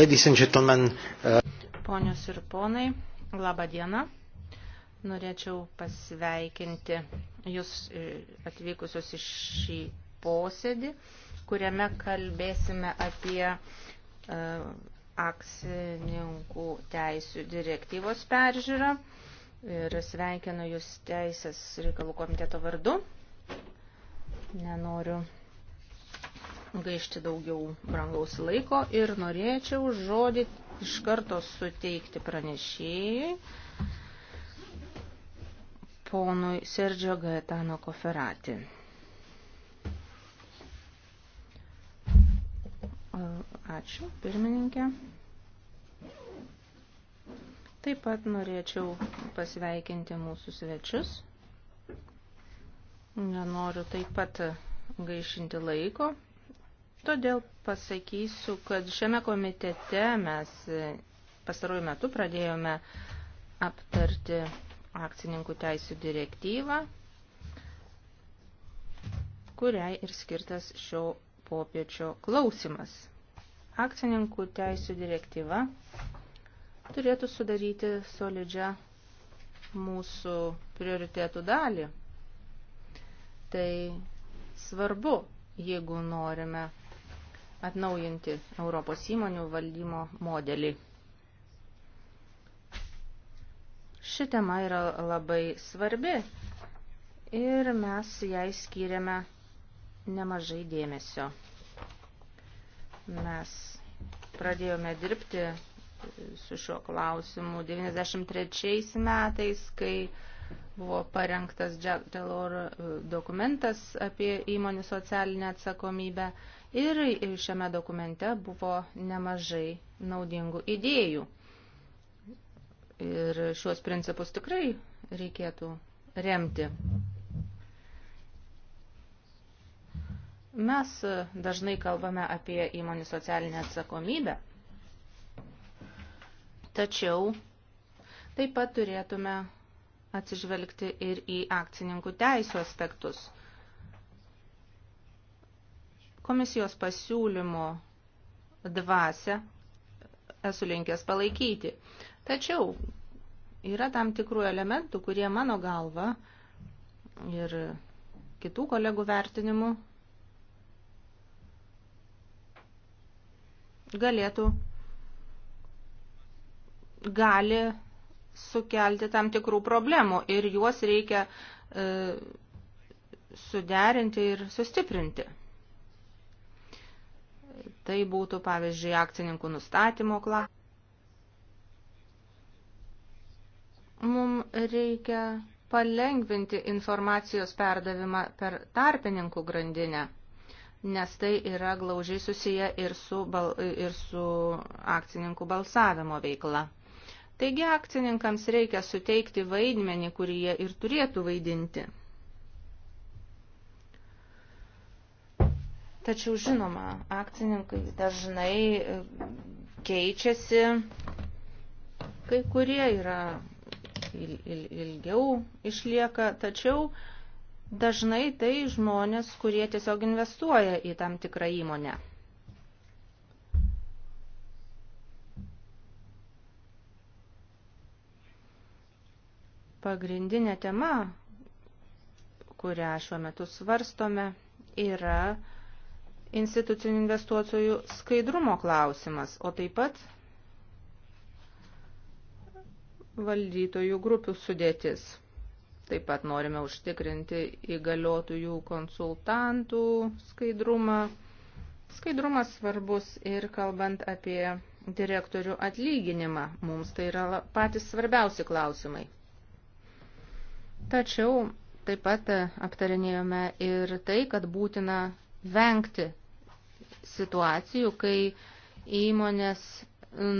Ladies and gentlemen. Uh... Ponios ir ponai, laba diena. Norėčiau pasveikinti Jūs e, atvykusius į šį posėdį, kuriame kalbėsime apie uh, akcininkų teisų direktyvos peržiūrą. Ir sveikinu Jūs Teisės reikalų komiteto vardu. Nenoriu gaišti daugiau brangaus laiko ir norėčiau žodį iš karto suteikti pranešėjai ponui Sergio Gaetano Koferati. Ačiū, pirmininkė. Taip pat norėčiau pasveikinti mūsų svečius. Nenoriu taip pat gaišinti laiko Todėl pasakysiu, kad šiame komitete mes pastaruoju metu pradėjome aptarti akcininkų teisų direktyvą, kuriai ir skirtas šio popiečio klausimas. Akcininkų teisų direktyva turėtų sudaryti solidžią mūsų prioritėtų dalį. Tai svarbu, jeigu norime atnaujinti Europos įmonių valdymo modelį. Ši tema yra labai svarbi ir mes jai skiriame nemažai dėmesio. Mes pradėjome dirbti su šiuo klausimu 93 metais, kai buvo parengtas Jack Delor dokumentas apie įmonių socialinę atsakomybę. Ir šiame dokumente buvo nemažai naudingų idėjų. Ir šiuos principus tikrai reikėtų remti. Mes dažnai kalbame apie įmonių socialinę atsakomybę, tačiau taip pat turėtume atsižvelgti ir į akcininkų teisų aspektus – Komisijos pasiūlymo dvasę esu linkęs palaikyti. Tačiau yra tam tikrų elementų, kurie mano galva ir kitų kolegų vertinimų galėtų gali sukelti tam tikrų problemų ir juos reikia e, suderinti ir sustiprinti. Tai būtų, pavyzdžiui, akcininkų nustatymo klausimas. Mums reikia palengvinti informacijos perdavimą per tarpininkų grandinę, nes tai yra glaužiai susiję ir su, bal, ir su akcininkų balsavimo veikla. Taigi akcininkams reikia suteikti vaidmenį, kurį jie ir turėtų vaidinti. Tačiau žinoma, akcininkai dažnai e, keičiasi, kai kurie yra il, il, ilgiau išlieka, tačiau dažnai tai žmonės, kurie tiesiog investuoja į tam tikrą įmonę. Pagrindinė tema, kurią šiuo metu svarstome, yra institucinių investuotojų skaidrumo klausimas, o taip pat valdytojų grupių sudėtis. Taip pat norime užtikrinti įgaliotųjų konsultantų skaidrumą. Skaidrumas svarbus ir kalbant apie direktorių atlyginimą. Mums tai yra patys svarbiausi klausimai. Tačiau taip pat aptarinėjome ir tai, kad būtina vengti situacijų, kai įmonės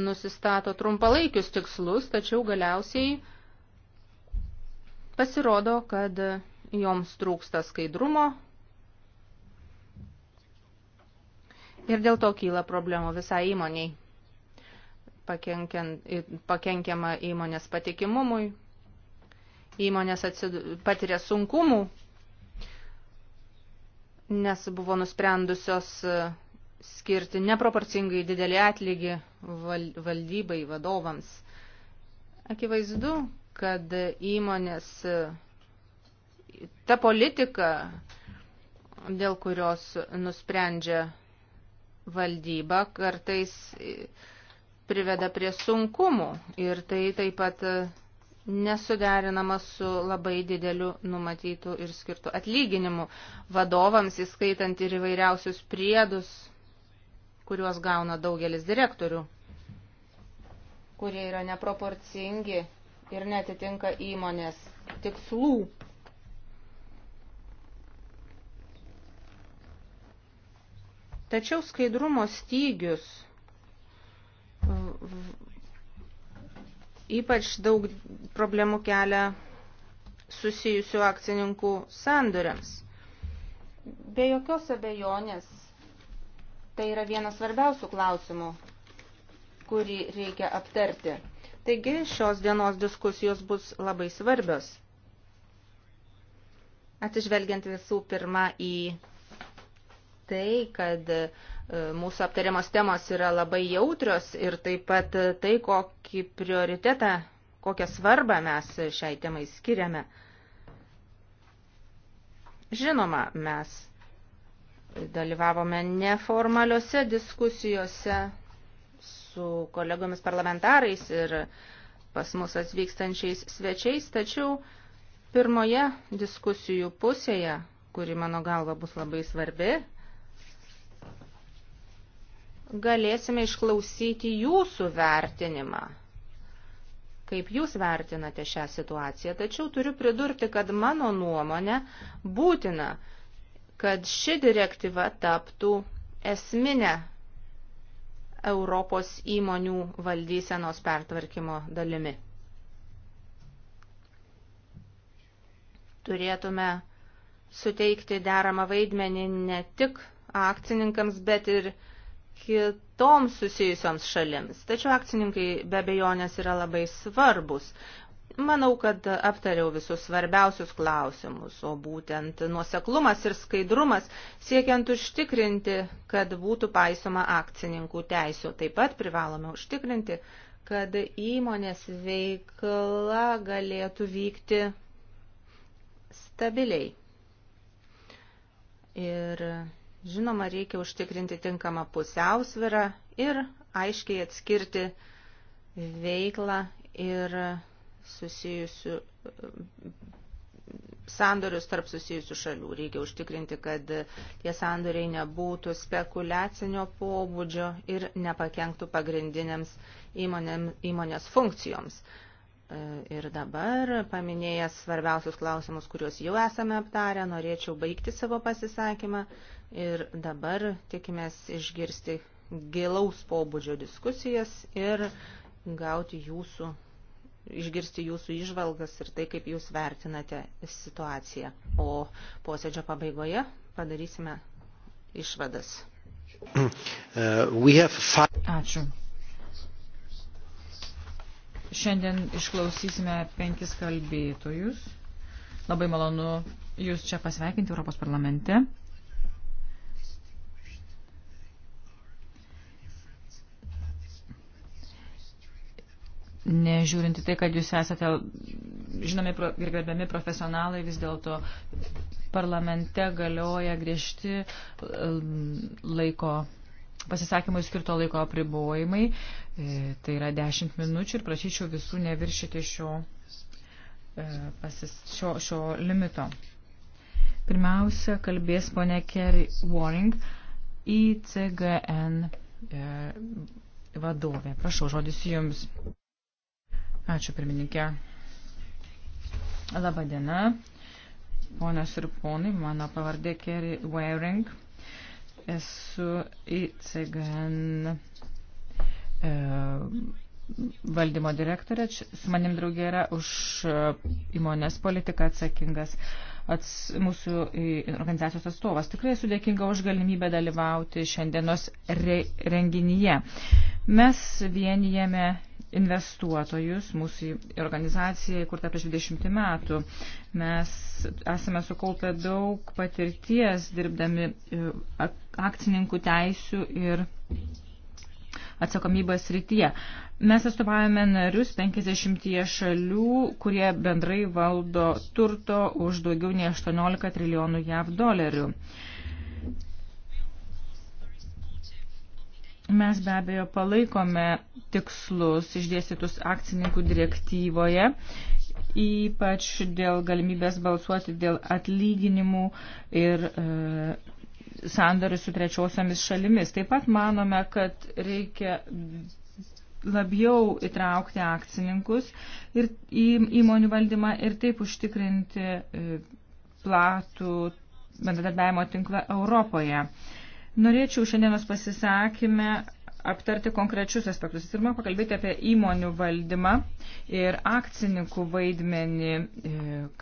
nusistato trumpalaikius tikslus, tačiau galiausiai pasirodo, kad joms trūksta skaidrumo ir dėl to kyla problemų visai įmoniai, pakenkiama įmonės patikimumui, įmonės atsidu, patiria sunkumų, nes buvo nusprendusios skirti neproporcingai didelį atlygį valdybai, vadovams. Akivaizdu, kad įmonės ta politika, dėl kurios nusprendžia valdyba, kartais priveda prie sunkumų ir tai taip pat nesuderinama su labai dideliu numatytu ir skirtu atlyginimu vadovams, įskaitant ir įvairiausius priedus kuriuos gauna daugelis direktorių, kurie yra neproporcingi ir netitinka įmonės tikslų. Tačiau skaidrumo stygius ypač daug problemų kelia susijusių akcininkų sandoriams. Be jokios abejonės Tai yra vienas svarbiausių klausimų, kurį reikia aptarti. Taigi šios dienos diskusijos bus labai svarbios. Atsižvelgiant visų pirma į tai, kad e, mūsų aptariamos temos yra labai jautrios ir taip pat tai, kokį prioritetą, kokią svarbą mes šiai temai skiriame. Žinoma, mes Dalyvavome neformaliuose diskusijose su kolegomis parlamentarais ir pas mus atvykstančiais svečiais, tačiau pirmoje diskusijų pusėje, kuri mano galva bus labai svarbi, galėsime išklausyti jūsų vertinimą kaip jūs vertinate šią situaciją, tačiau turiu pridurti, kad mano nuomonė būtina kad ši direktyva taptų esminę Europos įmonių valdysenos pertvarkymo dalimi. Turėtume suteikti deramą vaidmenį ne tik akcininkams, bet ir kitoms susijusioms šalims. Tačiau akcininkai be bejonės yra labai svarbus. Manau, kad aptariau visus svarbiausius klausimus, o būtent nuoseklumas ir skaidrumas, siekiant užtikrinti, kad būtų paisoma akcininkų teisų. Taip pat privalome užtikrinti, kad įmonės veikla galėtų vykti stabiliai. Ir žinoma, reikia užtikrinti tinkamą pusiausvirą ir aiškiai atskirti veiklą ir susijusių sandorius tarp susijusių šalių. Reikia užtikrinti, kad tie sandoriai nebūtų spekuliacinio pobūdžio ir nepakenktų pagrindiniams įmonėm, įmonės funkcijoms. Ir dabar, paminėjęs svarbiausius klausimus, kuriuos jau esame aptarę, norėčiau baigti savo pasisakymą ir dabar tikimės išgirsti gilaus pobūdžio diskusijas ir gauti jūsų išgirsti jūsų išvalgas ir tai, kaip jūs vertinate situaciją. O posėdžio pabaigoje padarysime išvadas. Uh, Ačiū. Šiandien išklausysime penkis kalbėtojus. Labai malonu Jūs čia pasveikinti Europos parlamente. nežiūrinti tai, kad jūs esate žinomi ir gerbiami profesionalai, vis dėlto parlamente galioja griežti laiko pasisakymui skirto laiko apribojimai. E, tai yra 10 minučių ir prašyčiau visų neviršyti šio, e, pasis, šio, šio limito. Pirmiausia, kalbės ponė Kerry Waring, ICGN e, vadovė. Prašau, žodis jums. Ačiū, pirmininkė. Labą dieną. Ponios ir ponai, mano pavardė Kerry Waring. Esu ICGN e, valdymo direktorė. Su manim draugė yra už e, įmonės politiką atsakingas ats, mūsų organizacijos atstovas. Tikrai esu dėkinga už galimybę dalyvauti šiandienos re, renginyje. Mes vienijame investuotojus, mūsų organizacija įkurta prieš 20 metų. Mes esame sukaupę daug patirties dirbdami e, akcininkų teisių ir atsakomybės rytyje. Mes atstovavome narius 50 šalių, kurie bendrai valdo turto už daugiau nei 18 trilijonų JAV dolerių. Mes be abejo palaikome tikslus išdėstytus akcininkų direktyvoje, ypač dėl galimybės balsuoti dėl atlyginimų ir e, sandorių su trečiosiamis šalimis. Taip pat manome, kad reikia labiau įtraukti akcininkus ir į įmonių valdymą ir taip užtikrinti e, platų bendradarbiavimo tinklą Europoje. E, Norėčiau šiandienos pasisakymę aptarti konkrečius aspektus. Pirmą, pakalbėti apie įmonių valdymą ir akcininkų vaidmenį e,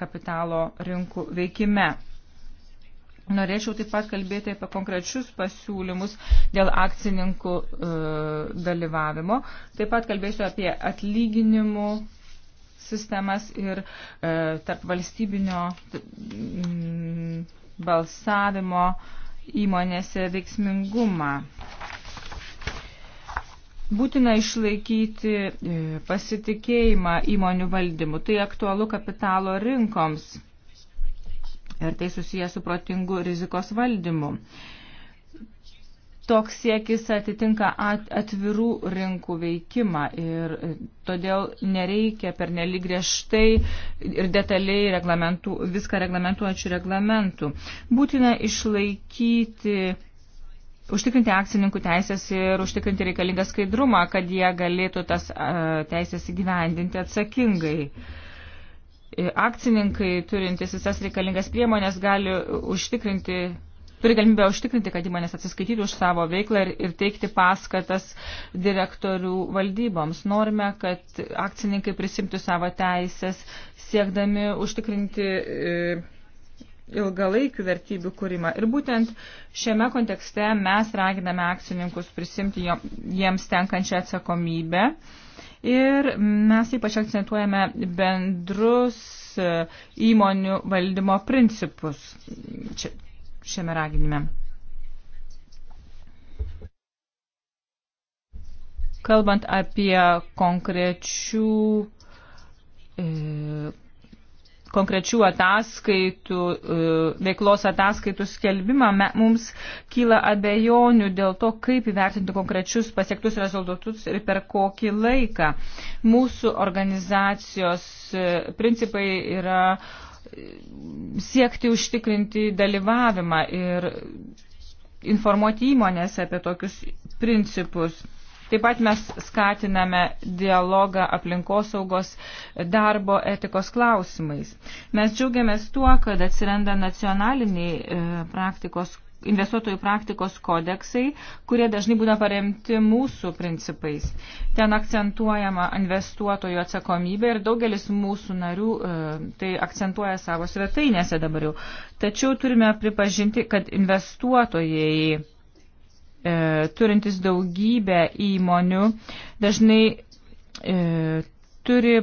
kapitalo rinkų veikime. Norėčiau taip pat kalbėti apie konkrečius pasiūlymus dėl akcininkų e, dalyvavimo. Taip pat kalbėsiu apie atlyginimų sistemas ir e, tarp valstybinio m, balsavimo e, įmonėse veiksmingumą. Būtina išlaikyti e, pasitikėjimą įmonių valdymu. Tai aktualu kapitalo rinkoms ir tai susijęs su protingu rizikos valdymu toks siekis atitinka atvirų rinkų veikimą ir e, todėl nereikia per nelik griežtai ir detaliai reglamentų, viską reglamentuojančių reglamentų. Būtina išlaikyti užtikrinti akcininkų teisės ir užtikrinti reikalingą skaidrumą, kad jie galėtų tas e, teisės įgyvendinti atsakingai. E, akcininkai turintys visas reikalingas priemonės gali užtikrinti turi galimybę užtikrinti, kad įmonės atsiskaitytų už savo veiklą ir, ir teikti paskatas direktorių valdyboms. Norime, kad akcininkai prisimtų savo teisės, siekdami užtikrinti e, ilgalaikių vertybių kūrimą. Ir būtent šiame kontekste mes raginame akcininkus prisimti jiems tenkančią atsakomybę. Ir mes ypač akcentuojame bendrus e, įmonių valdymo principus. Čia šiame raginime. Kalbant apie konkrečių, e, konkrečių ataskaitų, e, veiklos ataskaitų skelbimą, me, mums kyla abejonių dėl to, kaip įvertinti konkrečius pasiektus rezultatus ir per kokį laiką. Mūsų organizacijos e, principai yra e, siekti užtikrinti dalyvavimą ir informuoti įmonės apie tokius principus. Taip pat mes skatiname dialogą aplinkosaugos darbo etikos klausimais. Mes džiaugiamės tuo, kad atsiranda nacionaliniai e, praktikos investuotojų praktikos kodeksai, kurie dažnai būna paremti mūsų principais. Ten akcentuojama investuotojų atsakomybė ir daugelis mūsų narių e, tai akcentuoja savo svetainėse dabar jau. Tačiau turime pripažinti, kad investuotojai e, turintis daugybę įmonių dažnai e, turi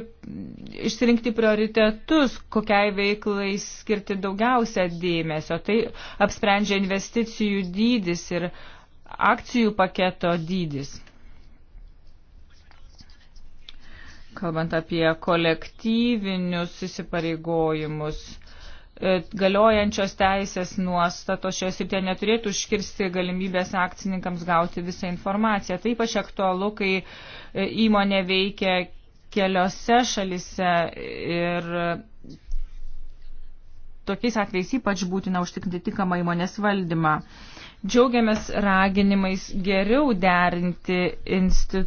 išsirinkti prioritetus, kokiai veiklai skirti daugiausia dėmesio. Tai apsprendžia investicijų dydis ir akcijų paketo dydis. Kalbant apie kolektyvinius įsipareigojimus, e, galiojančios teisės nuostatos šios ir tie neturėtų užkirsti galimybės akcininkams gauti visą informaciją. Tai ypač aktualu, kai e, įmonė veikia keliose šalise ir tokiais atvejais ypač būtina užtikrinti tinkamą įmonės valdymą. Džiaugiamės raginimais geriau derinti institu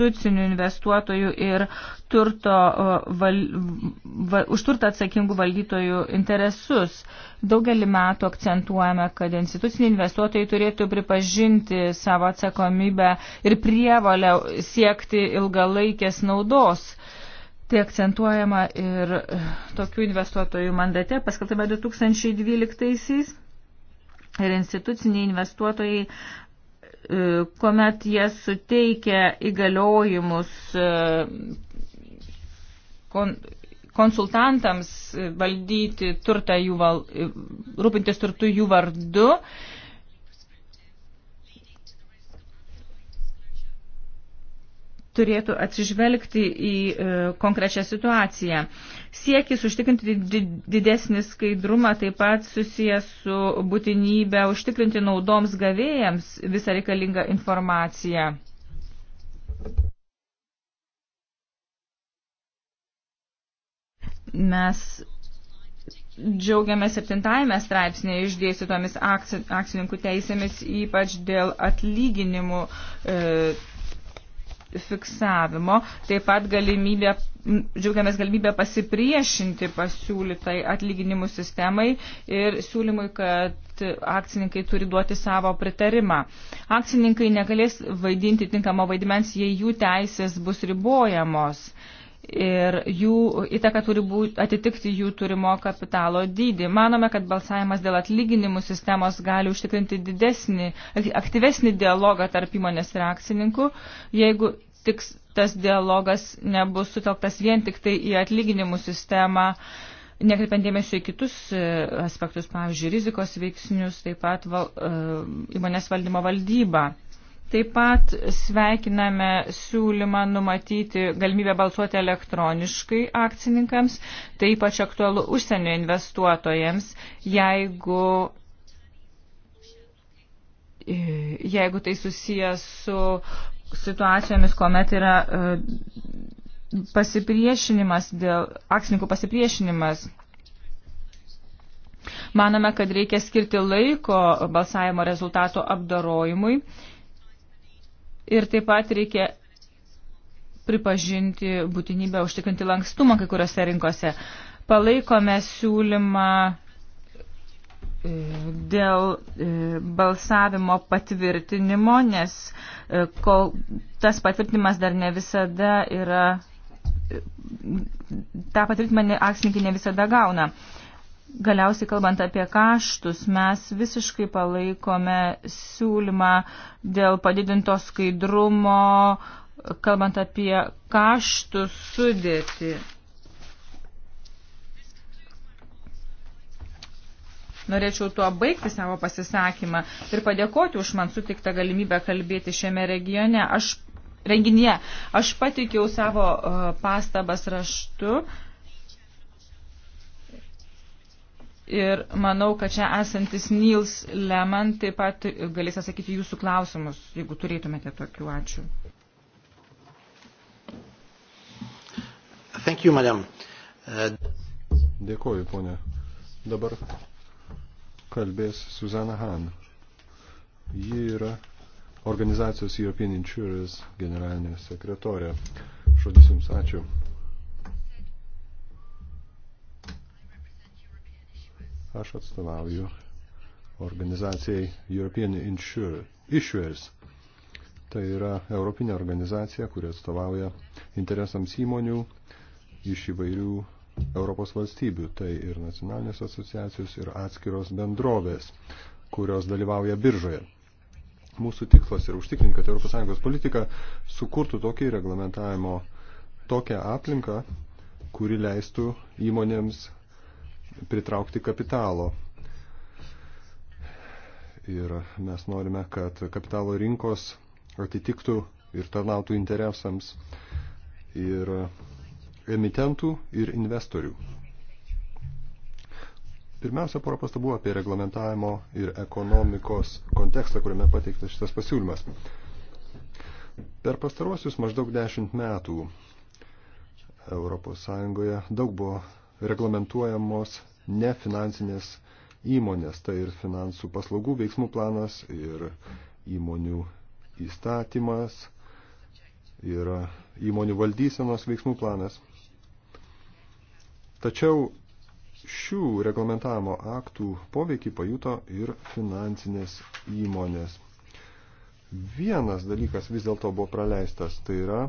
institucinių investuotojų ir turto, val, va, už turtą atsakingų valdytojų interesus. Daugelį metų akcentuojame, kad instituciniai investuotojai turėtų pripažinti savo atsakomybę ir prievalę siekti ilgalaikės naudos. Tai akcentuojama ir e, tokių investuotojų mandate paskelbtame 2012 taisys ir instituciniai investuotojai kuomet jie suteikia įgaliojimus e, konsultantams valdyti turtą jų val, rūpintis turtų jų vardu turėtų atsižvelgti į e, konkrečią situaciją. Siekis užtikrinti didesnį skaidrumą taip pat susijęs su būtinybė užtikrinti naudoms gavėjams visą reikalingą informaciją. Mes džiaugiamės septintajame straipsnėje išdėstytomis akcininkų teisėmis, ypač dėl atlyginimų e, fiksavimo, taip pat galimybė, džiaugiamės galimybę pasipriešinti pasiūlytai atlyginimų sistemai ir siūlymui, kad akcininkai turi duoti savo pritarimą. Akcininkai negalės vaidinti tinkamo vaidmens, jei jų teisės bus ribojamos. Uh, ir jų įtaka turi būti, atitikti jų turimo kapitalo dydį. Manome, kad balsavimas dėl atlyginimų sistemos gali užtikrinti didesnį, aktyvesnį dialogą tarp įmonės ir akcininkų, jeigu tik tas dialogas nebus sutelktas vien tik tai į atlyginimų sistemą, nekreipiant dėmesio į kitus e, aspektus, pavyzdžiui, rizikos veiksnius, taip pat val, e, įmonės valdymo valdybą. Taip pat sveikiname siūlymą numatyti galimybę balsuoti elektroniškai akcininkams, tai ypač aktualu užsienio investuotojams, jeigu, e, jeigu tai susijęs su situacijomis, kuomet yra e, pasipriešinimas dėl akcininkų pasipriešinimas Manome, kad reikia skirti laiko balsavimo rezultato apdarojimui ir taip pat reikia pripažinti būtinybę užtikrinti lankstumą kai kuriuose rinkose. Palaikome siūlymą e, dėl e, balsavimo patvirtinimo, nes e, kol tas patvirtinimas dar ne visada yra, tą patvirtinimą akcininkai ne visada gauna. Galiausiai kalbant apie kaštus, mes visiškai palaikome siūlymą dėl padidinto skaidrumo, kalbant apie kaštų sudėti. Norėčiau tuo baigti savo pasisakymą ir padėkoti už man sutiktą galimybę kalbėti šiame regione. Aš renginėje aš patikiau savo e, pastabas raštu. Uh, Ir manau, kad čia esantis Nils Leman taip pat galės atsakyti jūsų klausimus, jeigu turėtumėte tokių. Ačiū. Thank you, madam. Uh... Dėkoju, ponė. Dabar kalbės Susanna Han. Ji yra organizacijos European Insurance generalinė sekretorė. Žodis Jums ačiū. Aš atstovauju organizacijai European Issuers. Tai yra europinė organizacija, kuri atstovauja interesams įmonių iš įvairių Europos valstybių. Tai ir nacionalinės asociacijos, ir atskiros bendrovės, kurios dalyvauja biržoje. Mūsų tikslas yra užtikrinti, kad ES politika sukurtų tokį reglamentavimo, tokią aplinką, kuri leistų įmonėms pritraukti kapitalo. Ir mes norime, kad kapitalo rinkos atitiktų ir tarnautų interesams ir emitentų ir investorių. Pirmiausia, pora pastabų apie reglamentavimo ir ekonomikos kontekstą, kuriame pateiktas šitas pasiūlymas. Per pastaruosius maždaug dešimt metų Europos Sąjungoje daug buvo reglamentuojamos nefinansinės įmonės, tai ir finansų paslaugų veiksmų planas, ir įmonių įstatymas, ir įmonių valdysenos veiksmų planas. Tačiau šių reglamentavimo aktų poveikį pajuto ir finansinės įmonės. Vienas dalykas vis dėlto buvo praleistas, tai yra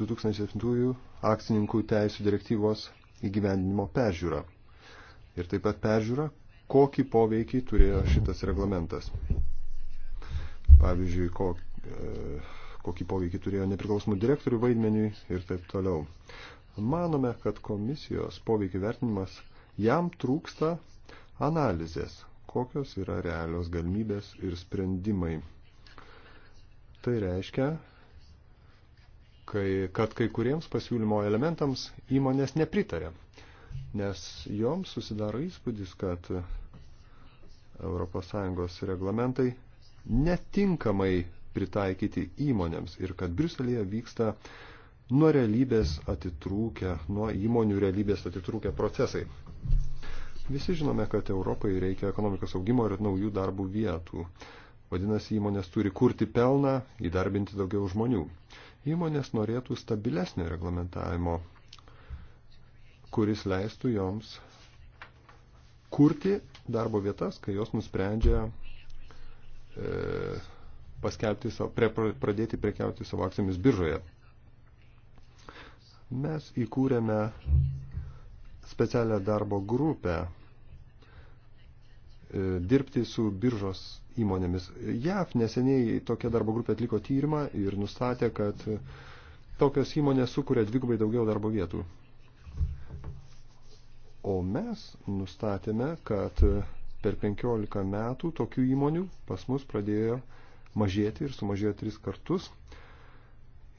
2007 akcininkų teisų direktyvos įgyvendinimo peržiūrą. Ir taip pat peržiūrą, kokį poveikį turėjo šitas reglamentas. Pavyzdžiui, kok, e, kokį poveikį turėjo nepriklausomų direktorių vaidmeniui ir taip toliau. Manome, kad komisijos poveikį vertinimas jam trūksta analizės, kokios yra realios galimybės ir sprendimai. Tai reiškia, kai, kad kai kuriems pasiūlymo elementams įmonės nepritarė, nes joms susidaro įspūdis, kad ES reglamentai netinkamai pritaikyti įmonėms ir kad Briuselėje vyksta nuo realybės atitrūkę, nuo įmonių realybės atitrūkę procesai. Visi žinome, kad Europai reikia ekonomikos augimo ir naujų darbų vietų. Vadinasi, įmonės turi kurti pelną, įdarbinti daugiau žmonių. Įmonės norėtų stabilesnio reglamentavimo, kuris leistų joms kurti darbo vietas, kai jos nusprendžia e, paskelbti, savo, pre, pradėti prekiauti savo akcijomis biržoje. Mes įkūrėme specialią darbo grupę e, dirbti su biržos įmonėmis. JAV neseniai tokia darbo grupė atliko tyrimą ir nustatė, kad tokios įmonės sukuria dvigubai daugiau darbo vietų. O mes nustatėme, kad per 15 metų tokių įmonių pas mus pradėjo mažėti ir sumažėjo tris kartus.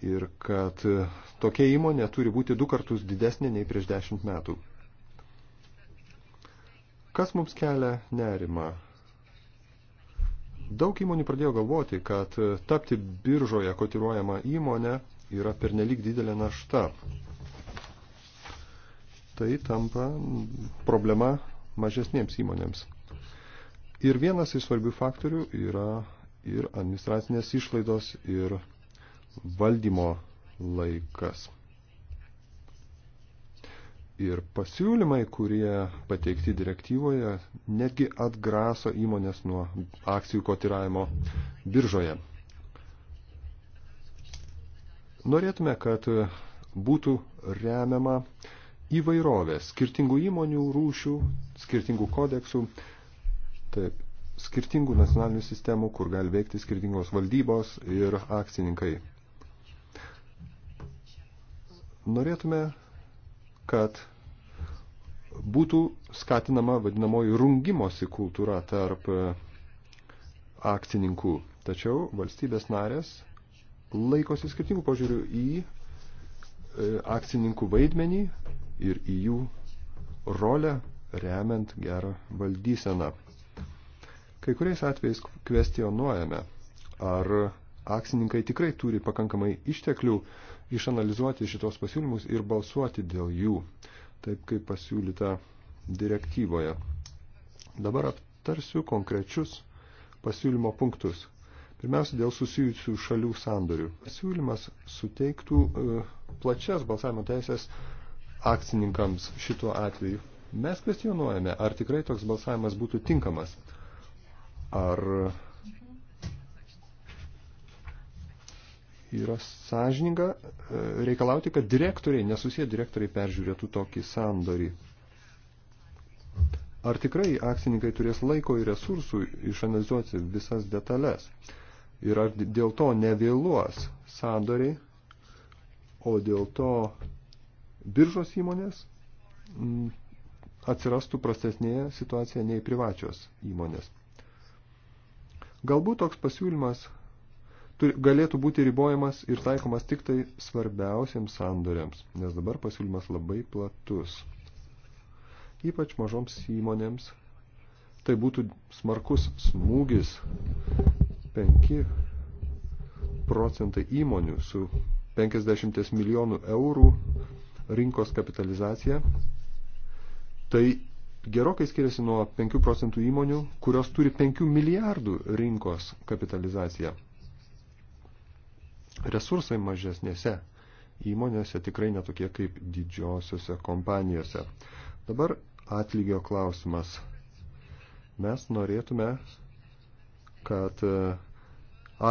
Ir kad tokia įmonė turi būti du kartus didesnė nei prieš dešimt metų. Kas mums kelia nerimą? Daug įmonių pradėjo galvoti, kad tapti biržoje kotiruojama įmonė yra pernelyg didelė našta. Tai tampa problema mažesniems įmonėms. Ir vienas iš svarbių faktorių yra ir administracinės išlaidos, ir valdymo laikas ir pasiūlymai, kurie pateikti direktyvoje, netgi atgraso įmonės nuo akcijų kotiravimo biržoje. Norėtume, kad būtų remiama įvairovė skirtingų įmonių rūšių, skirtingų kodeksų, taip, skirtingų nacionalinių sistemų, kur gali veikti skirtingos valdybos ir akcininkai. Norėtume kad būtų skatinama vadinamoji rungimosi kultūra tarp e, akcininkų. Tačiau valstybės narės laikosi skirtingų požiūrių į e, akcininkų vaidmenį ir į jų rolę remiant gerą valdyseną. Kai kuriais atvejais kvestionuojame, ar akcininkai tikrai turi pakankamai išteklių išanalizuoti šitos pasiūlymus ir balsuoti dėl jų, taip kaip pasiūlyta direktyvoje. Dabar aptarsiu konkrečius pasiūlymo punktus. Pirmiausia, dėl susijusių šalių sandorių. Pasiūlymas suteiktų e, plačias balsavimo teisės akcininkams šituo atveju. Mes kvestionuojame, ar tikrai toks balsavimas būtų tinkamas, ar yra sąžininga e, reikalauti, kad direktoriai, nesusiję direktoriai peržiūrėtų tokį sandorį. Ar tikrai akcininkai turės laiko ir resursų išanalizuoti visas detalės? Ir ar dėl to nevėluos sandoriai, o dėl to biržos įmonės atsirastų prastesnėje situacija nei privačios įmonės. Galbūt toks pasiūlymas galėtų būti ribojamas ir taikomas tik tai svarbiausiams sandoriams, nes dabar pasiūlymas labai platus. Ypač mažoms įmonėms tai būtų smarkus smūgis 5 procentai įmonių su 50 milijonų eurų rinkos kapitalizacija. Tai gerokai skiriasi nuo 5 procentų įmonių, kurios turi 5 milijardų rinkos kapitalizaciją resursai mažesnėse įmonėse tikrai netokie kaip didžiosiose kompanijose. Dabar atlygio klausimas. Mes norėtume, kad e,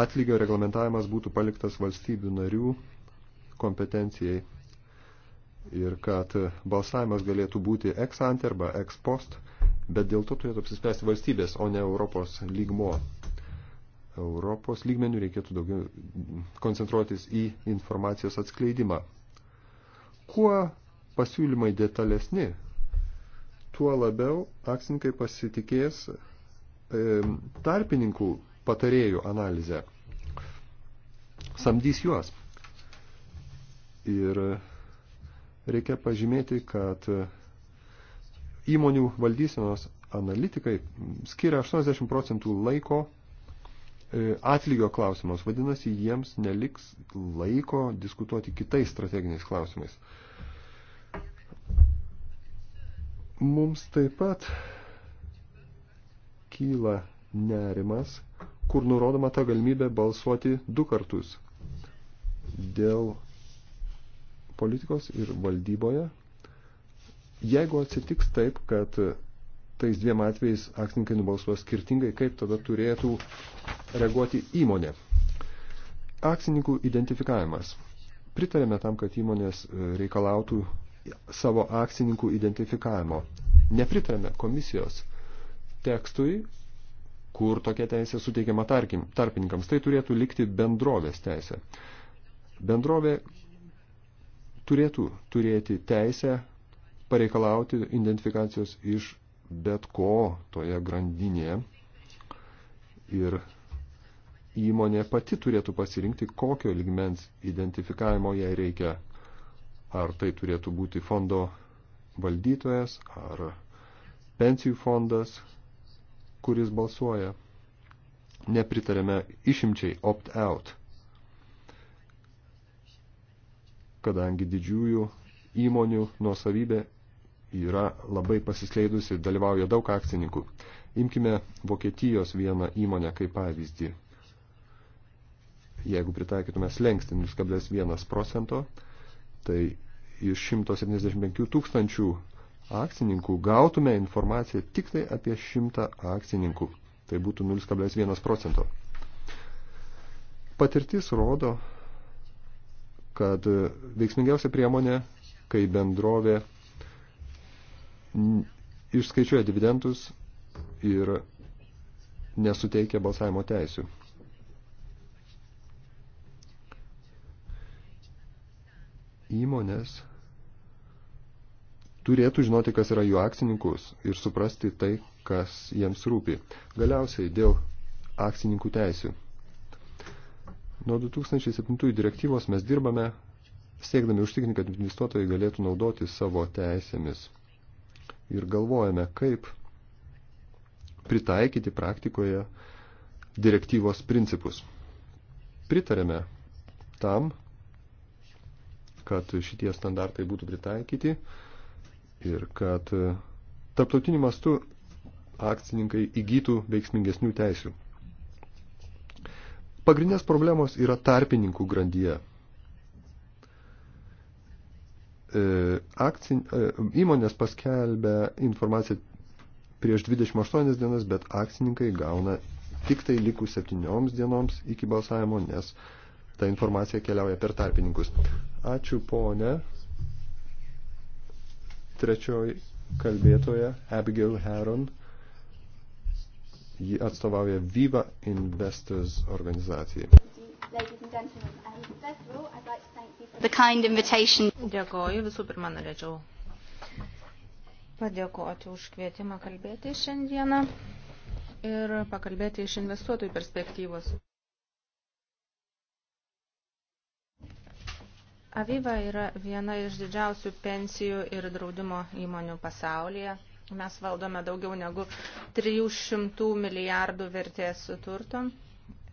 atlygio reglamentavimas būtų paliktas valstybių narių kompetencijai ir kad e, balsavimas galėtų būti ex ante arba ex post, bet dėl to turėtų apsispręsti valstybės, o ne Europos lygmo. Europos lygmenių reikėtų daugiau koncentruotis į informacijos atskleidimą. Kuo pasiūlymai detalesni, tuo labiau akcininkai pasitikės e, tarpininkų patarėjų analizę. Samdys juos. Ir reikia pažymėti, kad įmonių valdysenos analitikai skiria 80 procentų laiko E, atlygio klausimas. Vadinasi, jiems neliks laiko diskutuoti kitais strateginiais klausimais. Mums taip pat kyla nerimas, kur nurodoma ta galimybė balsuoti du kartus dėl politikos ir valdyboje. Jeigu atsitiks taip, kad tais dviem atvejais akcininkai nubalsuoja skirtingai, kaip tada turėtų reaguoti įmonė. Akcininkų identifikavimas. Pritarėme tam, kad įmonės reikalautų savo akcininkų identifikavimo. Nepritarėme komisijos tekstui, kur tokia teisė suteikiama tarkim, tarpininkams. Tai turėtų likti bendrovės teisė. Bendrovė turėtų turėti teisę pareikalauti identifikacijos iš bet ko toje grandinėje ir įmonė pati turėtų pasirinkti, kokio ligmens identifikavimo jai reikia. Ar tai turėtų būti fondo valdytojas, ar pensijų fondas, kuris balsuoja. Nepritarėme išimčiai opt-out, kadangi didžiųjų įmonių nuosavybė yra labai pasiskleidusi, dalyvauja daug akcininkų. Imkime Vokietijos vieną įmonę kaip pavyzdį. Jeigu pritaikytume slengsti 0,1 procento, tai iš 175 tūkstančių akcininkų gautume informaciją tik tai apie 100 akcininkų. Tai būtų 0,1 procento. Patirtis rodo, kad veiksmingiausia priemonė, kai bendrovė išskaičiuoja dividendus ir nesuteikia balsavimo teisių. Įmonės turėtų žinoti, kas yra jų akcininkus ir suprasti tai, kas jiems rūpi. Galiausiai dėl akcininkų teisių. Nuo 2007 direktyvos mes dirbame siekdami užtikrinti, kad investuotojai galėtų naudoti savo teisėmis ir galvojame, kaip pritaikyti praktikoje direktyvos principus. Pritarėme tam, kad šitie standartai būtų pritaikyti ir kad tarptautiniu mastu akcininkai įgytų veiksmingesnių teisių. Pagrindinės problemos yra tarpininkų grandyje. E, akcin, e, įmonės paskelbia informaciją prieš 28 dienas, bet akcininkai gauna tik tai likus 7 dienoms iki balsavimo, nes ta informacija keliauja per tarpininkus. Ačiū ponė. Trečioji kalbėtoja Abigail Heron. Ji atstovauja Viva Investors organizacijai. Ladies and gentlemen, um, first of all, I'd like to Dėkoju, visų pirma norėčiau padėkoti už kvietimą kalbėti šiandieną ir pakalbėti iš investuotojų perspektyvos. Aviva yra viena iš didžiausių pensijų ir draudimo įmonių pasaulyje. Mes valdome daugiau negu 300 milijardų vertės turto.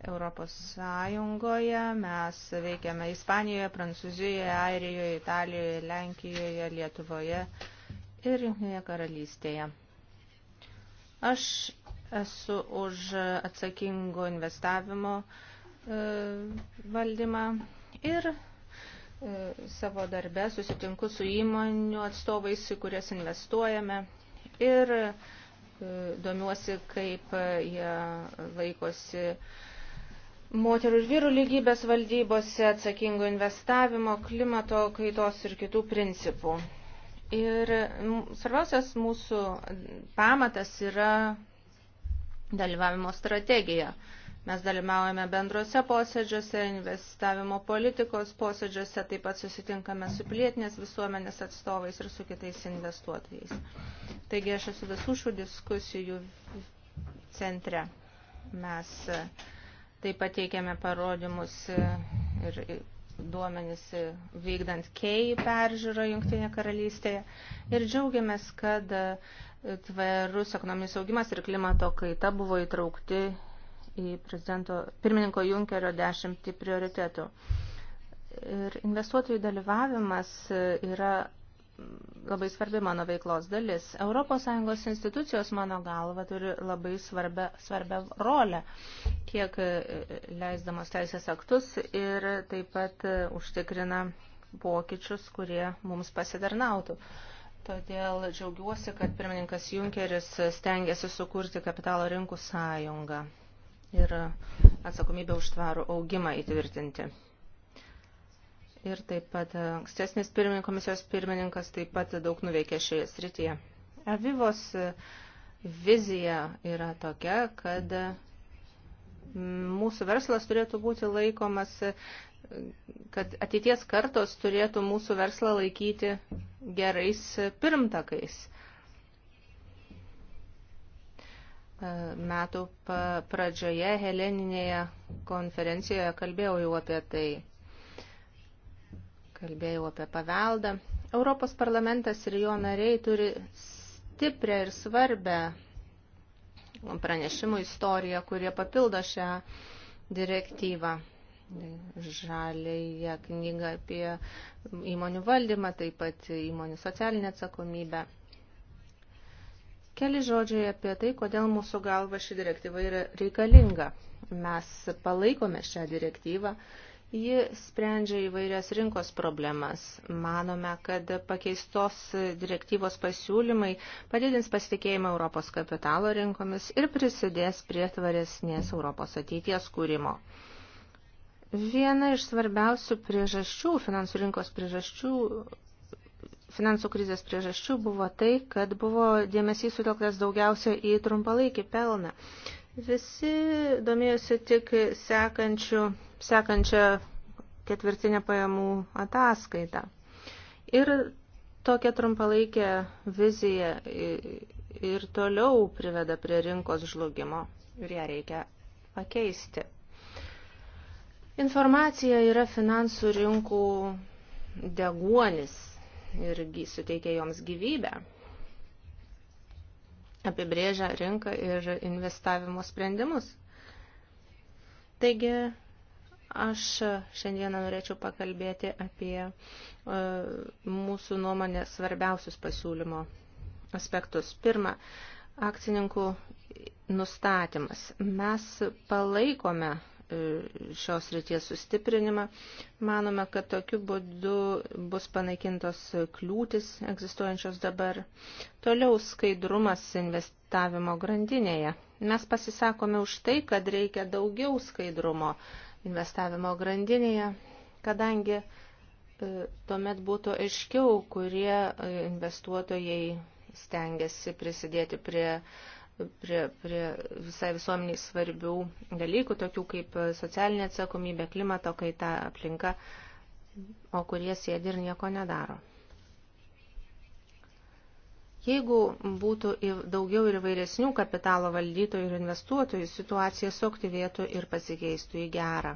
Europos Sąjungoje, mes veikiame Ispanijoje, Prancūzijoje, Airijoje, Italijoje, Lenkijoje, Lietuvoje ir Junktinėje karalystėje. Aš esu už atsakingo investavimo e, valdymą ir e, savo darbę susitinku su įmonių atstovais, į kurias investuojame ir e, domiuosi, kaip jie laikosi moterų ir vyrų lygybės valdybose, atsakingo investavimo, klimato kaitos ir kitų principų. Ir svarbiausias mūsų pamatas yra dalyvavimo strategija. Mes dalyvaujame bendrose posėdžiuose, investavimo politikos posėdžiuose, taip pat susitinkame su pilietinės visuomenės atstovais ir su kitais investuotojais. Taigi aš esu visų šių diskusijų centre. Mes uh, Taip pat teikiame parodymus ir duomenis vykdant KEI peržiūrą Junktinėje karalystėje. Ir džiaugiamės, kad tvarus ekonominis augimas ir klimato kaita buvo įtraukti į pirmininko Junkerio dešimtį prioritetų. Ir investuotojų dalyvavimas yra labai svarbi mano veiklos dalis. ES institucijos, mano galva, turi labai svarbę, svarbę rolę, tiek e, e, leisdamas teisės aktus ir taip pat e, užtikrina pokyčius, kurie mums pasidarnautų. Todėl džiaugiuosi, kad pirmininkas Junkeris stengiasi sukurti kapitalo rinkų sąjungą ir atsakomybę už tvarų augimą įtvirtinti. Ir taip pat e, ankstesnis pirmininkas, komisijos pirmininkas taip pat daug nuveikė šioje srityje. Avivos e, vizija yra tokia, kad e, mūsų verslas turėtų būti laikomas, kad ateities kartos turėtų mūsų verslą laikyti gerais pirmtakais. Metų pradžioje Heleninėje konferencijoje kalbėjau jau apie tai kalbėjau apie paveldą. Europos parlamentas ir jo nariai turi stiprią ir svarbę pranešimų istoriją, kurie papildo šią direktyvą. Žalėje knyga apie įmonių valdymą, taip pat įmonių socialinę atsakomybę. Keli žodžiai apie tai, kodėl mūsų galva ši direktyva yra reikalinga. Mes palaikome šią direktyvą Ji sprendžia įvairias rinkos problemas. Manome, kad pakeistos direktyvos pasiūlymai padidins pasitikėjimą Europos kapitalo rinkomis ir prisidės prie tvaresnės Europos ateities kūrimo. Viena iš svarbiausių priežasčių, finansų rinkos priežasčių, finansų krizės priežasčių buvo tai, kad buvo dėmesys sutelktas daugiausia į trumpalaikį pelną. Visi domėjosi tik sekančių, sekančią ketvirtinę pajamų ataskaitą. Ir tokia trumpalaikė vizija ir toliau priveda prie rinkos žlugimo ir ją reikia pakeisti. Informacija yra finansų rinkų deguonis ir suteikia joms gyvybę apibrėžia rinką ir investavimo sprendimus. Taigi, aš šiandieną norėčiau pakalbėti apie e, mūsų nuomonę svarbiausius pasiūlymo aspektus. Pirma, akcininkų nustatymas. Mes palaikome E, šios ryties sustiprinimą. Manome, kad tokiu būdu bus panaikintos kliūtis egzistuojančios dabar. Toliau skaidrumas investavimo grandinėje. Mes pasisakome už tai, kad reikia daugiau skaidrumo investavimo grandinėje, kadangi e, tuomet būtų aiškiau, kurie e, investuotojai stengiasi prisidėti prie uh, prie, prie visai visuomeniai svarbių dalykų, tokių kaip socialinė atsakomybė, klimato kaita, aplinka, o kurie sėdi ir nieko nedaro. Jeigu būtų daugiau ir vairesnių kapitalo valdytojų ir investuotojų, situacija suaktyvėtų ir pasikeistų į gerą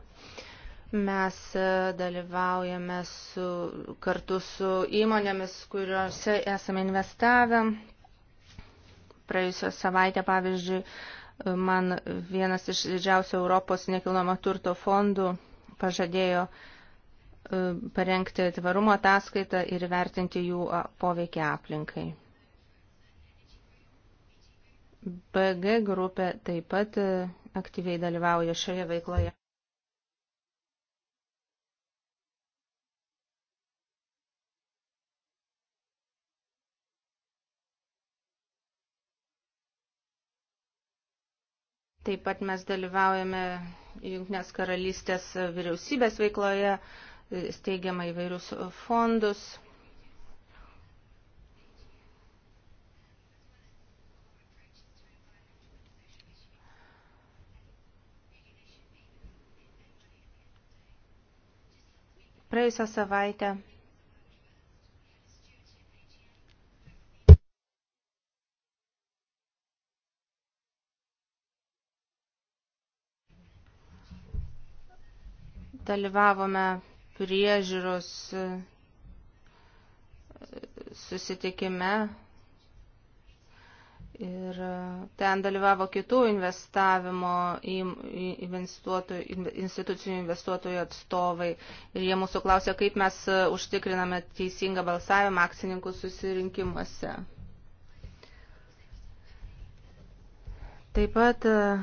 mes e, dalyvaujame su, kartu su įmonėmis, kuriuose esame investavę, Praėjusią savaitę, pavyzdžiui, man vienas iš didžiausių Europos nekilnojamo turto fondų pažadėjo e, parengti tvarumo ataskaitą ir vertinti jų poveikį aplinkai. BG grupė taip pat e, aktyviai dalyvauja šioje veikloje. Taip pat mes dalyvaujame Junknės karalystės vyriausybės veikloje, steigiama įvairius fondus. Praėjusią savaitę dalyvavome priežiūros e, susitikime ir e, ten dalyvavo kitų investavimo į, į, investuotojų, institucijų investuotojų atstovai ir jie mūsų klausė, kaip mes e, užtikriname teisingą balsavimą akcininkų susirinkimuose. Taip pat uh,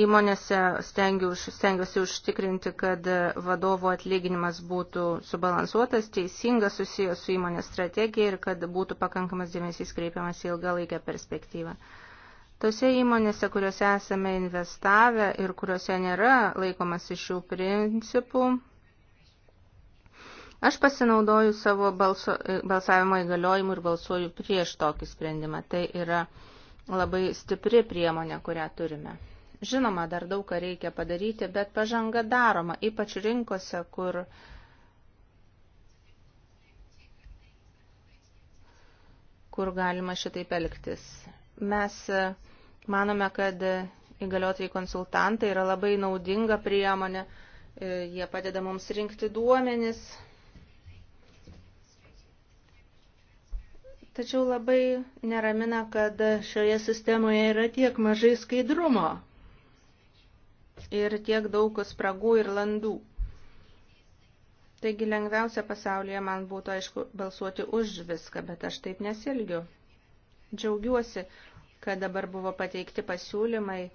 įmonėse stengiuosi užtikrinti, kad vadovo atlyginimas būtų subalansuotas, teisingas, susijęs su įmonės strategija ir kad būtų pakankamas dėmesys kreipiamas į ilgalaikę perspektyvą. Tose įmonėse, kuriuose esame investavę ir kuriuose nėra laikomas iš šių principų, aš pasinaudoju savo balso, balsavimo įgaliojimu ir balsuoju prieš tokį sprendimą. Tai yra labai stipri priemonė, kurią turime. Žinoma, dar daug ką reikia padaryti, bet pažanga daroma, ypač rinkose, kur kur galima šitaip elgtis. Mes e, manome, kad įgaliotojai konsultantai yra labai naudinga priemonė, e, jie padeda mums rinkti duomenis, Tačiau labai neramina, kad šioje sistemoje yra tiek mažai skaidrumo ir tiek daug spragų ir landų. Taigi lengviausia pasaulyje man būtų, aišku, balsuoti už viską, bet aš taip nesilgiu. Džiaugiuosi, kad dabar buvo pateikti pasiūlymai, e,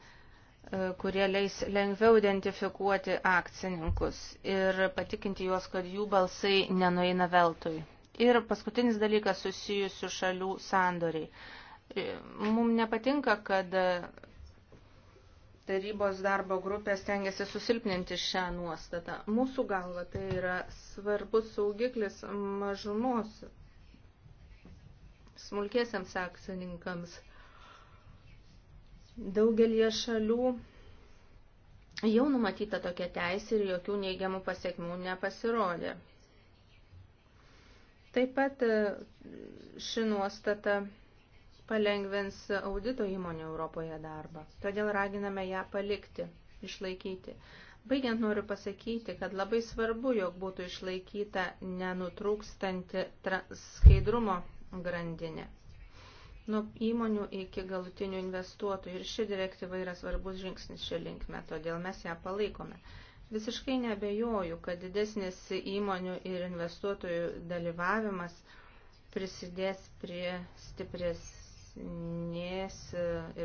kurie leis lengviau identifikuoti akcininkus ir patikinti juos, kad jų balsai nenueina veltui. Ir paskutinis dalykas susijusių šalių sandoriai. E, Mums nepatinka, kad tarybos darbo grupė stengiasi susilpninti šią nuostatą. Mūsų galva tai yra svarbus saugiklis mažumos smulkėsiams akcininkams. Daugelie šalių jau numatyta tokia teisė ir jokių neigiamų pasiekmių nepasirodė. Taip pat e, ši nuostata palengvins audito įmonių Europoje darbą. Todėl raginame ją palikti, išlaikyti. Baigiant noriu pasakyti, kad labai svarbu, jog būtų išlaikyta nenutrūkstanti skaidrumo grandinė. Nuo įmonių iki galutinių investuotojų ir ši direktyva yra svarbus žingsnis šią linkmę, todėl mes ją palaikome. Visiškai nebejoju, kad didesnis įmonių ir investuotojų dalyvavimas prisidės prie stipresnės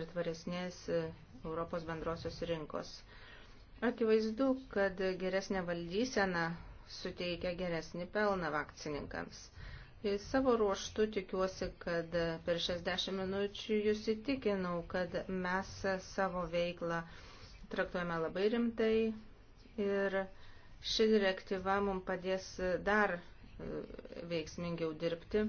ir tvaresnės Europos bendrosios rinkos. Akivaizdu, kad geresnė valdysena suteikia geresnį pelną akcininkams. Ir savo ruoštų tikiuosi, kad per 60 minučių jūs įtikinau, kad mes savo veiklą traktuojame labai rimtai, Ir ši direktyva mums padės dar e, veiksmingiau dirbti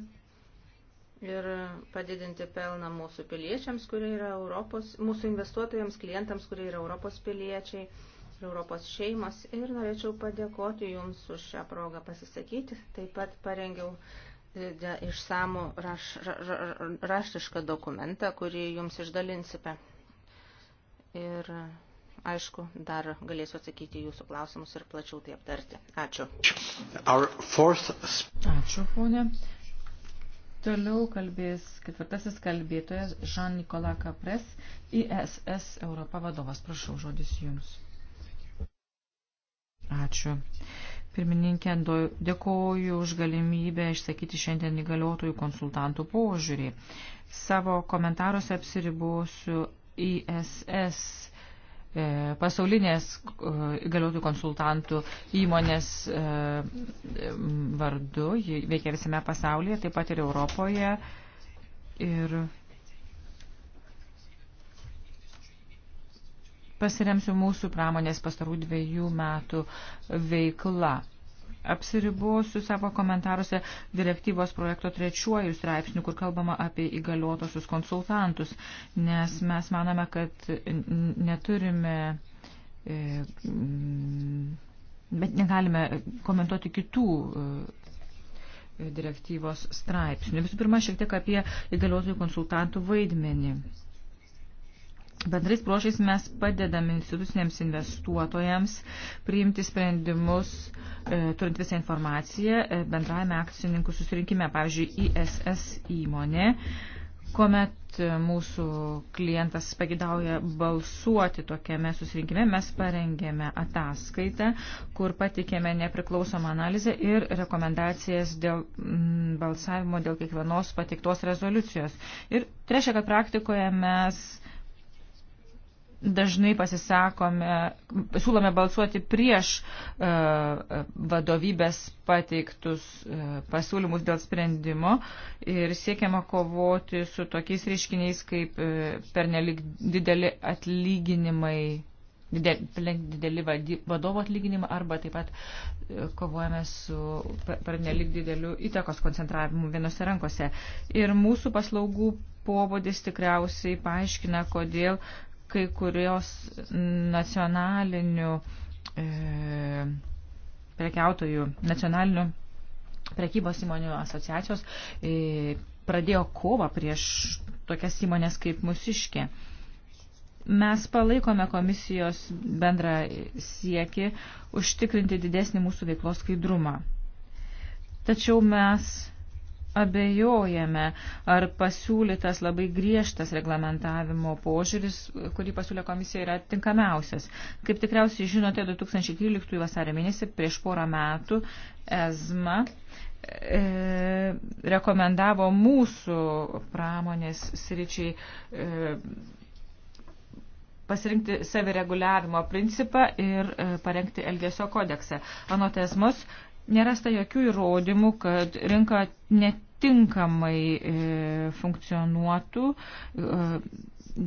ir padidinti pelną mūsų piliečiams, kurie yra Europos, mūsų investuotojams, klientams, kurie yra Europos piliečiai ir Europos šeimos. Ir norėčiau padėkoti Jums už šią progą pasisakyti. Taip pat parengiau e, išsamų raš, ra, ra, raštišką dokumentą, kurį Jums išdalinsite. Ir Aišku, dar galėsiu atsakyti jūsų klausimus ir plačiau tai aptarti. Ačiū. Fourth... Ačiū, ponė. Toliau kalbės ketvirtasis kalbėtojas Jean-Nicolas Capres, ISS Europa vadovas. Prašau, žodis jums. Ačiū. Pirmininkė, dėkoju už galimybę išsakyti šiandien įgaliotojų konsultantų požiūrį. Savo komentaruose apsiribosiu ISS E, pasaulinės e, įgaliotų konsultantų įmonės e, vardu, ji veikia visame pasaulyje, taip pat ir Europoje. Ir pasiremsiu mūsų pramonės pastarų dviejų metų veikla. Apsiribosiu savo komentaruose direktyvos projekto trečiuoju straipsniu, kur kalbama apie įgaliotosius konsultantus, nes mes manome, kad neturime, e, bet negalime komentuoti kitų e, direktyvos straipsnių. Visų pirma, šiek tiek apie įgaliotųjų konsultantų vaidmenį. Bendrais bruožais mes padedame instituciniams investuotojams priimti sprendimus, e, turint visą informaciją, e, bendrajame akcininkų susirinkime, pavyzdžiui, ISS įmonė, kuomet e, mūsų klientas pagidauja balsuoti tokiame susirinkime, mes parengėme ataskaitą, kur patikėme nepriklausomą analizę ir rekomendacijas dėl m, balsavimo dėl kiekvienos pateiktos rezoliucijos. Ir tai reiškia, kad praktikoje mes dažnai pasisakome, siūlome balsuoti prieš uh, vadovybės pateiktus uh, pasiūlymus dėl sprendimo ir siekiama kovoti su tokiais reiškiniais kaip uh, pernelik dideli atlyginimai, didel, dideli vadovo atlyginimai arba taip pat uh, kovojame su pernelik dideliu įtakos koncentravimu vienose rankose. Ir mūsų paslaugų pobūdis tikriausiai paaiškina, kodėl uh, kai kurios nacionalinių e, prekiautojų, nacionalinių prekybos įmonių asociacijos e, pradėjo kovą prieš tokias įmonės kaip Musiškė. Mes palaikome komisijos bendrą sieki užtikrinti didesnį mūsų veiklos skaidrumą. Tačiau mes abejojame, ar pasiūlytas labai griežtas reglamentavimo požiūris, kurį pasiūlė komisija, yra tinkamiausias. Kaip tikriausiai žinote, 2013 vasario mėnesį prieš porą metų ESMA e, rekomendavo mūsų pramonės sričiai e, pasirinkti savireguliavimo principą ir e, parengti Elgesio kodeksą. Anot ESMOS, e, nerasta jokių įrodymų, kad rinka netinkamai e, funkcionuotų e,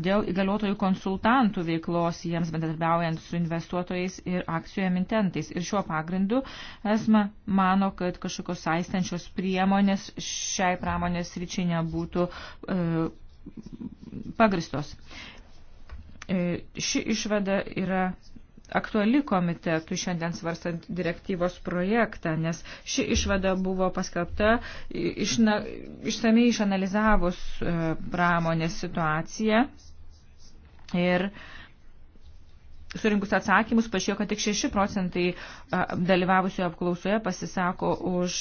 dėl įgaliotojų konsultantų veiklos jiems bendradarbiaujant su investuotojais ir akcijų emitentais. Ir šiuo pagrindu esma mano, kad kažkokios saistančios priemonės šiai pramonės ryčiai nebūtų e, pagristos. E, ši išvada yra aktuali komitetui šiandien svarstant direktyvos projektą, nes ši išvada buvo paskelbta išna, išsamei išanalizavus e, pramonės situaciją ir surinkus atsakymus pašėjo, kad tik 6 procentai dalyvavusių apklausoje pasisako už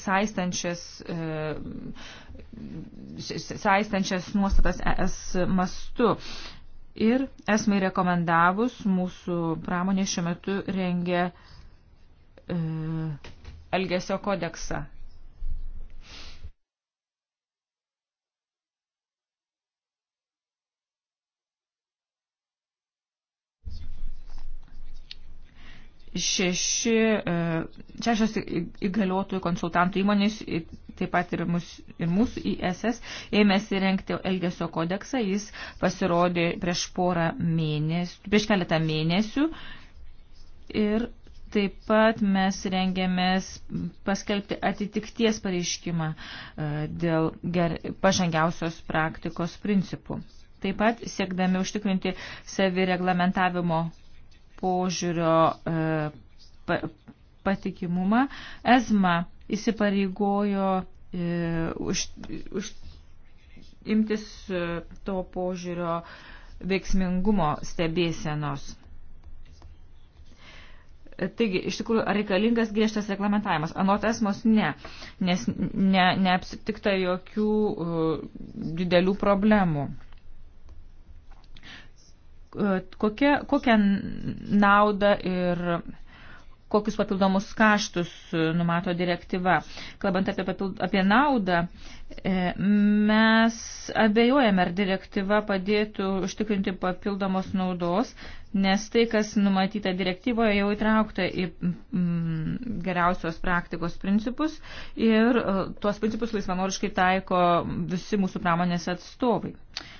saistančias, e, saistančias nuostatas ES mastu. Ir esmai rekomendavus, mūsų pramonė šiuo metu rengia e, Elgesio kodeksą šeši, e, šešios įgaliotojų konsultantų įmonės, taip pat ir, mus, ir mūsų ISS, ėmėsi renkti Elgesio kodeksą. Jis pasirodė prieš porą mėnesių, prieš keletą mėnesių. Ir taip pat mes rengiamės paskelbti atitikties pareiškimą e, dėl ger, pažangiausios praktikos principų. Taip pat siekdami užtikrinti savireglamentavimo požiūrio e, patikimumą, ESMA įsipareigojo e, už, už, imtis e, to požiūrio veiksmingumo stebėsenos. Taigi, iš tikrųjų, ar reikalingas griežtas reglamentavimas? Anot esmos ne, nes ne, neapsitikta jokių uh, didelių problemų kokia, kokią naudą ir kokius papildomus kaštus e, numato direktyva. Kalbant apie, papild... apie naudą, e, mes abejojame, ar direktyva padėtų užtikrinti papildomos naudos, nes tai, kas numatyta direktyvoje, jau įtraukta į mm, geriausios praktikos principus ir e, tuos principus laisvanoriškai taiko visi mūsų pramonės atstovai.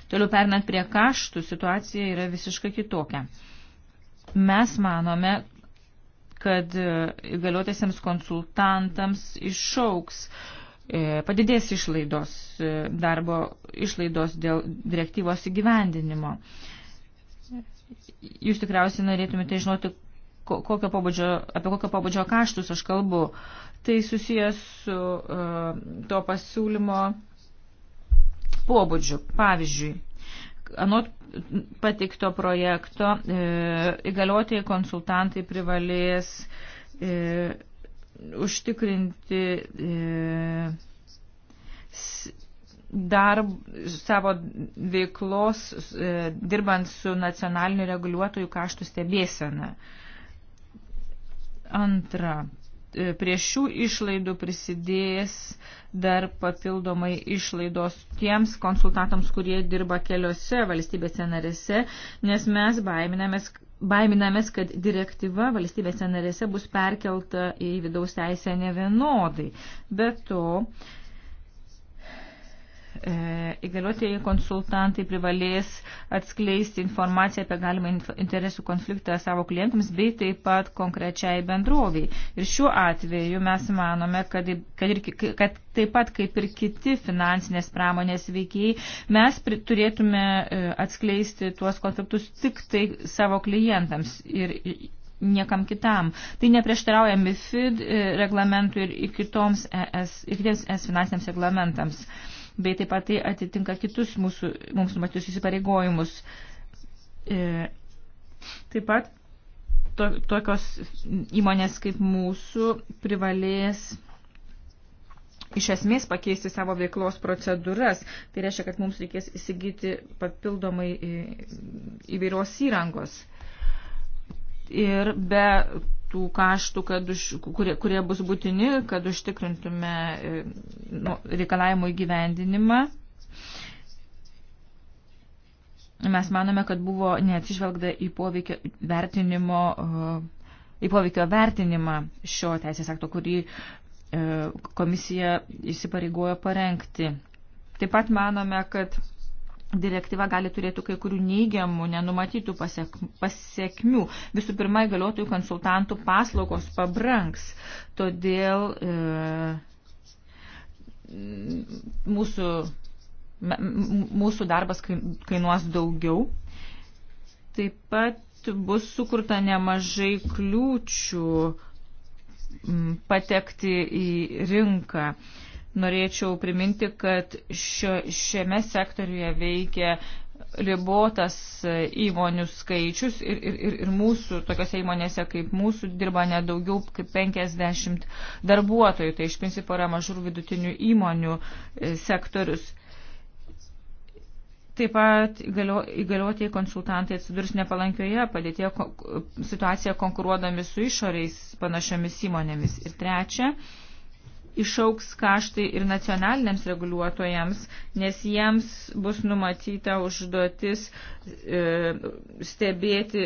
Toliau pernant prie kaštų, situacija yra visiškai kitokia. Mes manome, kad e, įgaliuotėsiams konsultantams išauks e, padidės išlaidos e, darbo išlaidos dėl direktyvos įgyvendinimo. Jūs tikriausiai norėtumėte žinoti, kokio pobūdžio, apie kokio pobūdžio kaštus aš kalbu. Tai susijęs su uh, to pasiūlymo pobūdžiu. Pavyzdžiui, anot patikto projekto e, įgaliotieji konsultantai privalės e, užtikrinti e, darb, savo veiklos, dirbant su nacionaliniu reguliuotojų kaštų stebėsena. Antra, prie šių išlaidų prisidės dar papildomai išlaidos tiems konsultantams, kurie dirba keliose valstybėse narėse, nes mes baiminamės, baiminamės, kad direktyva valstybėse narėse bus perkelta į vidaus teisę nevienodai. Be to, E, Įgaliuotieji konsultantai privalės atskleisti informaciją apie galimą interesų konfliktą savo klientams bei taip pat konkrečiai bendroviai. Ir šiuo atveju mes manome, kad, kad, ir, kad taip pat kaip ir kiti finansinės pramonės veikiai, mes turėtume e, atskleisti tuos konfliktus tik tai savo klientams ir niekam kitam. Tai neprieštarauja MIFID e, reglamentui ir kitoms ES, ir kitiems ES finansiniams reglamentams. Uh, bei taip pat tai atitinka kitus mūsų, mums numatytus įsipareigojimus. E, taip pat to, tokios įmonės kaip mūsų privalės iš esmės pakeisti savo veiklos procedūras. Tai reiškia, kad mums reikės įsigyti papildomai įvairios įrangos. Ir be tų kaštų, už, kurie, kurie bus būtini, kad užtikrintume e, nu, reikalavimų įgyvendinimą. Mes manome, kad buvo neatsižvelgda į poveikio vertinimo. E, į poveikio vertinimą šio teisės akto, kurį e, komisija įsipareigojo parengti. Taip pat manome, kad direktyva gali turėti kai kurių neigiamų, nenumatytų pasiek, pasiekmių. Visų pirma, galiotojų konsultantų paslaugos pabranks. Todėl e, mūsų, mūsų darbas kainuos daugiau. Taip pat bus sukurta nemažai kliūčių patekti į rinką. E, Norėčiau priminti, kad šio, šiame sektoriuje veikia ribotas įmonių skaičius ir, ir, ir mūsų, tokiose įmonėse kaip mūsų, dirba nedaugiau kaip 50 darbuotojų. Tai iš principo yra mažų vidutinių įmonių e, sektorius. Taip pat įgaliotieji konsultantai atsidurs nepalankioje padėtėje situaciją konkuruodami su išoriais panašiomis įmonėmis. Ir trečia, išauks kaštai ir nacionaliniams reguliuotojams, nes jiems bus numatyta užduotis e, stebėti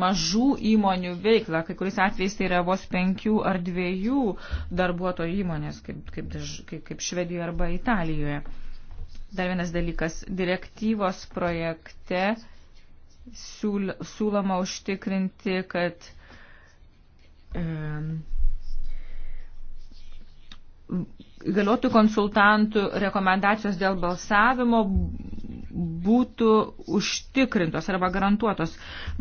mažų įmonių veiklą. Kai kuris atvejais tai yra vos penkių ar dviejų darbuotojų įmonės, kaip, kaip, kaip, kaip Švedijoje arba Italijoje. Dar vienas dalykas. Direktyvos projekte siūl, siūloma užtikrinti, kad e, galiotų konsultantų rekomendacijos dėl balsavimo būtų užtikrintos arba garantuotos.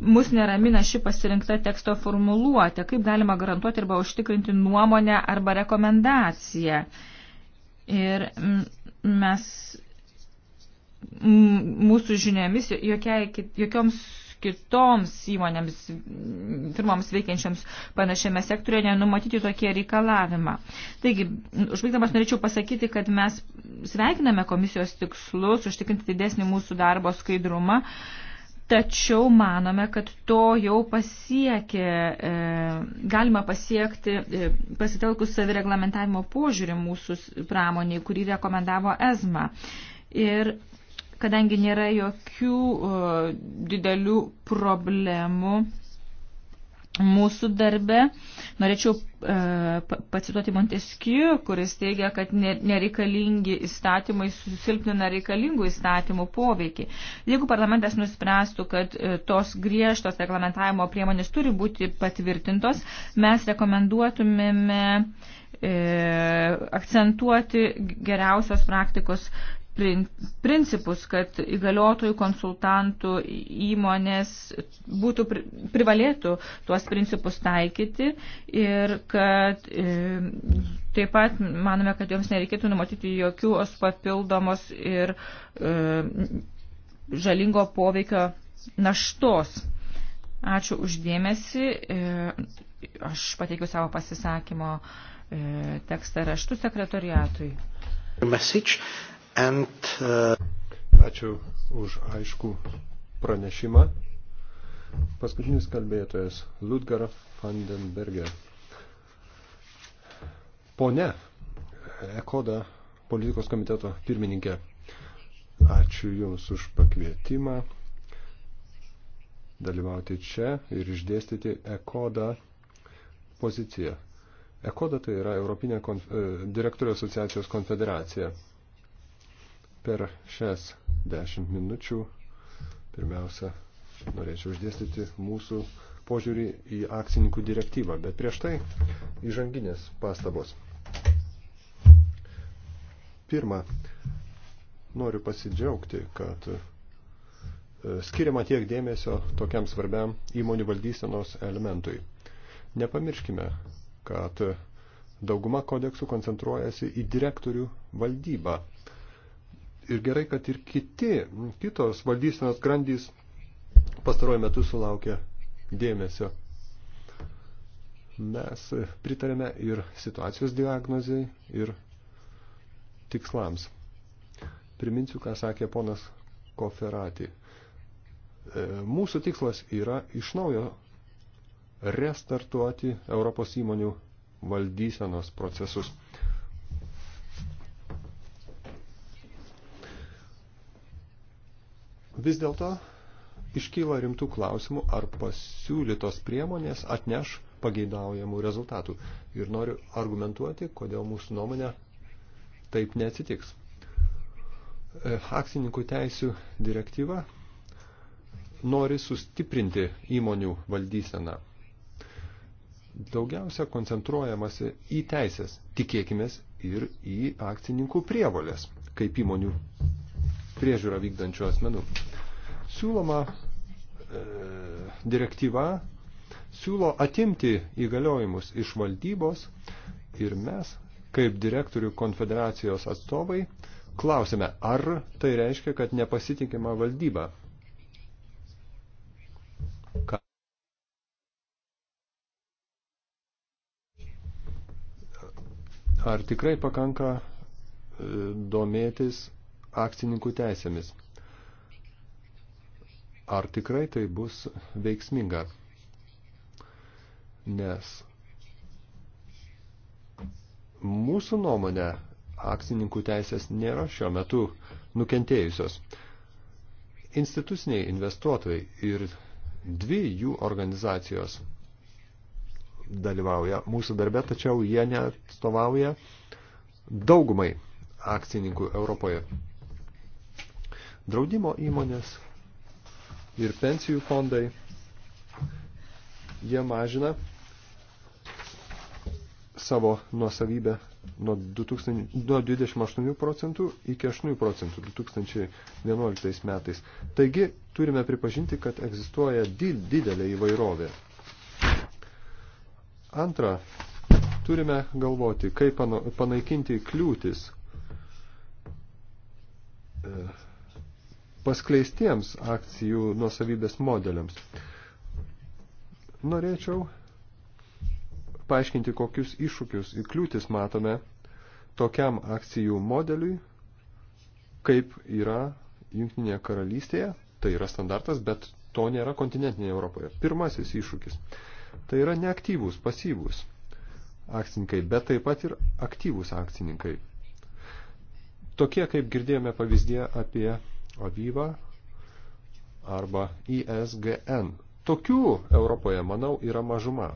Mus neramina ši pasirinkta teksto formuluotė, kaip galima garantuoti arba užtikrinti nuomonę arba rekomendaciją. Ir mes mūsų žiniomis jokioms kitoms įmonėms, firmoms veikiančioms panašiame sektoriuje nenumatyti tokie reikalavimą. Taigi, užbaigdamas norėčiau pasakyti, kad mes sveikiname komisijos tikslus, užtikrinti didesnį mūsų darbo skaidrumą. Tačiau manome, kad to jau pasiekė, e, galima pasiekti e, pasitelkus savireglamentavimo požiūrį mūsų pramoniai, kurį rekomendavo ESMA. Ir kadangi nėra jokių uh, didelių problemų mūsų darbe. Norėčiau uh, pacituoti Montesquieu, kuris teigia, kad nereikalingi įstatymai susilpnina reikalingų įstatymų poveikį. Jeigu parlamentas nuspręstų, kad uh, tos griežtos reglamentavimo priemonės turi būti patvirtintos, mes rekomenduotumėme uh, akcentuoti geriausios praktikos principus, kad įgaliotojų konsultantų įmonės būtų, privalėtų tuos principus taikyti ir kad e, taip pat manome, kad joms nereikėtų numatyti jokios papildomos ir e, žalingo poveikio naštos. Ačiū uždėmesi. E, aš pateikiu savo pasisakymo tekstą raštų sekretoriatui. Message. And, uh... Ačiū už aišku pranešimą. Paskutinis kalbėtojas Ludgar Vandenberger. Pone, Ekoda politikos komiteto pirmininkė. Ačiū Jums už pakvietimą dalyvauti čia ir išdėstyti ECODA poziciją. ECODA tai yra Europinė konf... E, direktorių asociacijos konfederacija per šias dešimt minučių pirmiausia norėčiau išdėstyti mūsų požiūrį į akcininkų direktyvą, bet prieš tai įžanginės pastabos. Pirma, noriu pasidžiaugti, kad e, skiriama tiek dėmesio tokiam svarbiam įmonių valdysenos elementui. Nepamirškime, kad e, dauguma kodeksų koncentruojasi į direktorių valdybą ir gerai, kad ir kiti, kitos valdysenos grandys pastaruoju metu sulaukia dėmesio. Mes pritarėme ir situacijos diagnozijai, ir tikslams. Priminsiu, ką sakė ponas Koferati. E, mūsų tikslas yra iš naujo restartuoti Europos įmonių valdysenos procesus. Vis dėlto iškyla rimtų klausimų, ar pasiūlytos priemonės atneš pageidaujamų rezultatų. Ir noriu argumentuoti, kodėl mūsų nuomonė taip neatsitiks. E, akcininkų teisių direktyva nori sustiprinti įmonių valdyseną. Daugiausia koncentruojamasi į teisės, tikėkime, ir į akcininkų prievolės, kaip įmonių priežiūrą vykdančių asmenų. Siūloma e, direktyva siūlo atimti įgaliojimus iš valdybos ir mes, kaip direktorių konfederacijos atstovai, klausime, ar tai reiškia, kad nepasitikima valdyba. Ka ar tikrai pakanka e, domėtis akcininkų teisėmis? ar tikrai tai bus veiksminga. Nes mūsų nuomonė akcininkų teisės nėra šiuo metu nukentėjusios. Instituciniai investuotojai ir dvi jų organizacijos dalyvauja mūsų darbe, tačiau jie neatstovauja daugumai akcininkų Europoje. Draudimo įmonės ir pensijų fondai. Jie mažina savo nuosavybę nuo, 2000, nuo 28 procentų iki 8 procentų 2011 metais. Taigi turime pripažinti, kad egzistuoja didelė įvairovė. Antra, turime galvoti, kaip panaikinti kliūtis e, paskleistiems akcijų nuosavybės modeliams. Norėčiau paaiškinti, kokius iššūkius įkliūtis matome tokiam akcijų modeliui, kaip yra Junktinėje karalystėje. Tai yra standartas, bet to nėra kontinentinėje Europoje. Pirmasis iššūkis. Tai yra neaktyvūs, pasyvūs akcininkai, bet taip pat ir aktyvūs akcininkai. Tokie, kaip girdėjome pavyzdėje apie Avyva arba ISGN. Tokių Europoje, manau, yra mažuma.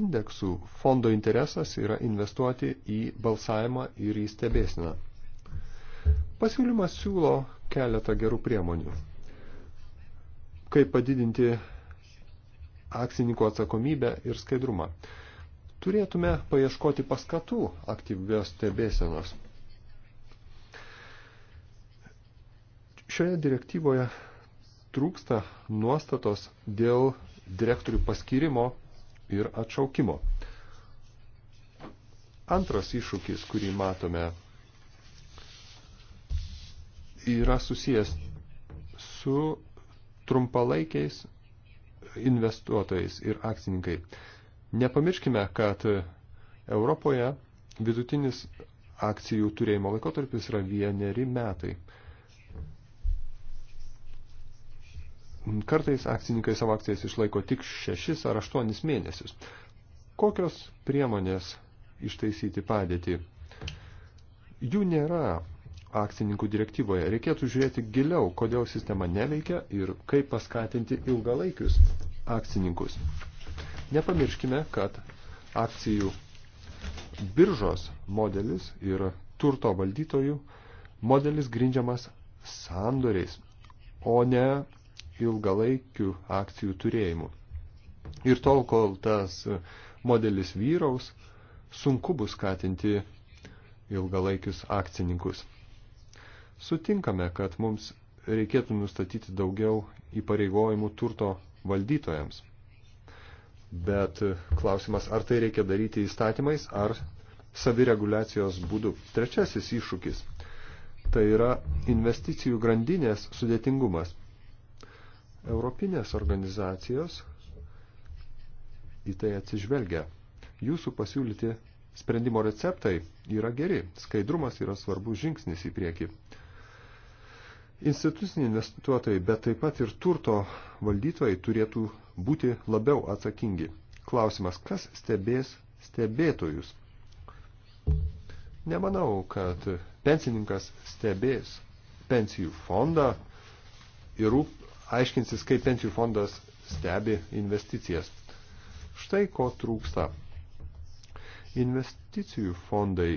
Indeksų fondo interesas yra investuoti į balsavimą ir į stebėsiną. Pasiūlymas siūlo keletą gerų priemonių. Kaip padidinti akcininko atsakomybę ir skaidrumą. Turėtume paieškoti paskatų aktyvios stebėsenos Šioje direktyvoje trūksta nuostatos dėl direktorių paskirimo ir atšaukimo. Antras iššūkis, kurį matome, yra susijęs su trumpalaikiais investuotojais ir akcininkai. Nepamirškime, kad Europoje vidutinis akcijų turėjimo laikotarpis yra vieneri metai. Kartais akcininkai savo akcijas išlaiko tik 6 ar 8 mėnesius. Kokios priemonės ištaisyti padėtį? Jų nėra akcininkų direktyvoje. Reikėtų žiūrėti giliau, kodėl sistema neveikia ir kaip paskatinti ilgalaikius akcininkus. Nepamirškime, kad akcijų biržos modelis ir turto valdytojų modelis grindžiamas sandoriais, o ne ilgalaikių akcijų turėjimu. Ir tol, kol tas modelis vyraus, sunku bus skatinti ilgalaikius akcininkus. Sutinkame, kad mums reikėtų nustatyti daugiau įpareigojimų turto valdytojams. Bet klausimas, ar tai reikia daryti įstatymais, ar savireguliacijos būdu. Trečiasis iššūkis – tai yra investicijų grandinės sudėtingumas. Europinės organizacijos į tai atsižvelgia. Jūsų pasiūlyti sprendimo receptai yra geri. Skaidrumas yra svarbus žingsnis į priekį. Instituciniai investuotojai, bet taip pat ir turto valdytojai turėtų būti labiau atsakingi. Klausimas, kas stebės stebėtojus? Nemanau, kad pensininkas stebės pensijų fondą ir aiškinsis, kaip pensijų fondas stebi investicijas. Štai ko trūksta. Investicijų fondai,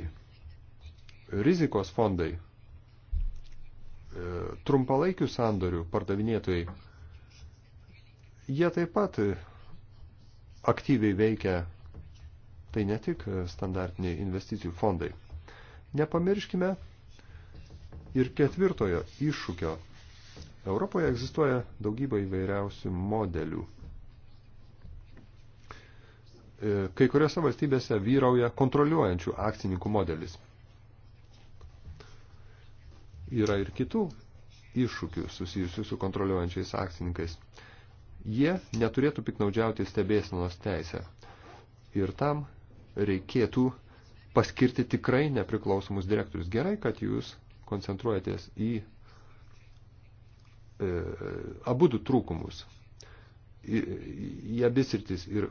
rizikos fondai, e, trumpalaikių sandorių pardavinėtojai, jie taip pat aktyviai veikia, tai ne tik standartiniai investicijų fondai. Nepamirškime ir ketvirtojo iššūkio Europoje egzistuoja daugybą įvairiausių modelių. E, kai kuriuose valstybėse vyrauja kontroliuojančių akcininkų modelis. Yra ir kitų iššūkių susijusių su kontroliuojančiais akcininkais. Jie neturėtų piknaudžiauti stebėsinos teisę. Ir tam reikėtų paskirti tikrai nepriklausomus direktorius. Gerai, kad jūs koncentruojatės į E, abudu trūkumus į abis rytis ir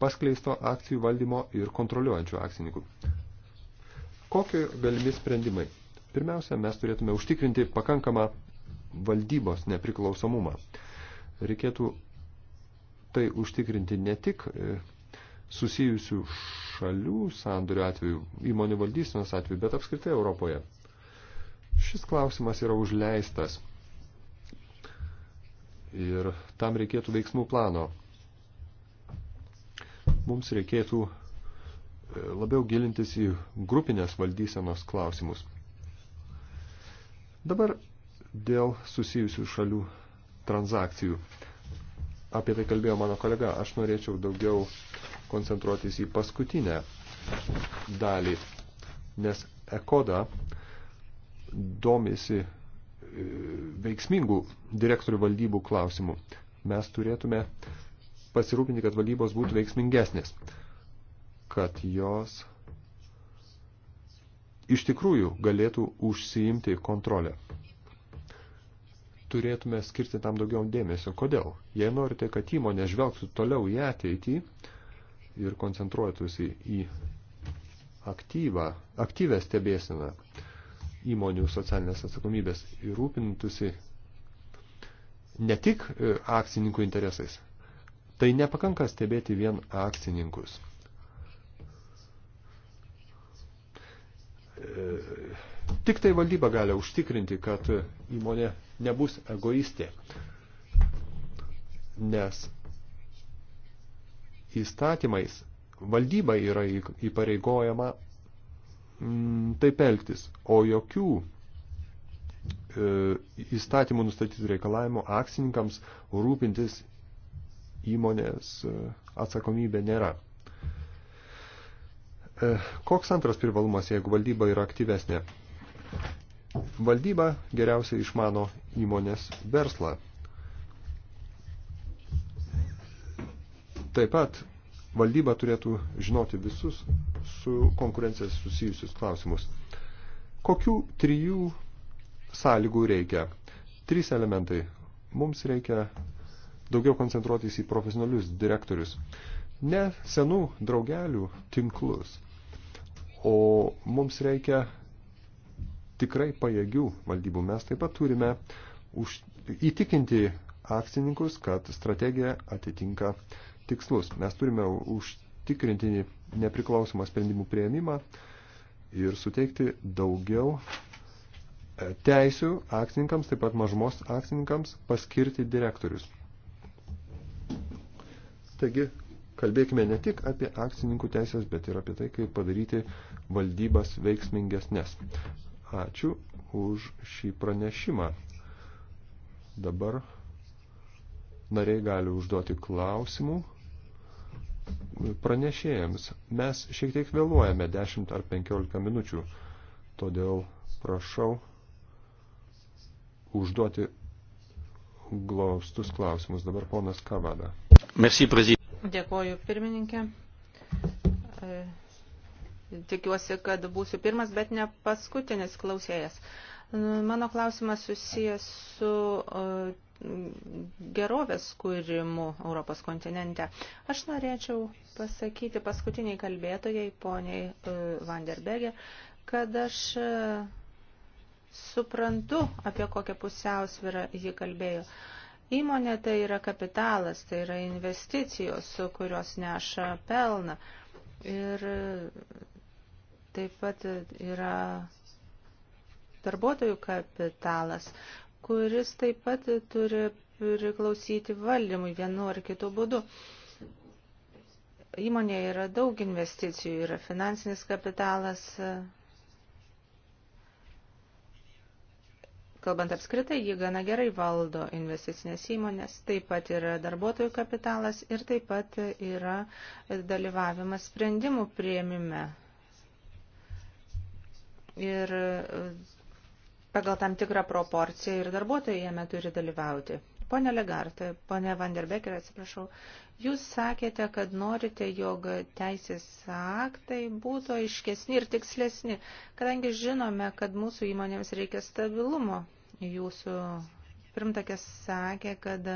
paskleisto akcijų valdymo ir kontroliuojančių akcininkų. Kokie galimi sprendimai? Pirmiausia, mes turėtume užtikrinti pakankamą valdybos nepriklausomumą. Reikėtų tai užtikrinti ne tik e, susijusių šalių sandorių atveju, įmonių valdysenos atveju, bet apskritai Europoje. Šis klausimas yra užleistas ir tam reikėtų veiksmų plano. Mums reikėtų e, labiau gilintis į grupinės valdysenos klausimus. Dabar dėl susijusių šalių transakcijų. Apie tai kalbėjo mano kolega. Aš norėčiau daugiau koncentruotis į paskutinę dalį, nes ekoda domisi veiksmingų direktorių valdybų klausimų. Mes turėtume pasirūpinti, kad valdybos būtų veiksmingesnės, kad jos iš tikrųjų galėtų užsiimti kontrolę. Turėtume skirti tam daugiau dėmesio. Kodėl? Jei norite, kad įmonė žvelgtų toliau į ateitį ir koncentruotųsi į aktyvą, aktyvę stebėsiną, įmonių socialinės atsakomybės ir rūpintusi ne tik e, akcininkų interesais. Tai nepakanka stebėti vien akcininkus. E, tik tai valdyba gali užtikrinti, kad įmonė nebus egoistė, nes įstatymais valdyba yra įpareigojama m, mm, taip elgtis, o jokių e, įstatymų nustatytų reikalavimų akcininkams rūpintis įmonės e, atsakomybė nėra. E, koks antras privalumas, jeigu valdyba yra aktyvesnė? Valdyba geriausiai išmano įmonės verslą. Taip pat valdyba turėtų žinoti visus su konkurencija susijusius klausimus. Kokių trijų sąlygų reikia? Trys elementai. Mums reikia daugiau koncentruotis į profesionalius direktorius. Ne senų draugelių tinklus, o mums reikia tikrai pajėgių valdybų. Mes taip pat turime už, įtikinti akcininkus, kad strategija atitinka uh, tikslus. Mes turime užtikrinti nepriklausomą sprendimų prieimimą ir suteikti daugiau e, teisių akcininkams, taip pat mažumos akcininkams paskirti direktorius. Taigi, kalbėkime ne tik apie akcininkų teisės, bet ir apie tai, kaip padaryti valdybas veiksmingesnės. Ačiū už šį pranešimą. Dabar nariai gali užduoti klausimų pranešėjams. Mes šiek tiek vėluojame 10 ar 15 minučių, todėl prašau užduoti glaustus klausimus. Dabar ponas Kavada. Merci, Dėkoju, pirmininkė. E, tikiuosi, kad būsiu pirmas, bet ne paskutinis klausėjas. Mano klausimas susijęs su e, gerovės kūrimu Europos kontinente. Aš norėčiau pasakyti paskutiniai kalbėtojai, poniai e, Vanderberge, kad aš e, suprantu, apie kokią pusiausvyrą ji kalbėjo. Įmonė tai yra kapitalas, tai yra investicijos, kurios neša pelną. Ir e, taip pat yra darbuotojų kapitalas, kuris taip pat turi priklausyti valdymui vienu ar kitu būdu. Įmonėje yra daug investicijų, yra finansinis kapitalas. Kalbant apskritai, jį gana gerai valdo investicinės įmonės, taip pat yra darbuotojų kapitalas ir taip pat yra dalyvavimas sprendimų prieimime. Ir pagal tam tikrą proporciją ir darbuotojai jame turi dalyvauti. Pone Legartai, pone Vanderbecker, atsiprašau, jūs sakėte, kad norite, jog teisės aktai būtų aiškesni ir tikslesni, kadangi žinome, kad mūsų įmonėms reikia stabilumo. Jūsų pirmtakės sakė, kad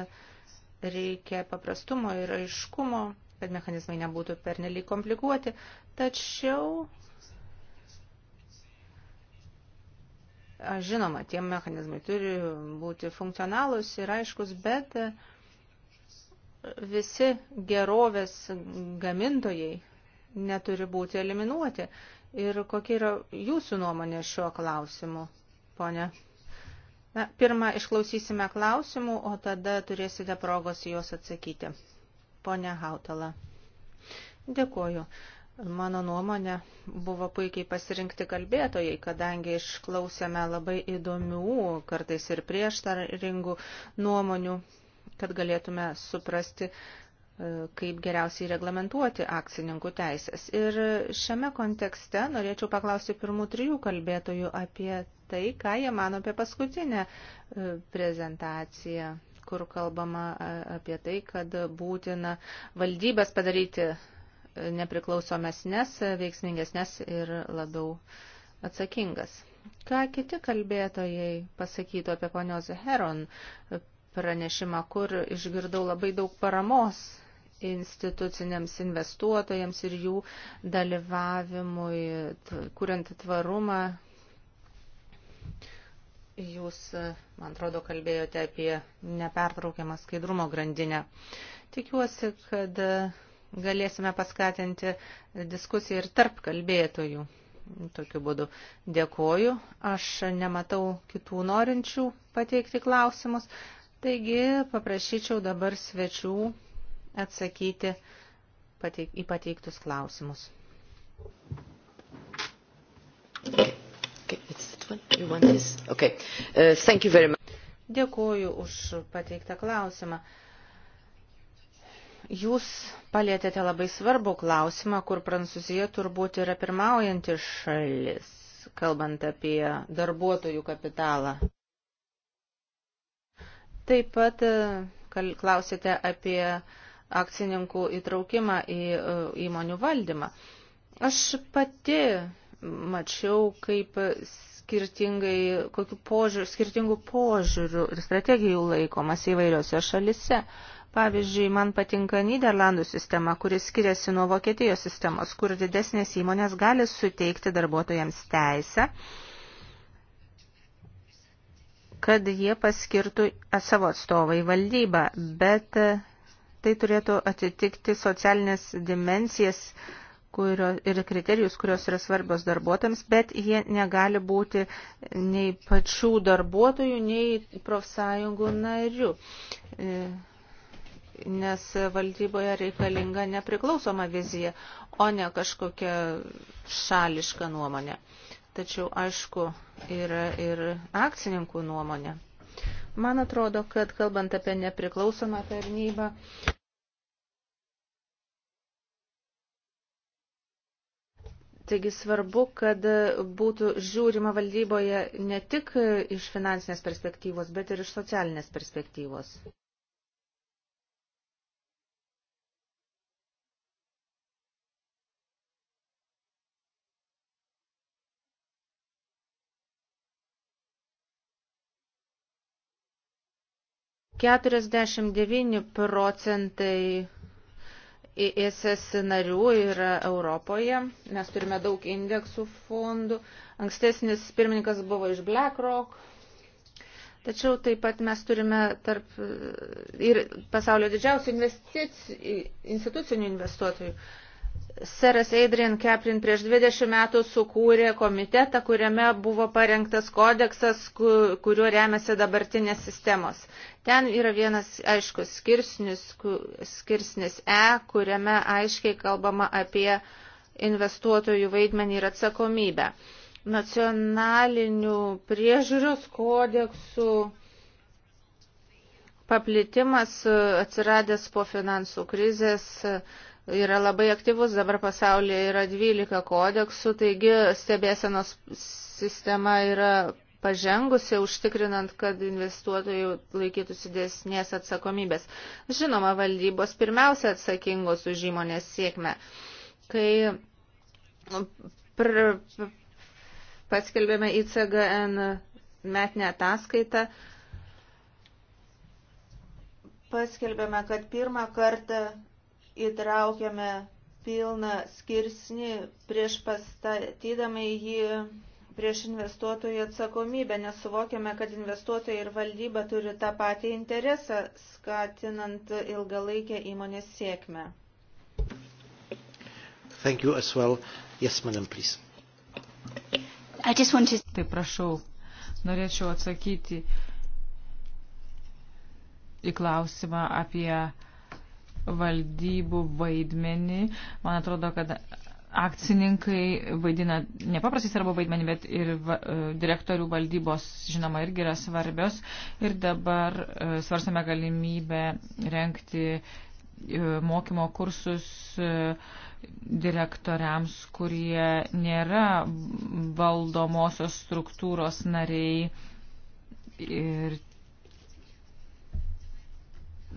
reikia paprastumo ir aiškumo, kad mechanizmai nebūtų pernelyg komplikuoti, tačiau Žinoma, tie mechanizmai turi būti funkcionalūs ir aiškus, bet e, visi gerovės gamintojai neturi būti eliminuoti. Ir kokia yra jūsų nuomonė šiuo klausimu, ponė? Na, pirmą išklausysime klausimų, o tada turėsite progos juos atsakyti. Pone Hautala. Dėkuoju. Mano nuomonė buvo puikiai pasirinkti kalbėtojai, kadangi išklausėme labai įdomių, kartais ir prieštaringų nuomonių, kad galėtume suprasti, e, kaip geriausiai reglamentuoti akcininkų teisės. Ir šiame kontekste norėčiau paklausti pirmų trijų kalbėtojų apie tai, ką jie mano apie paskutinę e, prezentaciją kur kalbama apie tai, kad būtina valdybės padaryti nepriklausomesnės, veiksmingesnės ir labiau atsakingas. Ką kiti kalbėtojai pasakytų apie ponios Heron pranešimą, kur išgirdau labai daug paramos instituciniams investuotojams ir jų dalyvavimui, kuriant tvarumą. Jūs, man atrodo, kalbėjote apie nepertraukiamą skaidrumo grandinę. Tikiuosi, kad galėsime paskatinti diskusiją ir tarp kalbėtojų. Tokiu būdu dėkoju. Aš nematau kitų norinčių pateikti klausimus. Taigi paprašyčiau dabar svečių atsakyti pateik, į pateiktus klausimus. Uh, Dėkuoju už pateiktą klausimą. Jūs palėtėte labai svarbų klausimą, kur Prancūzija turbūt yra pirmaujanti šalis, kalbant apie darbuotojų kapitalą. Taip pat e, klausėte apie akcininkų įtraukimą į e, įmonių valdymą. Aš pati mačiau, kaip skirtingai, kokiu požiūriu, skirtingų požiūrių ir strategijų laikomas įvairiose šalise. Pavyzdžiui, man patinka Niderlandų sistema, kuris skiriasi nuo Vokietijos sistemos, kur didesnės įmonės gali suteikti darbuotojams teisę, kad jie paskirtų savo atstovą į valdybą, bet tai turėtų atitikti socialinės dimensijas kurio, ir kriterijus, kurios yra svarbios darbuotojams, bet jie negali būti nei pačių darbuotojų, nei profsąjungų narių. E, nes valdyboje reikalinga nepriklausoma vizija, o ne kažkokia šališka nuomonė. Tačiau, aišku, yra ir akcininkų nuomonė. Man atrodo, kad kalbant apie nepriklausomą tarnybą, Taigi svarbu, kad būtų žiūrima valdyboje ne tik iš finansinės perspektyvos, bet ir iš socialinės perspektyvos. 49 procentai ISS narių yra Europoje. Mes turime daug indeksų fondų. Ankstesnis pirmininkas buvo iš BlackRock. Tačiau taip pat mes turime tarp ir pasaulio didžiausių investic... institucinių investuotojų. Seras Adrian Keprin prieš 20 metų sukūrė komitetą, kuriame buvo parengtas kodeksas, kuriuo remiasi dabartinės sistemos. Ten yra vienas aiškus skirsnis, skirsnis E, kuriame aiškiai kalbama apie investuotojų vaidmenį ir atsakomybę. Nacionalinių priežiūros kodeksų paplitimas atsiradęs po finansų krizės yra labai aktyvus, dabar pasaulyje yra 12 kodeksų, taigi stebėsenos sistema yra pažengusi, užtikrinant, kad investuotojų laikytųsi dėsnės atsakomybės. Žinoma, valdybos pirmiausia atsakingos už įmonės sėkmę. Kai pr, paskelbėme ICGN metinę ataskaitą, paskelbėme, kad pirmą kartą įtraukėme pilną skirsnį prieš pastatydami jį prieš investuotojų atsakomybę, nes suvokiame, kad investuotojai ir valdyba turi tą patį interesą, skatinant ilgalaikę įmonės sėkmę. Thank you as well. Yes, madam, please. I just wanted... Tai prašau, norėčiau atsakyti į klausimą apie valdybų vaidmenį. Man atrodo, kad akcininkai vaidina nepaprastai svarbu vaidmenį, bet ir va, e, direktorių valdybos, žinoma, irgi yra svarbios. Ir dabar e, svarstame galimybę renkti e, mokymo kursus direktoriams, kurie nėra valdomosios struktūros nariai ir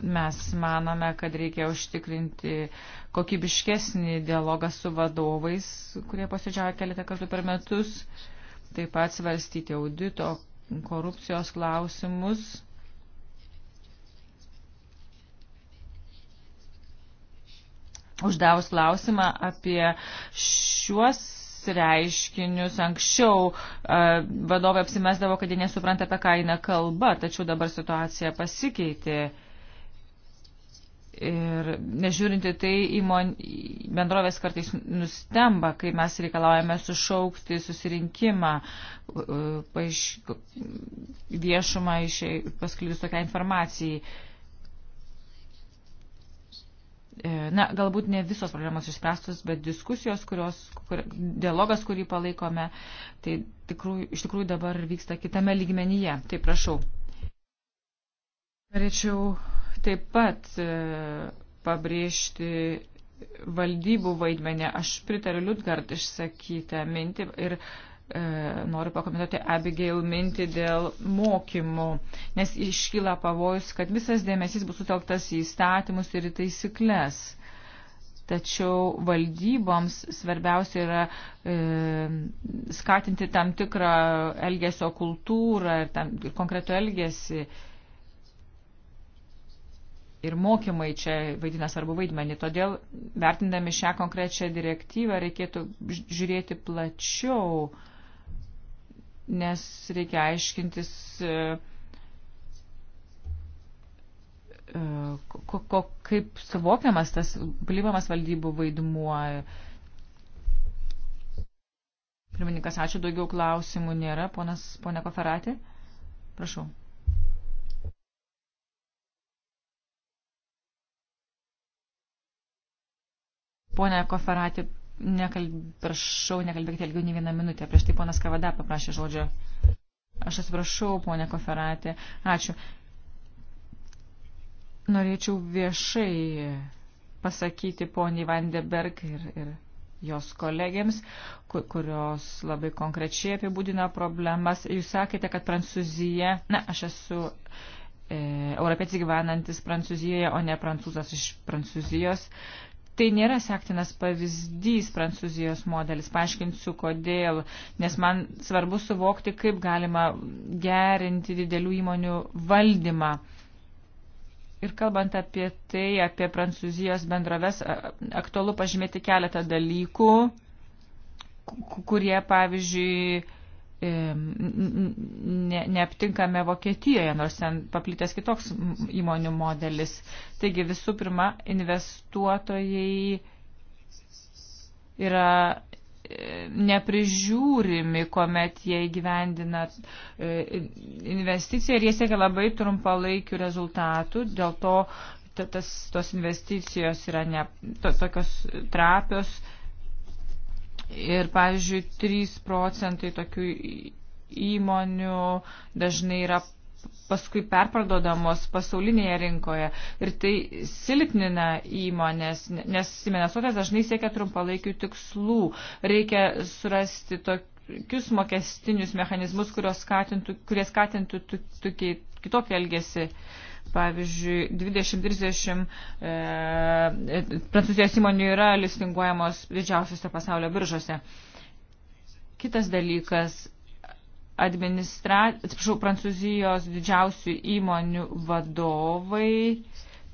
Mes manome, kad reikia užtikrinti kokybiškesnį dialogą su vadovais, kurie posėdžiavo keletą kartų per metus, taip pat svarstyti audito korupcijos klausimus. Uždavus klausimą apie šiuos reiškinius. Anksčiau e, vadovai apsimesdavo, kad jie nesupranta, apie ką eina kalba, tačiau dabar situacija pasikeitė. Ir nežiūrinti tai, įmon, bendrovės kartais nustemba, kai mes reikalaujame sušaukti susirinkimą paaiš, viešumą pasklydus tokią informacijai. E, na, galbūt ne visos problemos išspręstos, bet diskusijos, kurios, kur, dialogas, kurį palaikome, tai tikrų, iš tikrųjų dabar vyksta kitame lygmenyje. Tai prašau. Norėčiau taip pat e, pabrėžti valdybų vaidmenį. Aš pritariu Liutgard išsakytą mintį ir e, noriu pakomentuoti Abigail mintį dėl mokymų, nes iškyla pavojus, kad visas dėmesys bus sutelktas į įstatymus ir į taisyklės. Tačiau valdyboms svarbiausia yra e, skatinti tam tikrą elgesio kultūrą ir, tam, ir konkretų elgesį. E, ir mokymai čia vaidina svarbu vaidmenį. Todėl, vertindami šią konkrečią direktyvą, reikėtų žiūrėti plačiau, nes reikia aiškintis, e, e, ko, ko, kaip suvokiamas tas priimamas valdybų vaidmuo. Pirmininkas, ačiū, daugiau klausimų nėra. Ponas, ponė Koferatė, prašau. Pone Koferati, nekalb... prašau, nekalbėkite ilgiau nei vieną minutę. Prieš tai ponas Kavada paprašė žodžio. Aš atsiprašau, ponė Koferati. Ačiū. Norėčiau viešai pasakyti poniai Vandenberg ir, ir jos kolegėms, kurios labai konkrečiai apibūdina problemas. Jūs sakėte, kad Prancūzija, na, aš esu e, europietis gyvenantis Prancūzijoje, o ne prancūzas iš Prancūzijos. E, tai nėra sektinas pavyzdys Prancūzijos modelis. Paaiškinsiu, kodėl. Nes man svarbu suvokti, kaip galima gerinti didelių įmonių valdymą. Ir kalbant apie tai, apie Prancūzijos bendroves, aktualu pažymėti keletą dalykų, kurie, pavyzdžiui, E, ne, neaptinkame Vokietijoje, nors ten paplitęs kitoks įmonių modelis. Taigi visų pirma, investuotojai yra e, neprižiūrimi, kuomet jie įgyvendina e, investiciją ir jie siekia labai trumpalaikių rezultatų, dėl to tas, tos investicijos yra ne, to, tokios trapios Ir, pavyzdžiui, 3 procentai tokių įmonių dažnai yra paskui perparduodamos pasaulinėje rinkoje. Ir tai silpnina įmonės, nes Minnesotės dažnai siekia trumpalaikių tikslų. Reikia surasti tokius mokestinius mechanizmus, skatintų, kurie skatintų kitokį elgesį. Uh, Pavyzdžiui, 20-30 e, e, prancūzijos įmonių yra listinguojamos didžiausiose pasaulio biržose. Kitas dalykas administra... atsiprašau, Prancūzijos didžiausių įmonių vadovai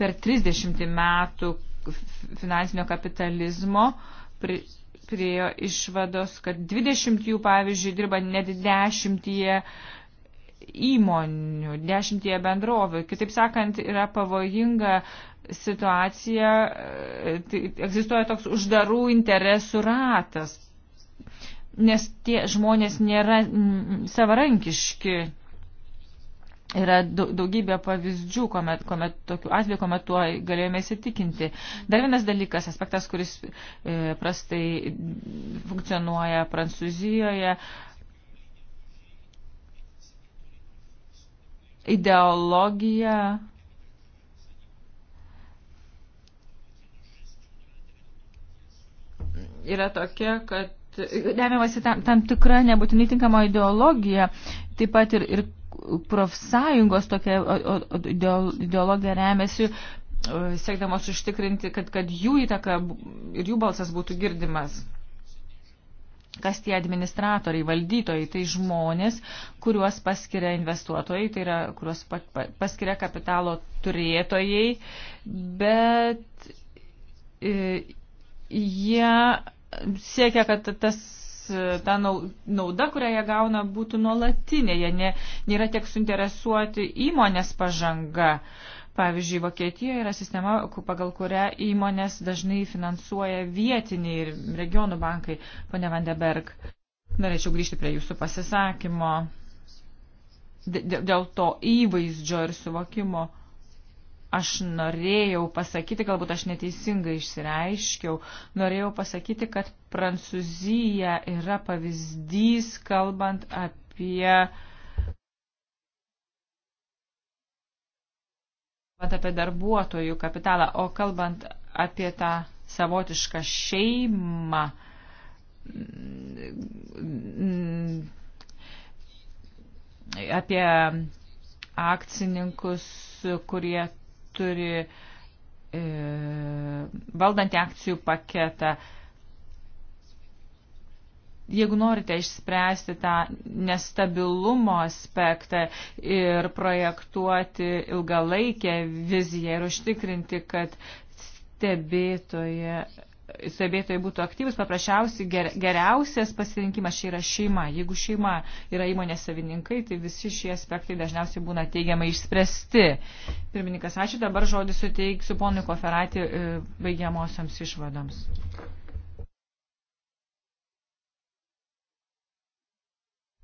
per 30 metų finansinio kapitalizmo pri... priejo išvados, kad 20 jų, pavyzdžiui, dirba net 10 įmonių, dešimtyje bendrovių. Kitaip sakant, yra pavojinga situacija, e, tai egzistuoja toks uždarų interesų ratas, nes tie žmonės nėra mm, savarankiški. Yra daugybė pavyzdžių, kuomet, kuomet tokiu atveju, kuomet tuo galėjome įsitikinti. Dar vienas dalykas, aspektas, kuris e, prastai funkcionuoja Prancūzijoje, e, ideologija yra tokia, kad remiamasi tam, tam tikra nebūtinai tinkama ideologija, taip pat ir, ir profsąjungos tokia ideologija remiasi, e, siekdamos užtikrinti, kad, kad jų įtaka ir jų balsas būtų girdimas kas tie administratoriai, valdytojai, tai žmonės, kuriuos paskiria investuotojai, tai yra, kuriuos paskiria kapitalo turėtojai, bet e, jie siekia, kad tas ta nauda, kurią jie gauna, būtų nuolatinė, jie ne, nėra tiek suinteresuoti įmonės pažanga. Uh, Pavyzdžiui, Vokietijoje yra sistema, pagal kurią įmonės dažnai finansuoja vietiniai ir regionų bankai. Pane Vandeberg, norėčiau grįžti prie jūsų pasisakymo dėl to įvaizdžio ir suvokimo. Aš norėjau pasakyti, galbūt aš neteisingai išsireiškiau, norėjau pasakyti, kad Prancūzija yra pavyzdys, kalbant apie uh, apie darbuotojų kapitalą, o kalbant apie tą savotišką šeimą, apie akcininkus, kurie turi e, valdantį akcijų paketą, jeigu norite išspręsti tą nestabilumo aspektą ir projektuoti ilgalaikę viziją ir užtikrinti, kad stebėtoje stebėtojai būtų aktyvus, paprasčiausiai ger, geriausias pasirinkimas čia yra šeima. Jeigu šeima yra įmonės savininkai, tai visi šie aspektai dažniausiai būna teigiamai išspręsti. Pirmininkas, ačiū. Dabar žodį suteiksiu ponui Koferati e, baigiamosioms išvadoms.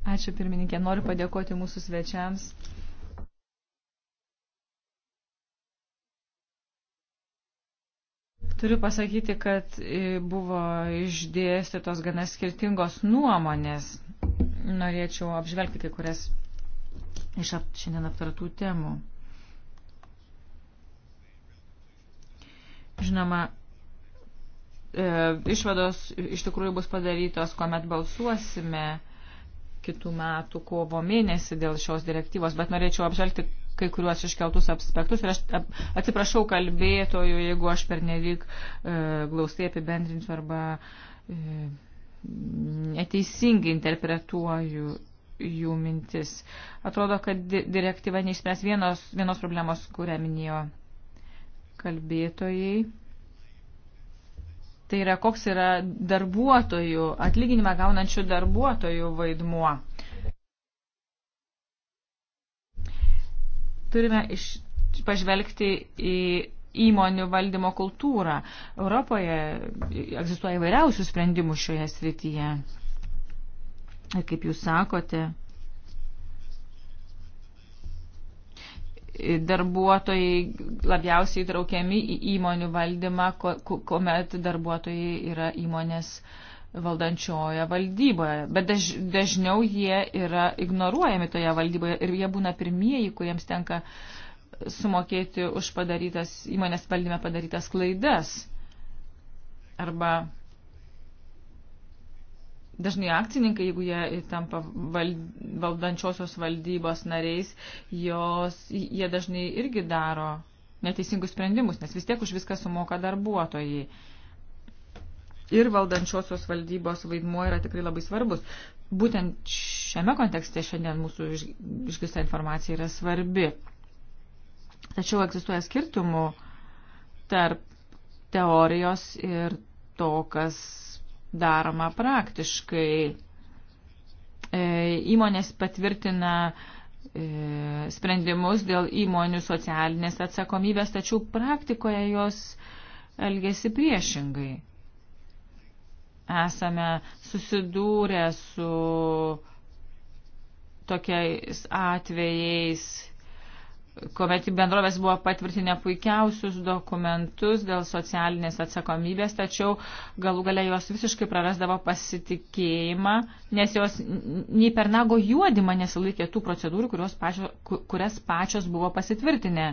Ačiū pirmininkė, noriu padėkoti mūsų svečiams. Turiu pasakyti, kad e, buvo išdėstytos gana skirtingos nuomonės. Norėčiau apžvelgti kai kurias iš šiandien aptartų temų. Žinoma, e, išvados iš tikrųjų bus padarytos, kuomet balsuosime kitų metų kovo mėnesį dėl šios direktyvos, bet norėčiau apžvelgti kai kuriuos iškeltus aspektus ir aš atsiprašau kalbėtojų, jeigu aš pernelyg e, glaustai apibendrinsiu arba e, neteisingai interpretuoju jų mintis. Atrodo, kad direktyva neišspręs vienos, vienos problemos, kurią minėjo kalbėtojai Tai yra, koks yra darbuotojų, atlyginimą gaunančių darbuotojų vaidmuo. Turime iš, pažvelgti į įmonių valdymo kultūrą. Europoje egzistuoja įvairiausių sprendimų šioje srityje. Ir kaip jūs sakote, darbuotojai labiausiai traukiami į įmonių valdymą, kuomet darbuotojai yra įmonės valdančioje valdyboje. Bet daž, dažniau jie yra ignoruojami toje valdyboje ir jie būna pirmieji, kuriems tenka sumokėti už padarytas, įmonės valdyme padarytas klaidas. Arba Dažnai akcininkai, jeigu jie tampa valdančiosios valdybos nariais, jos, jie dažnai irgi daro neteisingus sprendimus, nes vis tiek už viską sumoka darbuotojai. Ir valdančiosios valdybos vaidmuo yra tikrai labai svarbus. Būtent šiame kontekste šiandien mūsų išgista informacija yra svarbi. Tačiau egzistuoja skirtumų tarp teorijos ir to, kas daroma praktiškai. E, įmonės patvirtina e, sprendimus dėl įmonių socialinės atsakomybės, tačiau praktikoje jos elgesi priešingai. Esame susidūrę su tokiais atvejais kuomet bendrovės buvo patvirtinę puikiausius dokumentus dėl socialinės atsakomybės, tačiau galų galia jos visiškai prarasdavo pasitikėjimą, nes jos nei per nago juodimą nesilaikė tų procedūrų, kurios pačio, kurias pačios buvo pasitvirtinę.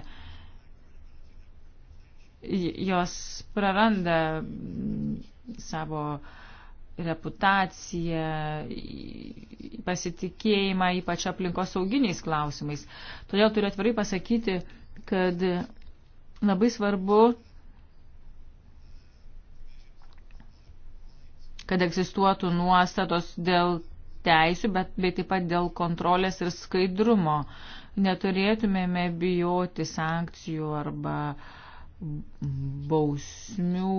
Jos praranda savo uh, reputaciją, pasitikėjimą, ypač aplinkos sauginiais klausimais. Todėl turiu atvirai pasakyti, kad labai svarbu, kad egzistuotų nuostatos dėl teisių, bet, bet taip pat dėl kontrolės ir skaidrumo. Neturėtumėme bijoti sankcijų arba bausmių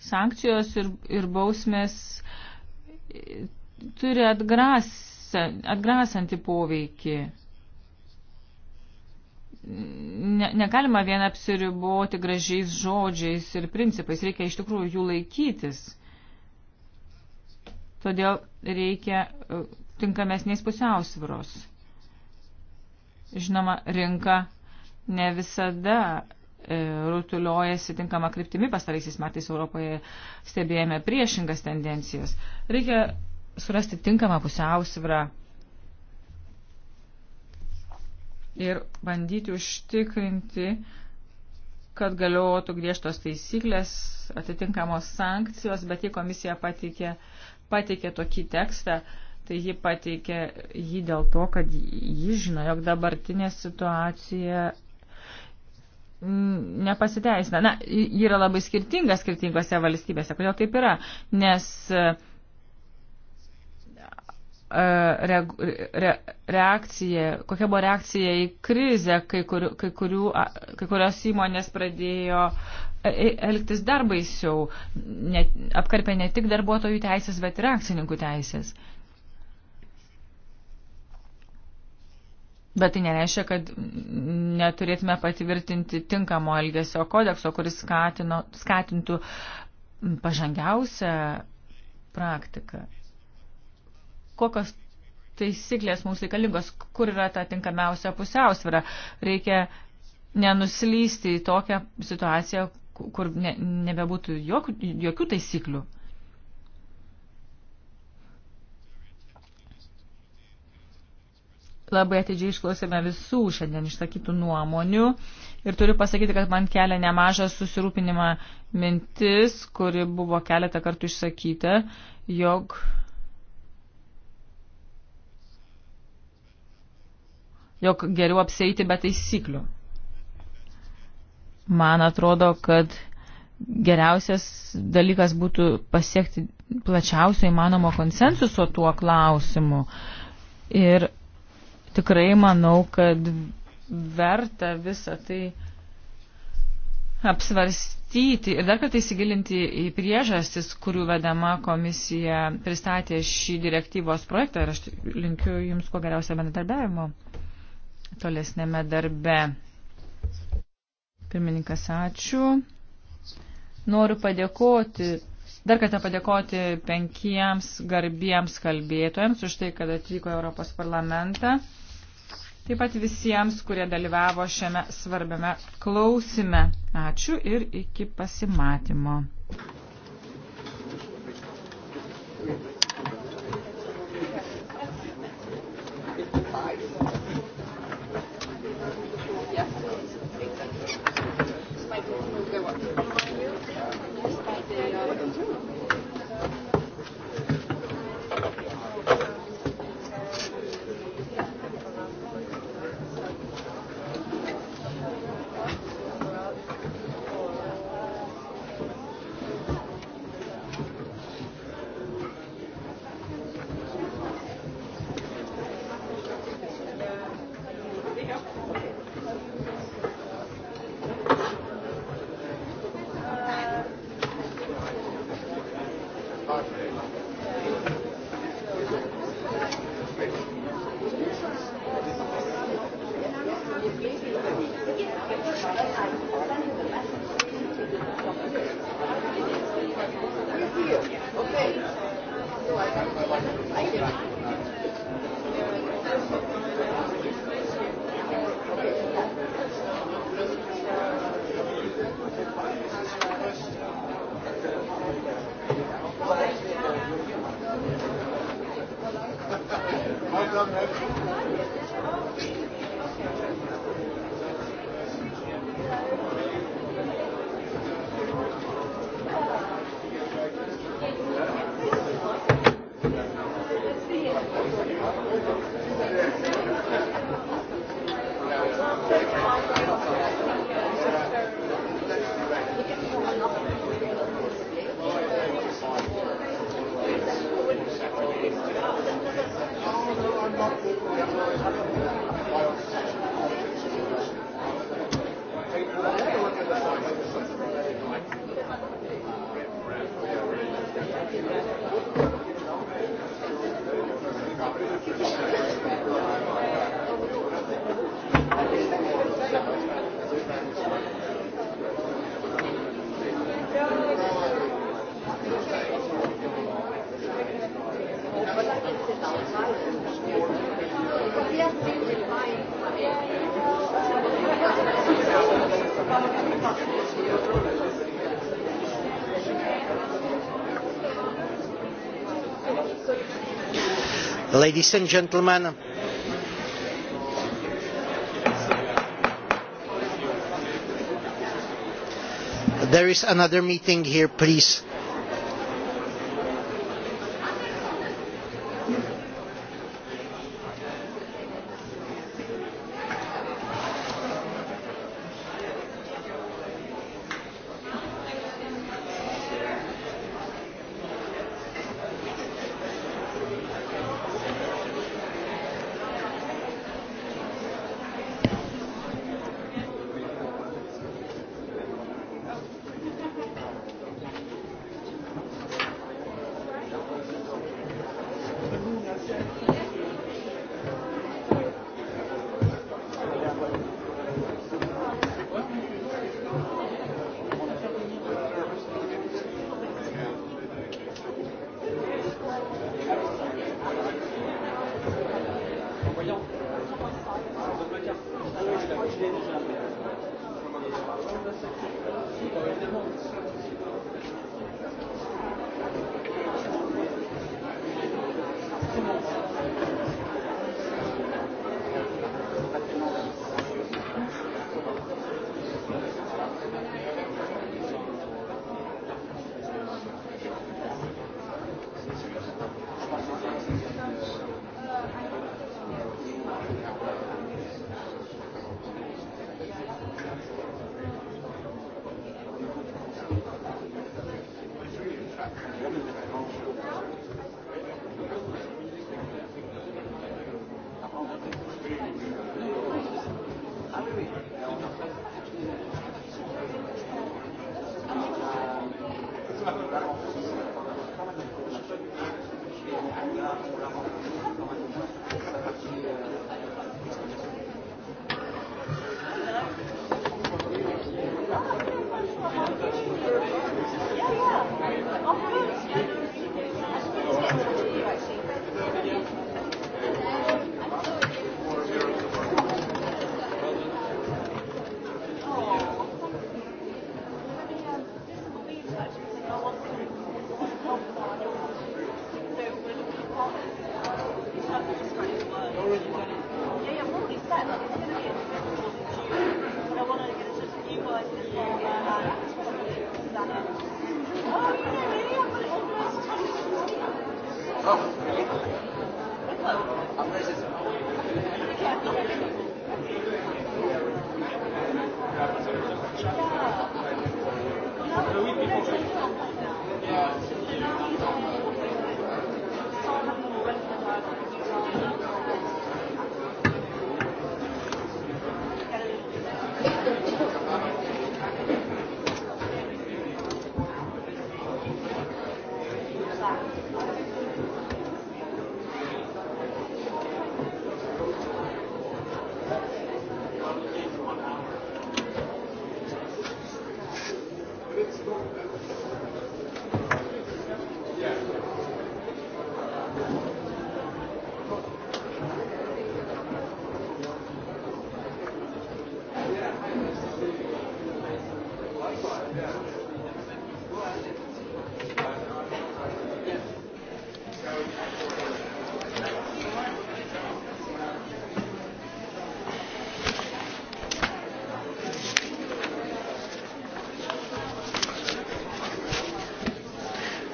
sankcijos ir, ir bausmės turi atgras, atgrasantį poveikį. Ne, negalima vien apsiriboti gražiais žodžiais ir principais, reikia iš tikrųjų jų laikytis. Todėl reikia e, tinkamesnės pusiausviros. Žinoma, rinka ne visada E, rutuliojasi tinkama kryptimi pastaraisiais metais Europoje stebėjome priešingas tendencijas. Reikia surasti tinkamą pusiausvyrą ir bandyti užtikrinti, kad galiotų griežtos taisyklės, atitinkamos sankcijos, bet jei komisija pateikė, pateikė tokį tekstą, tai ji pateikė jį dėl to, kad ji žino, jog dabartinė situacija Mm, nepasiteisina. Na, yra labai skirtinga skirtingose valstybėse. Kodėl taip yra? Nes e, e, re, re, reakcija, kokia buvo reakcija į krizę, kai, kur, kai, kurių, kai kurios įmonės pradėjo e, elgtis dar baisiau, ne, apkarpė ne tik darbuotojų teisės, bet ir akcininkų teisės. Uh, Bet tai nereiškia, kad neturėtume patvirtinti tinkamo elgesio kodekso, kuris skatino, skatintų pažangiausią praktiką. Kokios taisyklės mums reikalingos, kur yra ta tinkamiausia pusiausvėra. Reikia nenuslysti į tokią situaciją, kur ne, nebebūtų jokių, jokių taisyklių. Labai atidžiai išklausėme visų šiandien išsakytų nuomonių ir turiu pasakyti, kad man kelia nemažą susirūpinimą mintis, kuri buvo keletą kartų išsakyta, jog jog geriau apseiti be taisyklių. Man atrodo, kad geriausias dalykas būtų pasiekti plačiausio įmanomo konsensuso tuo klausimu. Ir tikrai manau, kad verta visą tai apsvarstyti ir dar kartą įsigilinti į priežastis, kurių vedama komisija pristatė šį direktyvos projektą ir aš linkiu Jums kuo geriausio bendradarbiavimo tolesnėme darbe. Pirmininkas, ačiū. Noriu padėkoti, dar kartą padėkoti penkiems garbiems kalbėtojams už tai, kad atvyko Europos parlamentą. Taip pat visiems, kurie dalyvavo šiame svarbiame klausime. Ačiū ir iki pasimatymo. Thank you. Ladies and gentlemen, there is another meeting here, please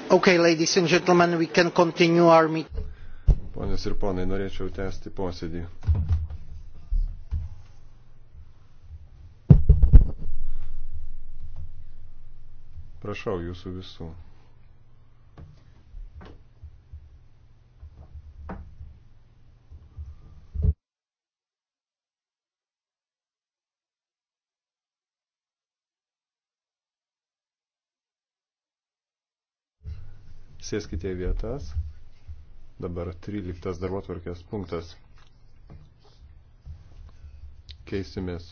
Okay, ladies and gentlemen, we can continue our meeting. Ponios ir ponai, norėčiau tęsti posėdį. Prašau jūsų visų. Sėskite į vietas. Dabar 13 darbo tvarkės punktas. Keisimės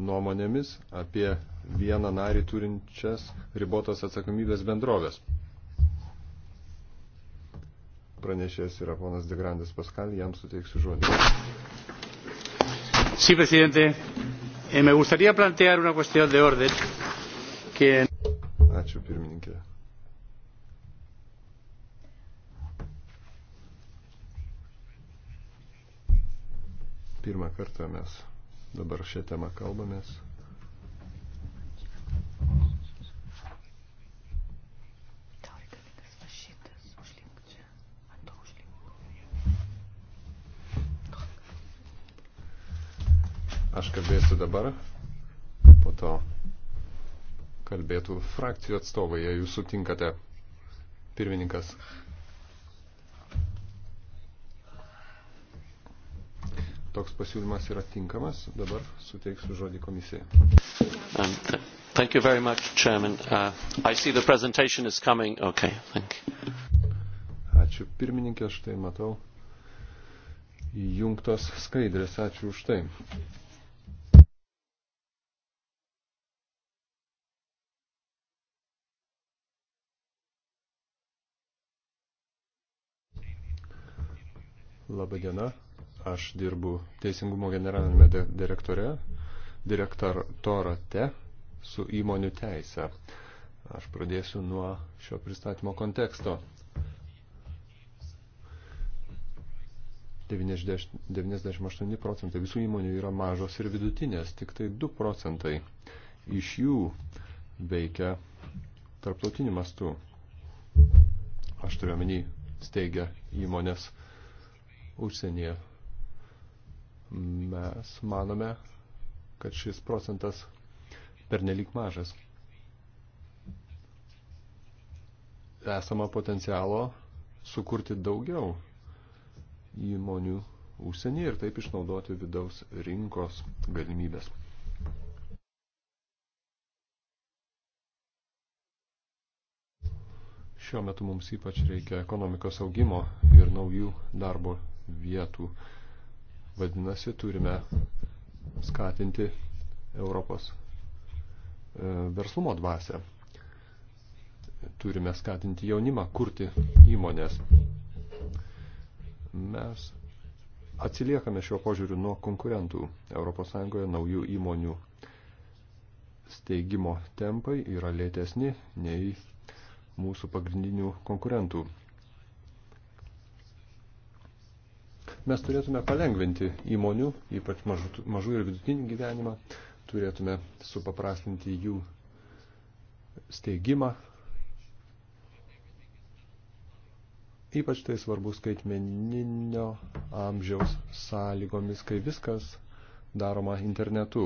nuomonėmis apie vieną narį turinčias ribotos atsakomybės bendrovės. Pranešės yra ponas Degrandas Paskal, jam suteiksiu žodį. Sí, presidente. Eh, me gustaría plantear una cuestión de orden. Que... Ačiū pirmininkė. Pirmą kartą mes dabar šią temą kalbamės. Aš kalbėsiu dabar, po to kalbėtų frakcijų atstovai, jei jūs sutinkate. Pirmininkas. Toks pasiūlymas yra tinkamas. Dabar suteiksiu žodį komisijai. Um, thank you very much, Chairman. Uh, I see the presentation is coming. Okay, thank you. Ačiū pirmininkė, štai matau. Jungtos skaidrės, ačiū už tai. Labadiena, aš dirbu Teisingumo generalinėme direktore, direktorate su įmonių teise. Aš pradėsiu nuo šio pristatymo konteksto. 98 procentai visų įmonių yra mažos ir vidutinės, tik tai 2 procentai iš jų veikia tarptautiniu mastu. Aš turiu omeny steigia įmonės užsienyje. Mes manome, kad šis procentas pernelik mažas. Esama potencialo sukurti daugiau įmonių užsienį ir taip išnaudoti vidaus rinkos galimybės. Šiuo metu mums ypač reikia ekonomikos augimo ir naujų darbo vietų. Vadinasi, turime skatinti Europos e, verslumo dvasę. Turime skatinti jaunimą, kurti įmonės. Mes atsiliekame šiuo požiūriu nuo konkurentų ES naujų įmonių steigimo tempai yra lėtesni nei mūsų pagrindinių konkurentų Mes turėtume palengventi įmonių, ypač mažų, mažų ir vidutinių gyvenimą, turėtume supaprastinti jų steigimą. Ypač tai svarbu skaitmeninio amžiaus sąlygomis, kai viskas daroma internetu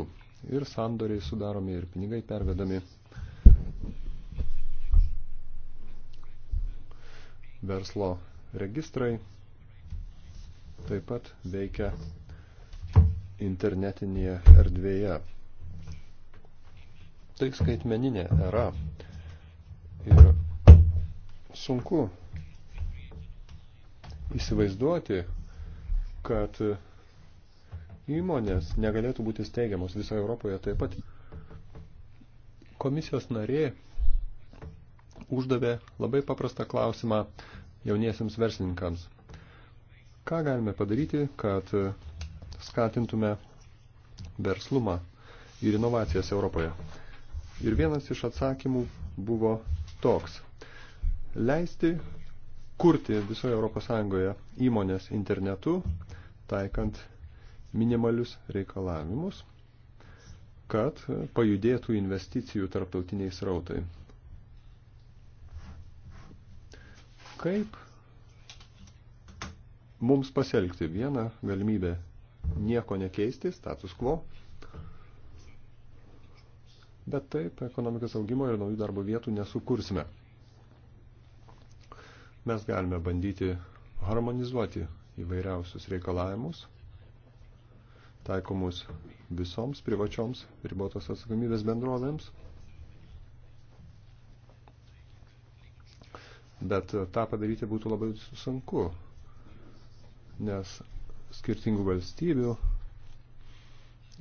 ir sandoriai sudaromi ir pinigai pervedami. Verslo registrai taip pat veikia internetinėje erdvėje. Tai skaitmeninė era. Ir sunku įsivaizduoti, kad įmonės negalėtų būti steigiamos visoje Europoje taip pat. Komisijos narė uždavė labai paprastą klausimą jauniesiams verslininkams. Ką galime padaryti, kad skatintume verslumą ir inovacijas Europoje? Ir vienas iš atsakymų buvo toks. Leisti kurti visoje Europos Sąjungoje įmonės internetu, taikant minimalius reikalavimus, kad pajudėtų investicijų tarptautiniai srautai. Kaip mums pasielgti. Viena galimybė nieko nekeisti, status quo, bet taip ekonomikos augimo ir naujų darbo vietų nesukursime. Mes galime bandyti harmonizuoti įvairiausius reikalavimus, taikomus visoms privačioms ribotos atsakomybės bendrovėms, bet tą padaryti būtų labai sunku, nes skirtingų valstybių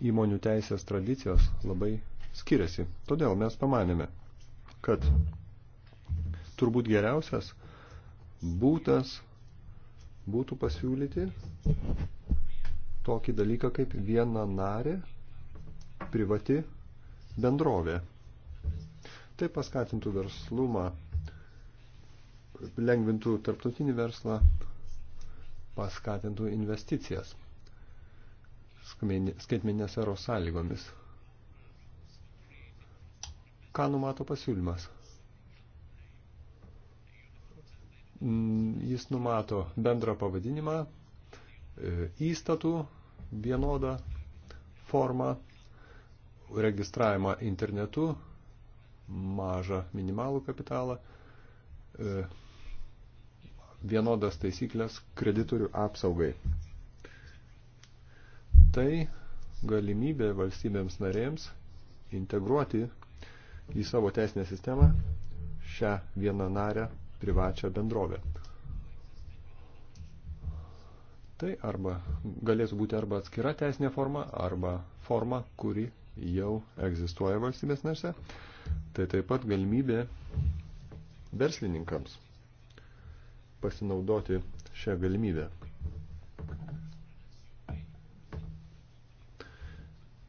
įmonių teisės tradicijos labai skiriasi. Todėl mes pamanėme, kad turbūt geriausias būtas būtų pasiūlyti tokį dalyką kaip viena narė privati bendrovė. Tai paskatintų verslumą, lengvintų tarptautinį verslą, paskatintų investicijas skaitminės eros sąlygomis. Ką numato pasiūlymas? Mm, jis numato bendrą pavadinimą, e, įstatų vienodą formą, registravimą internetu, mažą minimalų kapitalą, e, vienodas taisyklės kreditorių apsaugai. Tai galimybė valstybėms narėms integruoti į savo teisinę sistemą šią vieną narę privačią bendrovę. Tai arba galėtų būti arba atskira teisinė forma, arba forma, kuri jau egzistuoja valstybės narse. Tai taip pat galimybė verslininkams pasinaudoti šią galimybę.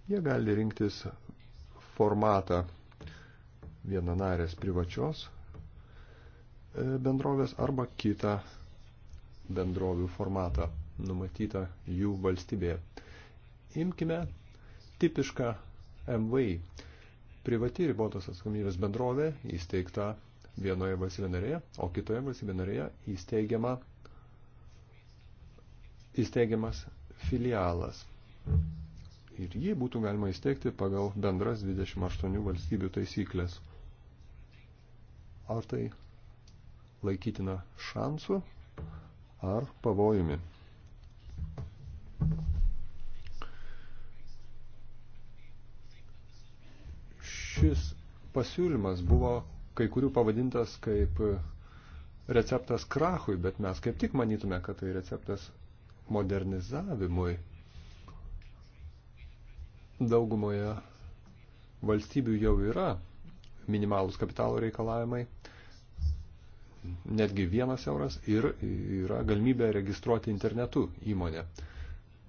Jie gali rinktis formatą vienanarės privačios e, bendrovės arba kitą bendrovių formatą numatytą jų valstybėje. Imkime tipišką MVI, privati ribotos atsakomybės bendrovė įsteigta vienoje valstybė narėje, o kitoje valstybė narėje įsteigiama, įsteigiamas filialas. Ir jį būtų galima įsteigti pagal bendras 28 valstybių taisyklės. Ar tai laikytina šansu ar pavojumi? Šis pasiūlymas buvo kai kurių pavadintas kaip receptas krachui, bet mes kaip tik manytume, kad tai receptas modernizavimui. Daugumoje valstybių jau yra minimalus kapitalo reikalavimai, netgi vienas euras ir yra galimybė registruoti internetu įmonę.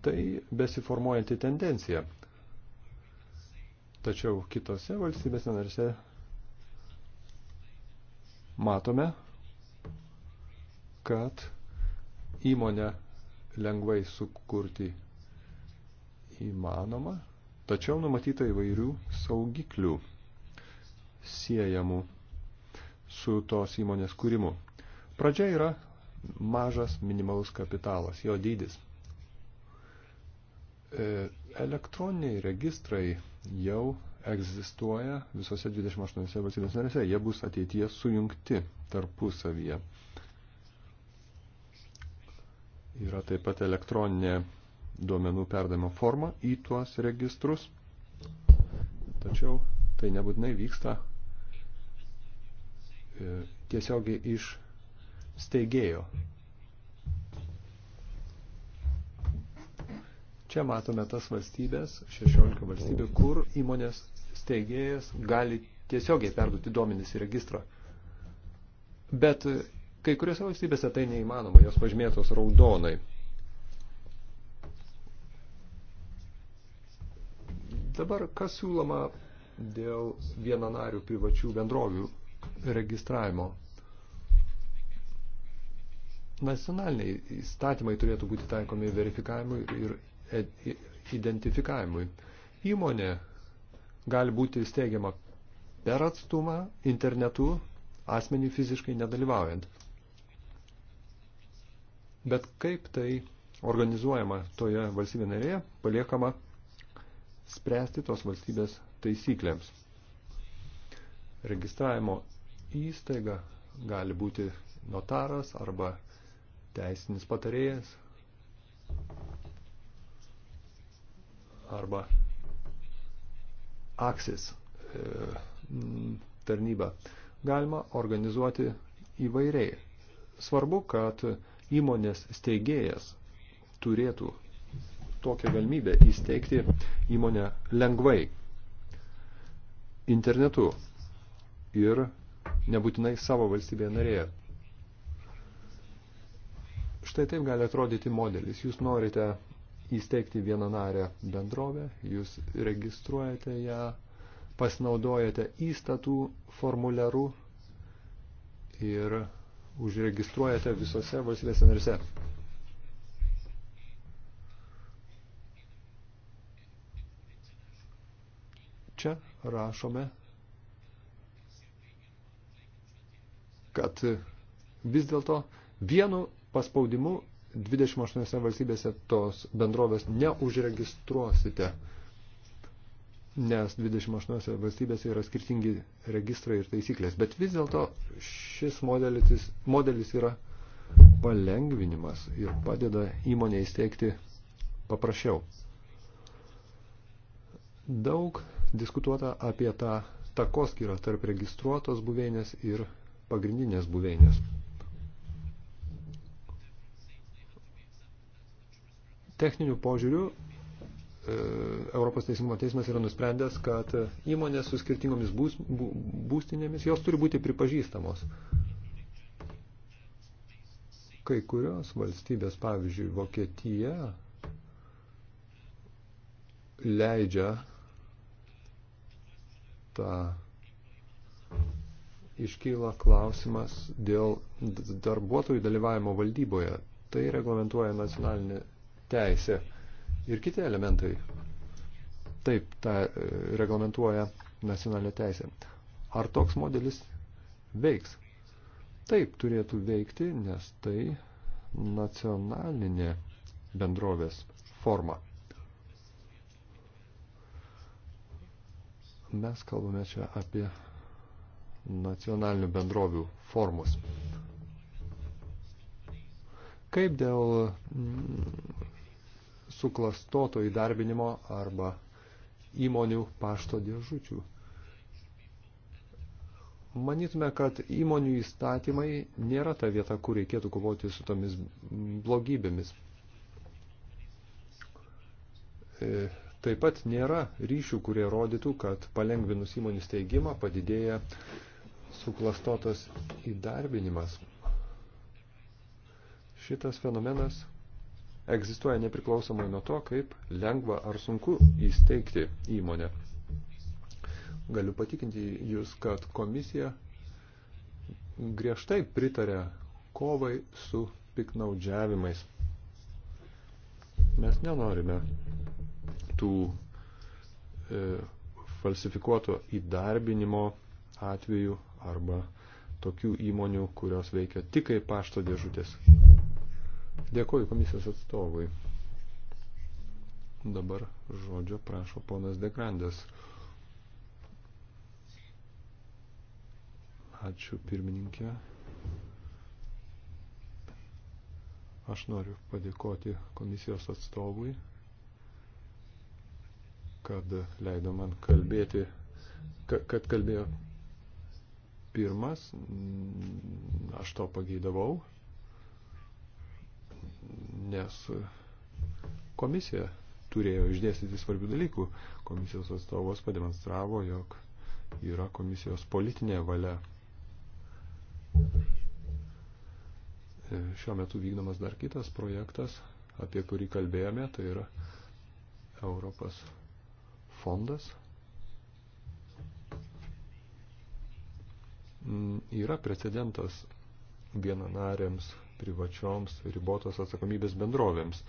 Tai besiformuojanti tendencija. Tačiau kitose valstybėse narse matome, kad įmonę lengvai sukurti įmanoma, tačiau numatyta įvairių saugiklių siejamų su tos įmonės kūrimu. Pradžia yra mažas minimalus kapitalas, jo dydis. E, elektroniniai registrai jau egzistuoja visose 28 valstybės narėse. Jie bus ateityje sujungti tarpusavyje. Yra taip pat elektroninė duomenų perdavimo forma į tuos registrus. Tačiau tai nebūtinai vyksta e, tiesiogiai iš steigėjo. Čia matome tas valstybės, 16 valstybių, kur įmonės steigėjas gali tiesiogiai perduoti duomenis į registrą. Bet kai kuriuose valstybėse tai neįmanoma, jos pažymėtos raudonai. Dabar kas siūloma dėl vienanarių privačių bendrovių registravimo? Nacionaliniai įstatymai turėtų būti taikomi verifikavimui ir identifikavimui. Įmonė gali būti steigiama per atstumą, internetu, asmenį fiziškai nedalyvaujant. Bet kaip tai organizuojama toje valstybė narėje, paliekama spręsti tos valstybės taisyklėms. Registravimo įstaiga gali būti notaras arba teisinis patarėjas arba aksis e, tarnybą galima organizuoti įvairiai. Svarbu, kad įmonės steigėjas turėtų tokią galimybę įsteigti įmonę lengvai internetu ir nebūtinai savo valstybėje narėje. Štai taip gali atrodyti modelis. Jūs norite įsteigti vieną narę bendrovę, jūs registruojate ją, pasinaudojate įstatų formuliaru ir užregistruojate visose valstybės narise. Čia rašome, kad vis dėlto vienu paspaudimu 28 valstybėse tos bendrovės neužregistruosite, nes 28 valstybėse yra skirtingi registrai ir taisyklės. Bet vis dėlto šis modelis, modelis yra palengvinimas ir padeda įmonė įsteigti paprasčiau. Daug diskutuota apie tą takoskyrą tarp registruotos buveinės ir pagrindinės buveinės. Techninių požiūrių e, Europos Teisingumo Teismas yra nusprendęs, kad įmonės su skirtingomis būs, bū, būstinėmis, jos turi būti pripažįstamos. Kai kurios valstybės, pavyzdžiui, Vokietija, leidžia tą iškyla klausimas dėl darbuotojų dalyvavimo valdyboje. Tai reglamentuoja nacionalinė teisė ir kiti elementai. Taip, tą e, reglamentuoja nacionalinė teisė. Ar toks modelis veiks? Taip, turėtų veikti, nes tai nacionalinė bendrovės forma. Mes kalbame čia apie nacionalinių bendrovių formus. Kaip dėl mm, suklastoto įdarbinimo arba įmonių pašto dėžučių. Manytume, kad įmonių įstatymai nėra ta vieta, kur reikėtų kovoti su tomis blogybėmis. E, taip pat nėra ryšių, kurie rodytų, kad palengvinus įmonių steigimą padidėja suklastotas įdarbinimas. Šitas fenomenas egzistuoja nepriklausomai nuo to, kaip lengva ar sunku įsteigti įmonę. Galiu patikinti Jūs, kad komisija griežtai pritarė kovai su piknaudžiavimais. Mes nenorime tų e, falsifikuoto įdarbinimo atvejų arba tokių įmonių, kurios veikia tik kaip pašto dėžutės. Dėkuoju komisijos atstovui. Dabar žodžio prašo ponas Degrandės. Ačiū pirmininkė. Aš noriu padėkoti komisijos atstovui, kad leido man kalbėti, kad kalbėjo pirmas, aš to pageidavau nes komisija turėjo išdėstyti svarbių dalykų. Komisijos atstovas pademonstravo, jog yra komisijos politinė valia. Šiuo metu vykdomas dar kitas projektas, apie kurį kalbėjome, tai yra Europos fondas. Yra precedentas vienanariams privačioms ribotos atsakomybės bendrovėms.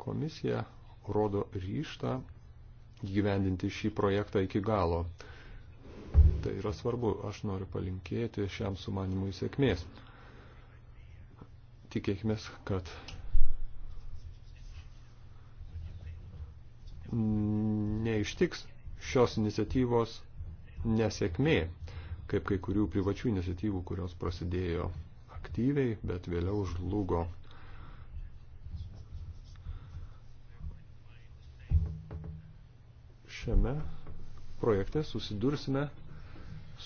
Komisija rodo ryštą gyvendinti šį projektą iki galo. Tai yra svarbu, aš noriu palinkėti šiam sumanimui sėkmės. Tikėkime, kad neištiks šios iniciatyvos nesėkmė kaip kai kurių privačių iniciatyvų, kurios prasidėjo aktyviai, bet vėliau žlugo. Šiame projekte susidursime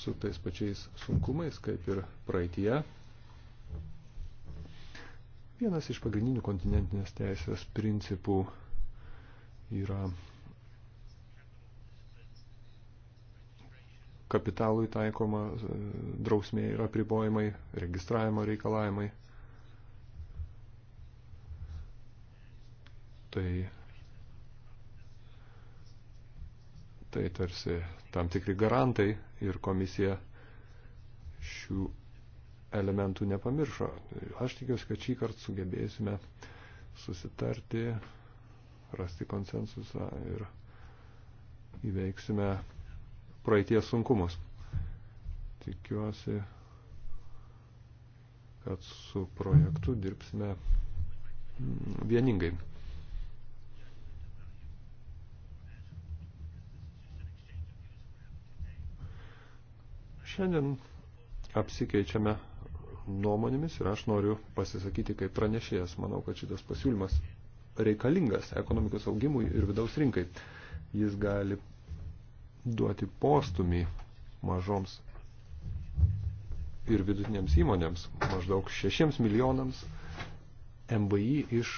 su tais pačiais sunkumais, kaip ir praeitie. Vienas iš pagrindinių kontinentinės teisės principų yra kapitalui taikoma e, drausmė ir apribojimai, registravimo reikalavimai. Tai, tai tarsi tam tikri garantai ir komisija šių elementų nepamiršo. Aš tikiuosi, kad šį kartą sugebėsime susitarti, rasti konsensusą ir įveiksime praeities sunkumus. Tikiuosi, kad su projektu dirbsime mm, vieningai. Šiandien apsikeičiame nuomonėmis ir aš noriu pasisakyti kaip pranešėjas. Manau, kad šitas pasiūlymas reikalingas ekonomikos augimui ir vidaus rinkai. Jis gali duoti postumį mažoms ir vidutinėms įmonėms, maždaug 6 milijonams MVI iš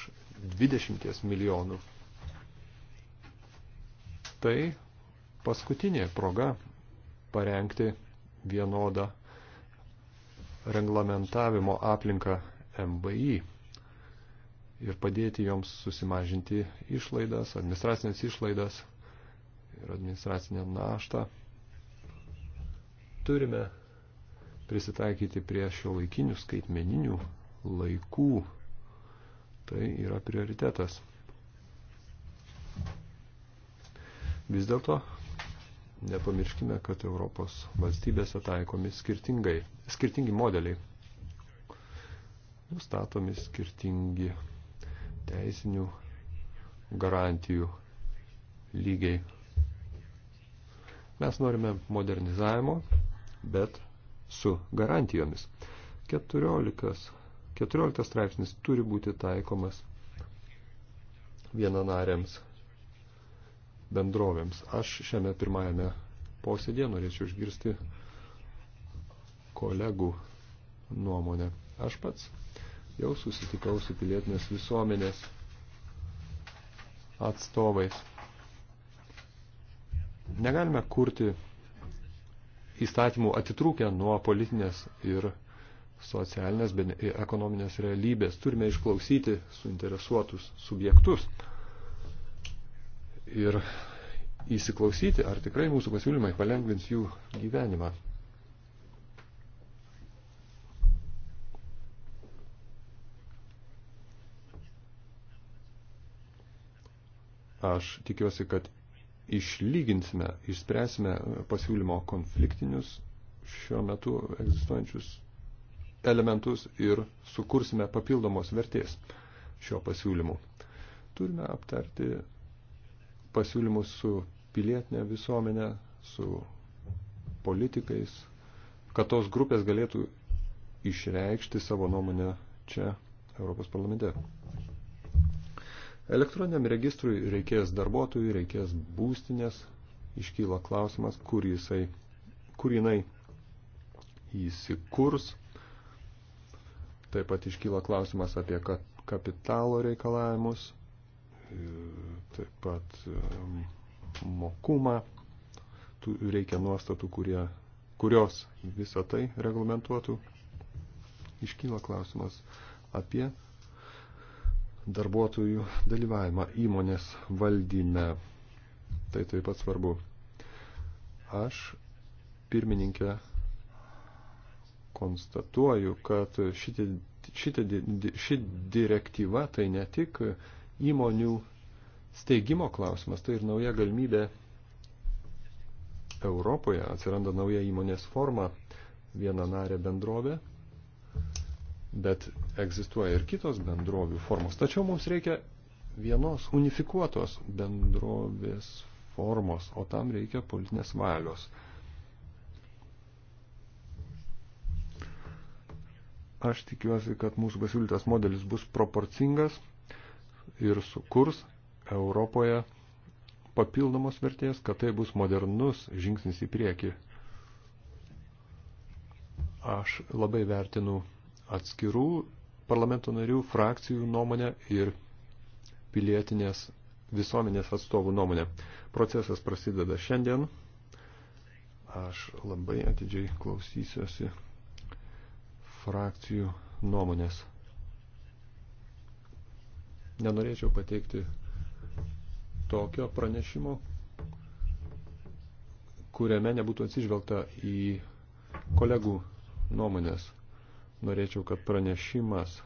20 milijonų. Tai paskutinė proga parengti vienodą reglamentavimo aplinką MVI ir padėti joms susimažinti išlaidas, administracinės išlaidas ir administracinę naštą. Turime prisitaikyti prie šio laikinių skaitmeninių laikų. Tai yra prioritetas. Vis dėlto nepamirškime, kad Europos valstybėse taikomi skirtingai, skirtingi modeliai. Nustatomi skirtingi teisinių garantijų lygiai Mes norime modernizavimo, bet su garantijomis. 14, 14 straipsnis turi būti taikomas vienanarėms bendrovėms. Aš šiame pirmajame posėdėje norėčiau išgirsti kolegų nuomonę. Aš pats jau susitikau su pilietinės visuomenės atstovais. Negalime kurti įstatymų atitrūkę nuo politinės ir socialinės, bet ekonominės realybės. Turime išklausyti suinteresuotus subjektus ir įsiklausyti, ar tikrai mūsų pasiūlymai palengvins jų gyvenimą. Aš tikiuosi, kad išlyginsime, išspręsime pasiūlymo konfliktinius šiuo metu egzistuojančius elementus ir sukursime papildomos vertės šio pasiūlymu. Turime aptarti pasiūlymus su pilietinė visuomenė, su politikais, kad tos grupės galėtų išreikšti savo nuomonę čia Europos parlamente. Elektroniniam registrui reikės darbuotojų, reikės būstinės, iškyla klausimas, kur jisai, kur jinai įsikurs. Taip pat iškyla klausimas apie kapitalo reikalavimus, e, taip pat e, mokumą. Tu reikia nuostatų, kurie, kurios visą tai reglamentuotų. Iškyla klausimas apie darbuotojų dalyvavimą įmonės valdyme. Tai taip pat svarbu. Aš pirmininkę konstatuoju, kad šitie, šitie, ši direktyva tai ne tik įmonių steigimo klausimas, tai ir nauja galimybė Europoje atsiranda nauja įmonės forma, viena narė bendrovė Bet egzistuoja ir kitos bendrovių formos. Tačiau mums reikia vienos unifikuotos bendrovės formos, o tam reikia politinės valios. Aš tikiuosi, kad mūsų pasiūlytas modelis bus proporcingas ir sukurs Europoje papildomos vertės, kad tai bus modernus žingsnis į priekį. Aš labai vertinu atskirų parlamento narių, frakcijų nuomonę ir pilietinės visuomenės atstovų nuomonę. Procesas prasideda šiandien. Aš labai atidžiai klausysiuosi frakcijų nuomonės. Nenorėčiau pateikti tokio pranešimo, kuriame nebūtų atsižvelgta į kolegų nuomonės norėčiau, kad pranešimas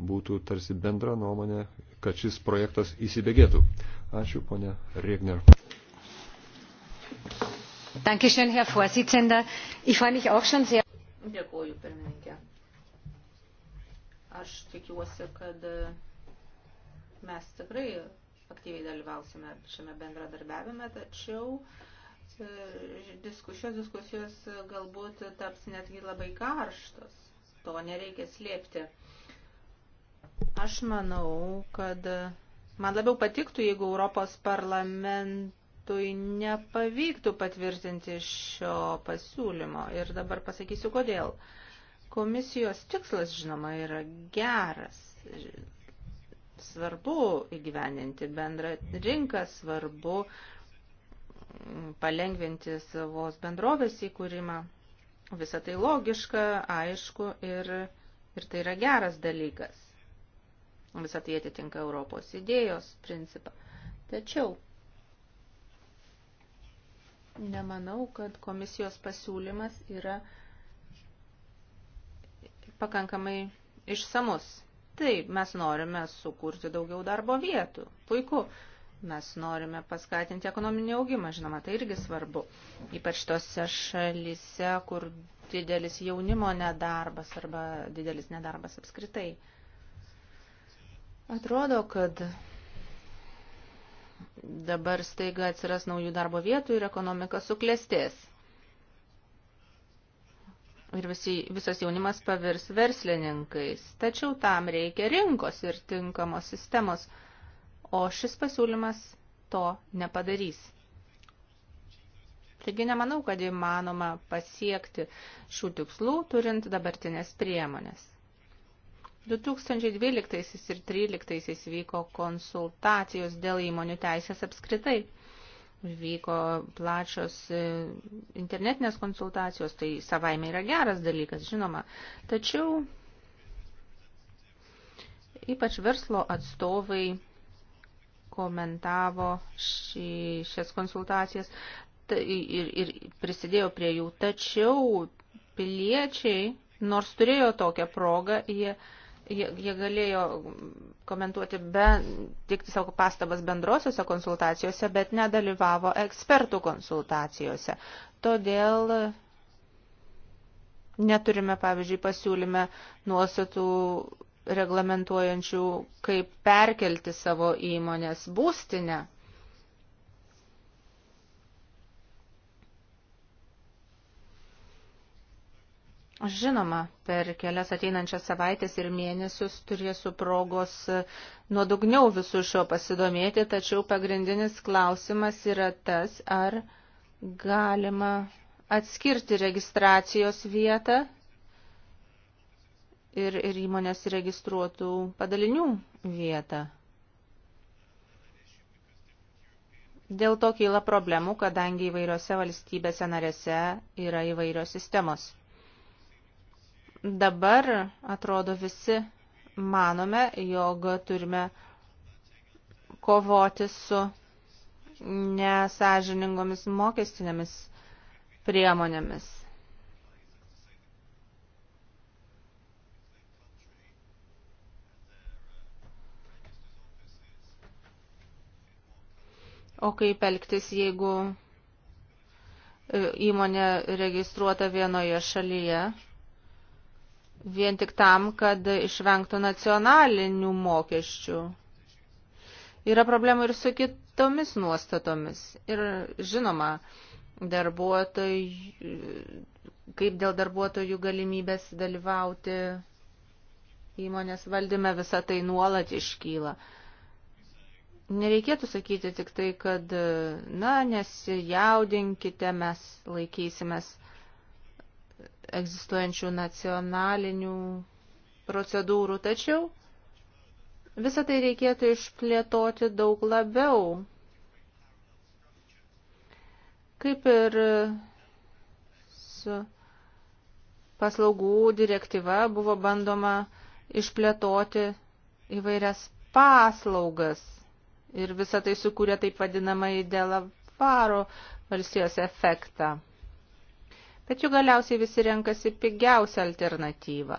būtų tarsi bendra nuomonė, kad šis projektas įsibėgėtų. Ačiū, ponė Regner. Dankeschön, Herr Vorsitzender. Ich freue mich auch schon sehr. Dėkuoju, pirmininkė. Aš tikiuosi, kad e, mes tikrai aktyviai dalyvausime šiame bendradarbiavime, tačiau uh, diskusijos, diskusijos galbūt taps netgi labai karštos. To nereikia slėpti. Aš manau, kad man labiau patiktų, jeigu Europos parlamentui nepavyktų patvirtinti šio pasiūlymo. Ir dabar pasakysiu, kodėl. Komisijos tikslas, žinoma, yra geras. Svarbu įgyveninti bendrą rinką, svarbu uh, palengventi savos bendrovės įkūrimą. Visą tai logiška, aišku ir, ir tai yra geras dalykas. Visą tai atitinka Europos idėjos principą. Tačiau nemanau, kad komisijos pasiūlymas yra pakankamai išsamus. Taip, mes norime sukurti daugiau darbo vietų. Puiku, Mes norime paskatinti ekonominį augimą, žinoma, tai irgi svarbu. Ypač tose šalise, kur didelis jaunimo nedarbas arba didelis nedarbas apskritai. Atrodo, kad dabar staiga atsiras naujų darbo vietų ir ekonomika suklestės. Ir visi, visas jaunimas pavirs verslininkais. Tačiau tam reikia rinkos ir tinkamos sistemos o šis pasiūlymas to nepadarys. Taigi nemanau, kad įmanoma pasiekti šių tikslų, turint dabartinės priemonės. 2012 ir 2013 vyko konsultacijos dėl įmonių teisės apskritai. Vyko plačios e, internetinės konsultacijos, tai savaime yra geras dalykas, žinoma. Tačiau ypač verslo atstovai komentavo šį, šias konsultacijas tai ir, ir prisidėjo prie jų. Tačiau piliečiai, nors turėjo tokią progą, jie, jie, jie galėjo komentuoti, be, tikti savo pastabas bendrosiuose konsultacijose, bet nedalyvavo ekspertų konsultacijose. Todėl neturime, pavyzdžiui, pasiūlyme nuostatų reglamentuojančių, kaip perkelti savo įmonės būstinę. Žinoma, per kelias ateinančias savaitės ir mėnesius turėsiu progos nuodugniau visų šio pasidomėti, tačiau pagrindinis klausimas yra tas, ar galima atskirti registracijos vietą ir, ir įmonės registruotų padalinių vietą. Dėl to kyla problemų, kadangi įvairiose valstybėse narėse yra įvairios sistemos. Dabar, atrodo, visi manome, jog turime kovoti su nesažiningomis mokestinėmis priemonėmis. O kaip elgtis, jeigu e, įmonė registruota vienoje šalyje vien tik tam, kad išvengtų nacionalinių mokesčių? Yra problemų ir su kitomis nuostatomis. Ir žinoma, darbuotojų, kaip dėl darbuotojų galimybės dalyvauti įmonės valdyme, visa tai nuolat iškyla. Nereikėtų sakyti tik tai, kad, na, nesijaudinkite, mes laikysimės egzistuojančių nacionalinių procedūrų, tačiau visą tai reikėtų išplėtoti daug labiau. Kaip ir su paslaugų direktyva buvo bandoma išplėtoti įvairias paslaugas. Ir visą tai sukūrė taip vadinamąjį Delavaro valstijos efektą. Bet jų galiausiai visi renkasi pigiausią alternatyvą.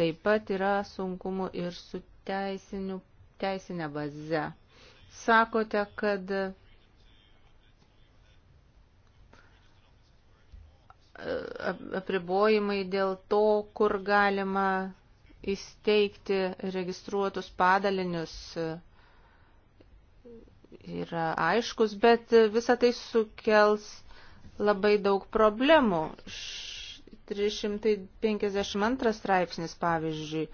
Taip pat yra sunkumų ir su teisiniu, teisinė baze. Sakote, kad e, apribojimai dėl to, kur galima įsteigti registruotus padalinius e, yra aiškus, bet visa tai sukels labai daug problemų. 352 straipsnis, pavyzdžiui,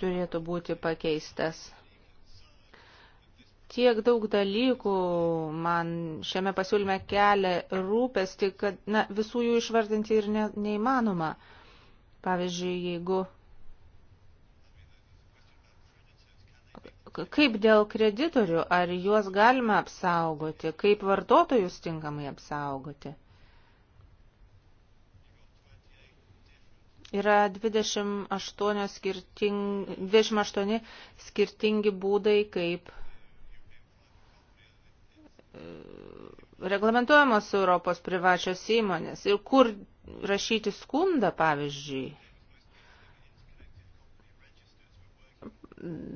turėtų būti pakeistas. Tiek daug dalykų man šiame pasiūlyme kelia rūpesti, kad na, visų jų išvardinti ir ne, neįmanoma. Pavyzdžiui, jeigu Kaip dėl kreditorių, ar juos galima apsaugoti, kaip vartotojus tinkamai apsaugoti? Yra 28 skirtingi, 28 skirtingi būdai, kaip e, reglamentuojamos Europos privačios įmonės ir kur rašyti skundą, pavyzdžiui.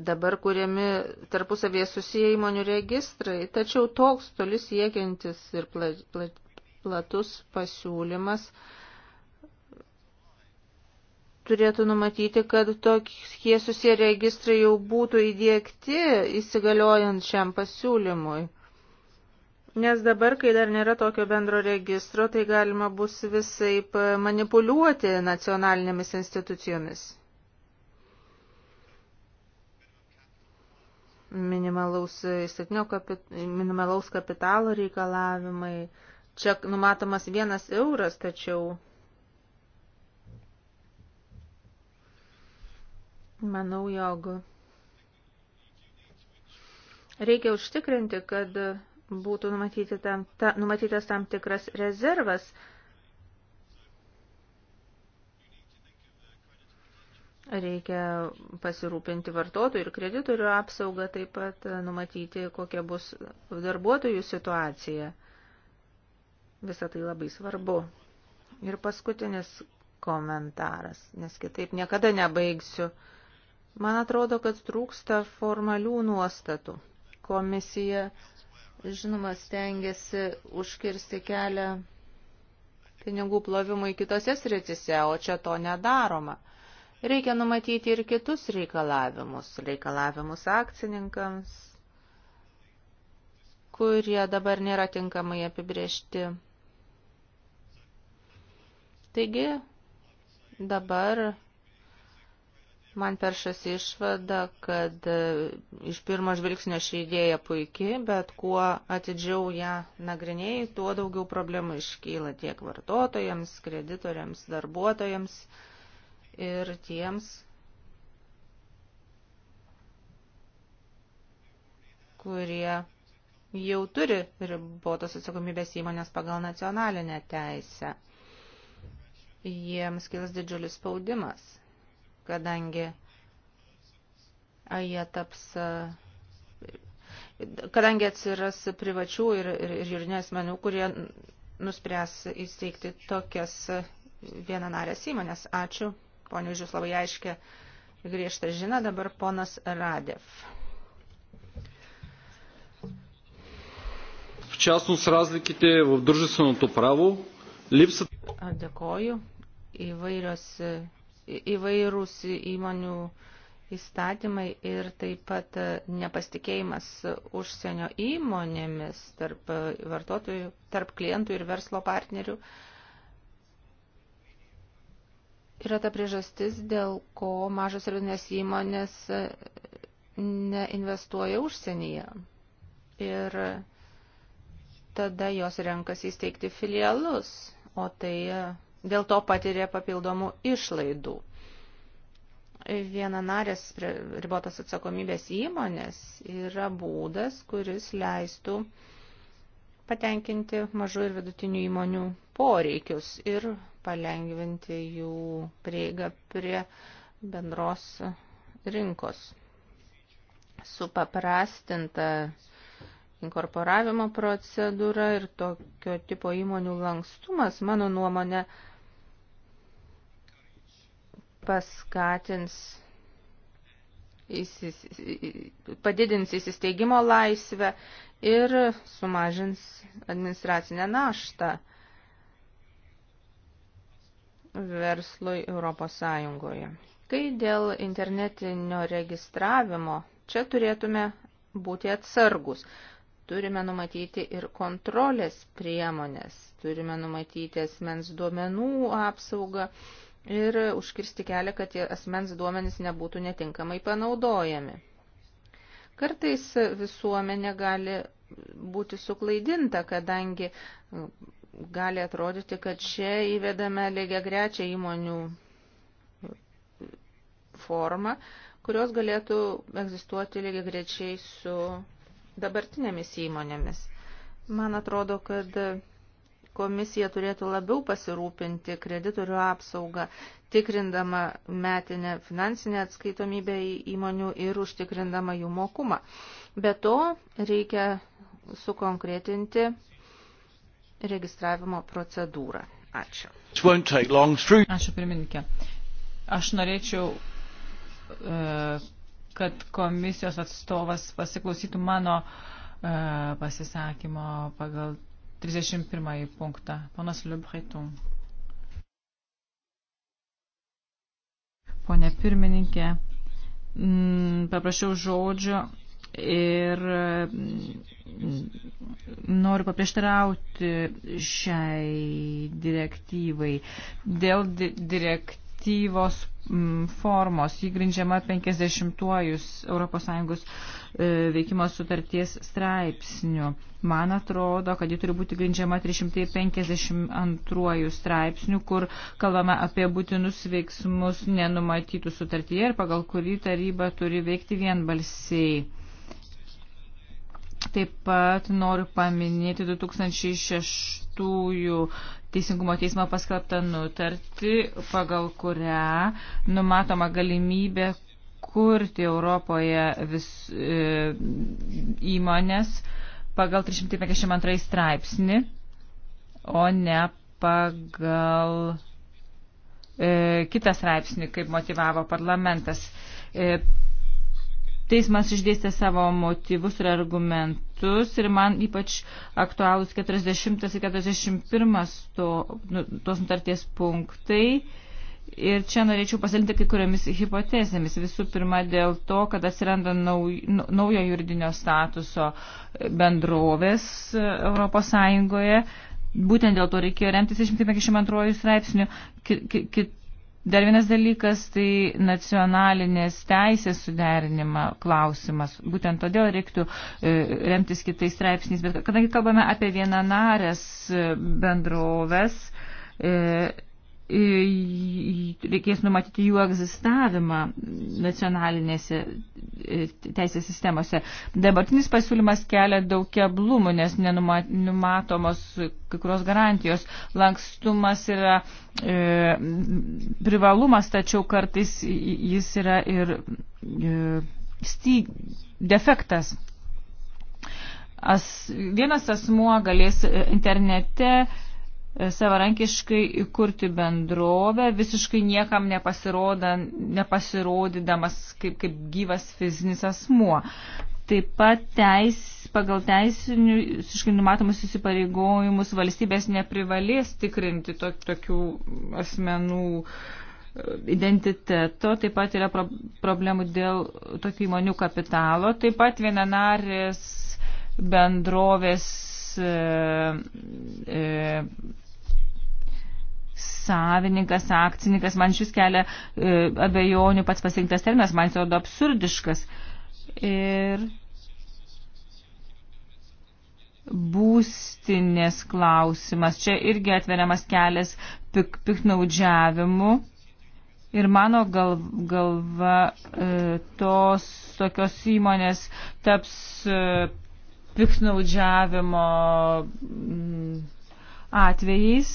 Dabar kuriami tarpusavėje susiję įmonių registrai, tačiau toks toli siekiantis ir pla, pla, platus pasiūlymas turėtų numatyti, kad tokie susiję registrai jau būtų įdėkti įsigaliojant šiam pasiūlymui. Nes dabar, kai dar nėra tokio bendro registro, tai galima bus visai manipuliuoti nacionalinėmis institucijomis. minimalaus, e, kapit, minimalaus kapitalo reikalavimai. Čia numatomas vienas euras, tačiau manau, jog reikia užtikrinti, kad būtų numatyti tam, ta, numatytas tam tikras rezervas Reikia pasirūpinti vartotojų ir kreditorių apsaugą, taip pat numatyti, kokia bus darbuotojų situacija. Visą tai labai svarbu. Ir paskutinis komentaras, nes kitaip niekada nebaigsiu. Man atrodo, kad trūksta formalių nuostatų. Komisija, žinoma, stengiasi užkirsti kelią pinigų plovimui kitose sritise, o čia to nedaroma. Reikia numatyti ir kitus reikalavimus, reikalavimus akcininkams, kurie dabar nėra tinkamai apibriešti. Taigi, dabar man peršas išvada, kad e, iš pirmo žvilgsnio ši idėja puikiai, bet kuo atidžiau ją nagrinėjai, tuo daugiau problemų iškyla tiek vartotojams, kreditoriams, darbuotojams ir tiems, kurie jau turi ribotos atsakomybės įmonės pagal nacionalinę teisę. Jiems kils didžiulis spaudimas, kadangi jie taps, kadangi atsiras privačių ir, ir, ir jūrinių asmenių, kurie nuspręs įsteigti tokias vienanarės įmonės. Ačiū. Pone, jūs labai aiškia griežtą žiną, dabar ponas Radev. В частност, разликите в дружественото право, липсата... Dėkoju. Įvairios, įvairūs įmonių įstatymai ir taip pat nepasitikėjimas užsienio įmonėmis tarp vartotojų, tarp klientų ir verslo partnerių. Uh, yra ta priežastis, dėl ko mažos ir vidinės įmonės e, neinvestuoja užsienyje. Ir tada jos renkasi įsteigti filialus, o tai e, dėl to patiria papildomų išlaidų. Viena narės ribotas atsakomybės įmonės yra būdas, kuris leistų patenkinti mažų ir vidutinių įmonių poreikius ir palengvinti jų prieigą prie bendros rinkos. Supaprastinta inkorporavimo procedūra ir tokio tipo įmonių lankstumas, mano nuomonė, paskatins įsis, padidins įsisteigimo laisvę ir sumažins administracinę naštą verslui Europos Sąjungoje. Kai dėl internetinio registravimo, čia turėtume būti atsargus. Turime numatyti ir kontrolės priemonės, turime numatyti asmens duomenų apsaugą ir užkirsti kelią, kad asmens duomenys nebūtų netinkamai panaudojami. Kartais visuomenė gali būti suklaidinta, kadangi gali atrodyti, kad čia įvedame lygia grečią įmonių formą, kurios galėtų egzistuoti lygiai grečiai su dabartinėmis įmonėmis. Man atrodo, kad komisija turėtų labiau pasirūpinti kreditorių apsaugą, tikrindama metinę finansinę atskaitomybę įmonių ir užtikrindama jų mokumą. Be to reikia sukonkretinti registravimo procedūrą. Ačiū. Ačiū pirmininkė. Aš norėčiau, e, kad komisijos atstovas pasiklausytų mano e, pasisakymo pagal 31 punktą. Ponas Liubretum. Pone pirmininkė, paprašiau žodžio Ir mm, noriu paprieštarauti šiai direktyvai. Dėl di direktyvos mm, formos įgrindžiama 50-uojus ES e, veikimo sutarties straipsnių. Man atrodo, kad ji turi būti grindžiama 352 straipsnių, kur kalbame apie būtinus veiksmus nenumatytų sutartyje ir pagal kurį taryba turi veikti vienbalsiai. Taip pat noriu paminėti 2006 Teisingumo teismo paskelbtą nutartį, pagal kurią numatoma galimybė kurti Europoje vis, e, įmonės pagal 352 straipsnį, o ne pagal e, kitą straipsnį, kaip motivavo parlamentas. E, Teismas išdėstė savo motyvus ir argumentus ir man ypač aktualūs 40 ir 41 to, nu, tos nutarties punktai. Ir čia norėčiau pasidalinti kai kuriomis hipotezėmis. Visų pirma, dėl to, kad atsiranda nauj, nu, naujo juridinio statuso bendrovės ES. Būtent dėl to reikėjo remtis 152 straipsnių. Ki, ki, Dar vienas dalykas - tai nacionalinės teisės suderinimą klausimas. Būtent todėl reiktų e, remtis kitais straipsniais. Bet kadangi kalbame apie vienanarės e, bendroves, e, reikės numatyti jų egzistavimą nacionalinėse e, teisės sistemose. Dabartinis pasiūlymas kelia daug keblumų, nes nenumatomos kai kurios garantijos. Lankstumas yra e, privalumas, tačiau kartais jis yra ir e, styg, defektas. As, vienas asmuo galės internete E, savarankiškai įkurti bendrovę, visiškai niekam nepasirodydamas kaip, kaip gyvas fizinis asmuo. Taip pat teis, pagal teisinių numatomus įsipareigojimus valstybės neprivalės tikrinti to, tokių asmenų e, identiteto, taip pat yra pro, problemų dėl tokių įmonių kapitalo, taip pat vienanarės bendrovės e, e, savininkas, akcininkas, man šis kelia e, abejonių pats pasirinktas terminas, man jis atrodo absurdiškas. Ir būstinės klausimas, čia irgi atveriamas kelias pik, piknaudžiavimu. Ir mano gal, galva e, tos tokios įmonės taps e, piknaudžiavimo mm, atvejais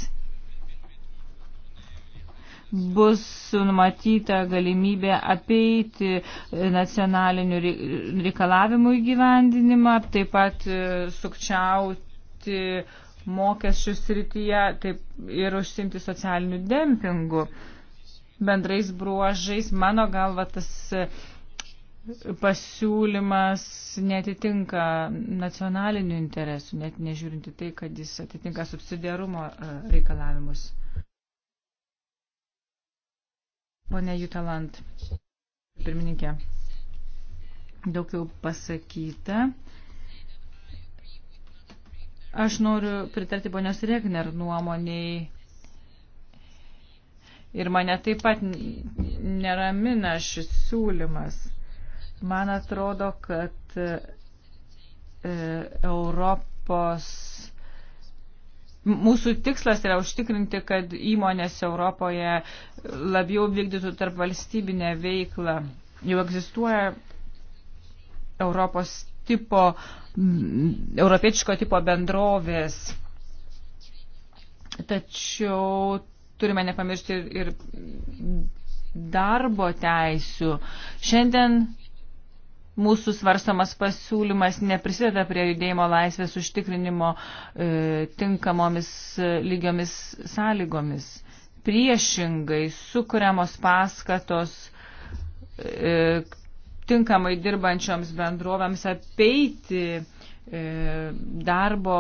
bus numatyta galimybė apeiti nacionalinių reikalavimų įgyvendinimą, taip pat e, sukčiauti mokesčių srityje taip ir užsimti socialiniu dempingu. Bendrais bruožais mano galva tas e, pasiūlymas netitinka nacionalinių interesų, net nežiūrinti tai, kad jis atitinka subsidiarumo e, reikalavimus. Pone Jutalant, pirmininkė, daug jau pasakyta. Aš noriu pritarti ponios Regner nuomoniai. Ir mane taip pat neramina šis siūlymas. Man atrodo, kad e, Europos Mūsų tikslas yra užtikrinti, kad įmonės Europoje labiau vykdytų tarp valstybinę veiklą. Jau egzistuoja Europos tipo, europietiško tipo bendrovės. Tačiau turime nepamiršti ir, ir darbo teisių. Šiandien mūsų svarstamas pasiūlymas neprisideda prie judėjimo laisvės užtikrinimo e, tinkamomis e, lygiomis sąlygomis. Priešingai sukuriamos paskatos e, tinkamai dirbančioms bendrovėms apeiti e, darbo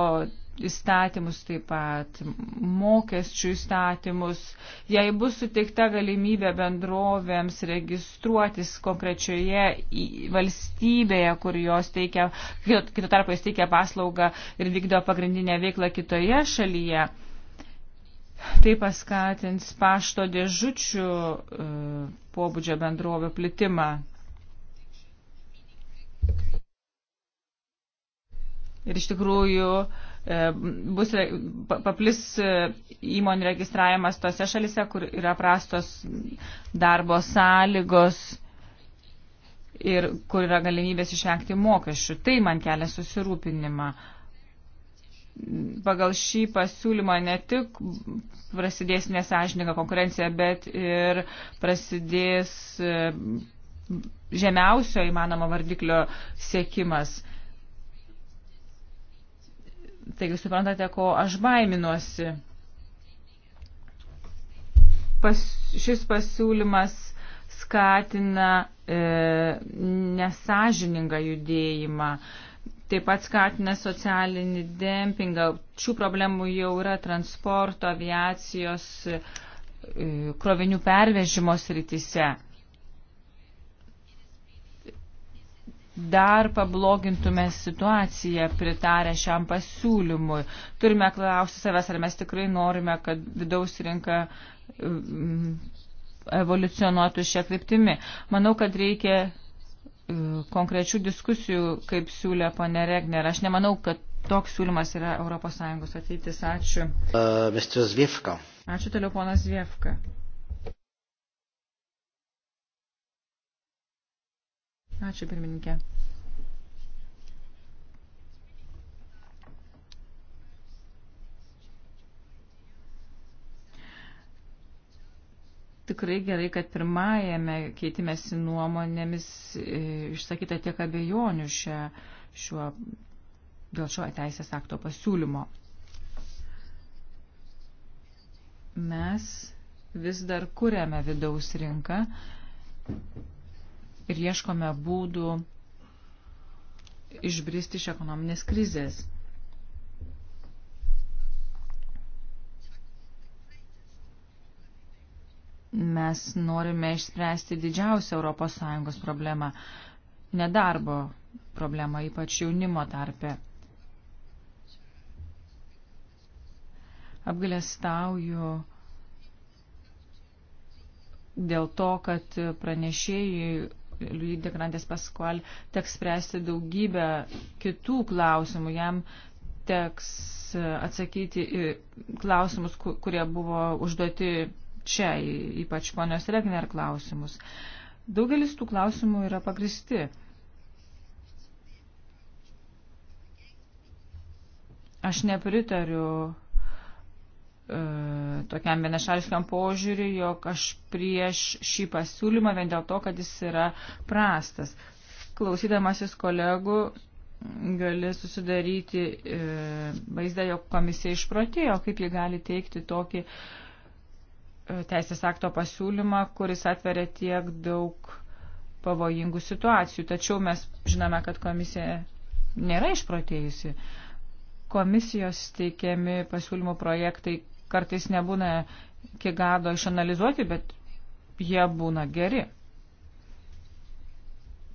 įstatymus taip pat, mokesčių įstatymus, jei bus suteikta galimybė bendrovėms registruotis konkrečioje valstybėje, kur jos teikia, kito tarpo jos teikia paslaugą ir vykdo pagrindinę veiklą kitoje šalyje, tai paskatins pašto dėžučių e, pobūdžio bendrovių plitimą. Ir iš tikrųjų, uh, E, bus paplis e, įmonių registravimas tose šalise, kur yra prastos darbo sąlygos ir kur yra galimybės išvengti mokesčių. Tai man kelia susirūpinimą. Pagal šį pasiūlymą ne tik prasidės nesąžininga konkurencija, bet ir prasidės e, žemiausio įmanoma vardiklio siekimas Taigi suprantate, ko aš baiminuosi. Pas, šis pasiūlymas skatina e, nesažiningą judėjimą, taip pat skatina socialinį dempingą. Šių problemų jau yra transporto, aviacijos, e, krovinių pervežimo srityse. dar pablogintume situaciją pritarę šiam pasiūlymui. Turime klausti savęs, ar mes tikrai norime, kad vidaus rinka mm, evoliucionuotų šią kryptimį. Manau, kad reikia e, konkrečių diskusijų, kaip siūlė ponė Regner. Aš nemanau, kad toks siūlymas yra ES ateitis. Ačiū. Uh, Ačiū toliau, ponas Zviefka. Ačiū pirmininkė. tikrai gerai, kad pirmajame keitimėsi nuomonėmis e, išsakyta tiek abejonių šia, šiuo, dėl šio teisės akto pasiūlymo. Mes vis dar kuriame vidaus rinką ir ieškome būdų išbristi iš ekonominės krizės. Mes norime išspręsti didžiausią ES problemą - nedarbo problemą, ypač jaunimo tarpe. Apgalėstauju dėl to, kad pranešėjai Liui Degrandės Paskual teks spręsti daugybę kitų klausimų. Jam teks e, atsakyti į klausimus, kurie buvo užduoti čia, ypač ponios Regner klausimus. Daugelis tų klausimų yra pagristi. Aš nepritariu E, tokiam vienašališkam požiūriui, jog aš prieš šį pasiūlymą vien dėl to, kad jis yra prastas. Klausydamasis kolegų gali susidaryti e, vaizdą, jog komisija išprotėjo, kaip ji gali teikti tokį e, teisės akto pasiūlymą, kuris atveria tiek daug pavojingų situacijų. Tačiau mes žinome, kad komisija nėra išprotėjusi. Komisijos teikiami pasiūlymų projektai kartais nebūna iki gado išanalizuoti, bet jie būna geri.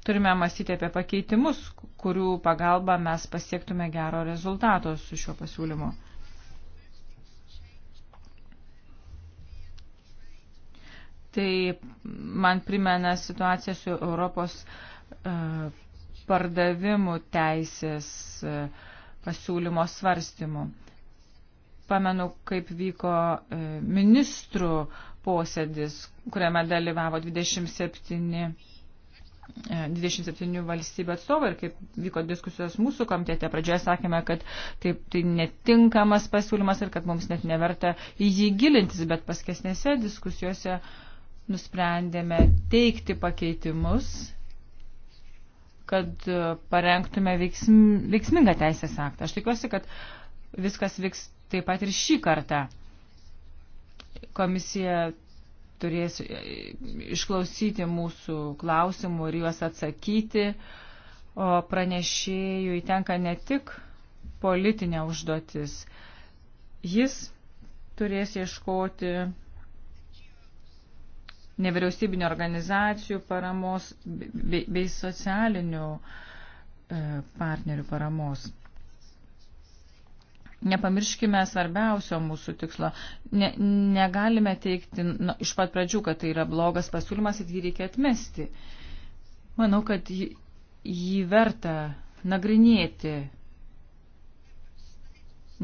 Turime mąstyti apie pakeitimus, kurių pagalba mes pasiektume gero rezultato su šiuo pasiūlymu. Tai man primena situaciją su Europos e, pardavimų teisės e, pasiūlymo svarstymu. Pamenu, kaip vyko e, ministrų posėdis, kuriame dalyvavo 27 27 e, valstybių atstovai ir kaip vyko diskusijos mūsų komitete. Pradžioje sakėme, kad taip, tai netinkamas pasiūlymas ir kad mums net neverta į jį gilintis, bet paskesnėse diskusijose nusprendėme teikti pakeitimus, kad e, parengtume veiksm, veiksmingą teisės aktą. Aš tikiuosi, kad viskas vyks taip pat ir šį kartą. Komisija turės e, išklausyti mūsų klausimų ir juos atsakyti, o pranešėjui tenka ne tik politinė užduotis. Jis turės ieškoti nevyriausybinio organizacijų paramos bei socialinių e, partnerių paramos. Nepamirškime svarbiausio mūsų tikslo. Ne, negalime teikti nu, iš pat pradžių, kad tai yra blogas pasiūlymas ir jį reikia atmesti. Manau, kad jį, jį verta nagrinėti.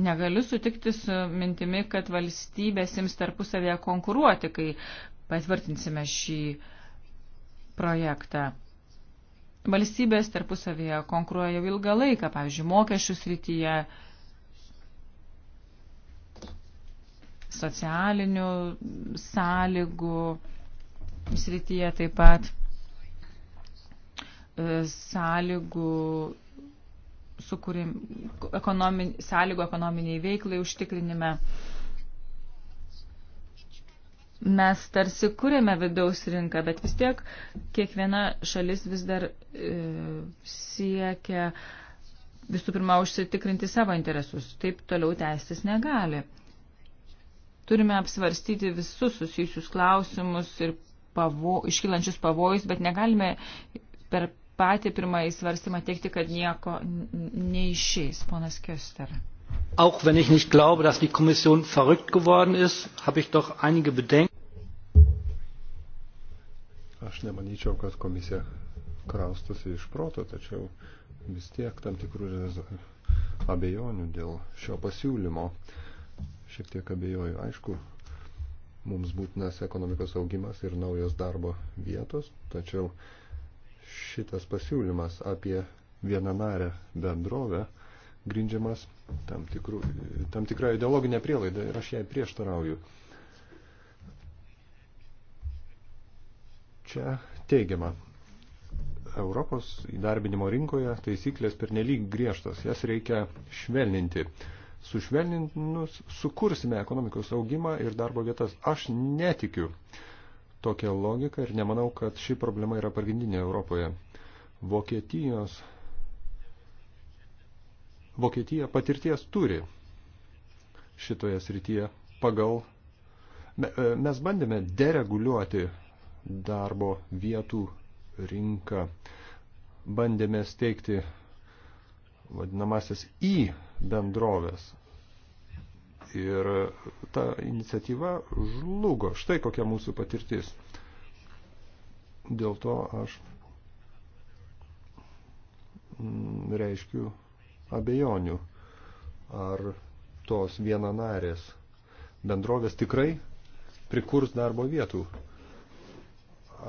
Negaliu sutikti su mintimi, kad valstybės ims tarpusavėje konkuruoti, kai patvirtinsime šį projektą. Valstybės tarpusavėje konkuruoja jau ilgą laiką, pavyzdžiui, mokesčių srityje socialinių sąlygų srityje, taip pat e, sąlygų sukūrim, ekonomin, sąlygų ekonominiai veiklai užtikrinime. Mes tarsi kūrėme vidaus rinką, bet vis tiek kiekviena šalis vis dar e, siekia visų pirma užsitikrinti savo interesus. Taip toliau tęstis negali. E, Turime apsvarstyti visus susijusius klausimus ir pavo, iškilančius pavojus, bet negalime per patį pirmąjį svarstymą teikti, kad nieko neišės, ponas Köster. Auch wenn ich nicht glaube, dass die Kommission verrückt geworden ist, habe ich doch einige Bedenken. Aš nemanyčiau, kad komisija kraustosi iš proto, tačiau vis tiek tam tikrų abejonių dėl šio pasiūlymo. Uh, šiek tiek abejoju. Aišku, mums būtinas ekonomikos augimas ir naujos darbo vietos, tačiau šitas pasiūlymas apie vienanarę bendrovę grindžiamas tam, tikrų, tam tikra ideologinė prielaida ir aš jai prieštarauju. Čia teigiama. Europos įdarbinimo rinkoje taisyklės pernelyg griežtos, jas reikia švelninti sušvelninus sukursime ekonomikos augimą ir darbo vietas. Aš netikiu tokią logiką ir nemanau, kad ši problema yra pagrindinė Europoje. Vokietijos Vokietija patirties turi šitoje srityje pagal. E, mes bandėme dereguliuoti darbo vietų rinką, bandėme steigti vadinamasis į e bendrovės. Ir ta iniciatyva žlugo. Štai kokia mūsų patirtis. Dėl to aš mm, reiškiu abejonių, ar tos vienanarės bendrovės tikrai prikurs darbo vietų.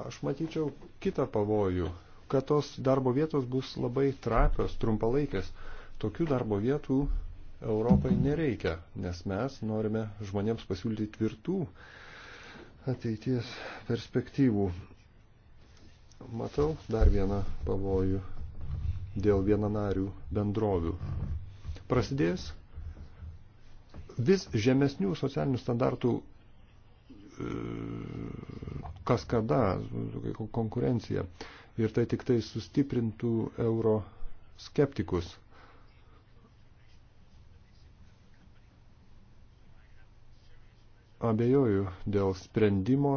Aš matyčiau kitą pavojų, kad tos darbo vietos bus labai trapios, trumpalaikės. Tokių darbo vietų Europai nereikia, nes mes norime žmonėms pasiūlyti tvirtų ateities perspektyvų. Matau dar vieną pavojų dėl vienanarių bendrovių. Prasidės vis žemesnių socialinių standartų e, kaskada, konkurencija. Ir tai tik tai sustiprintų euro skeptikus. abejoju dėl sprendimo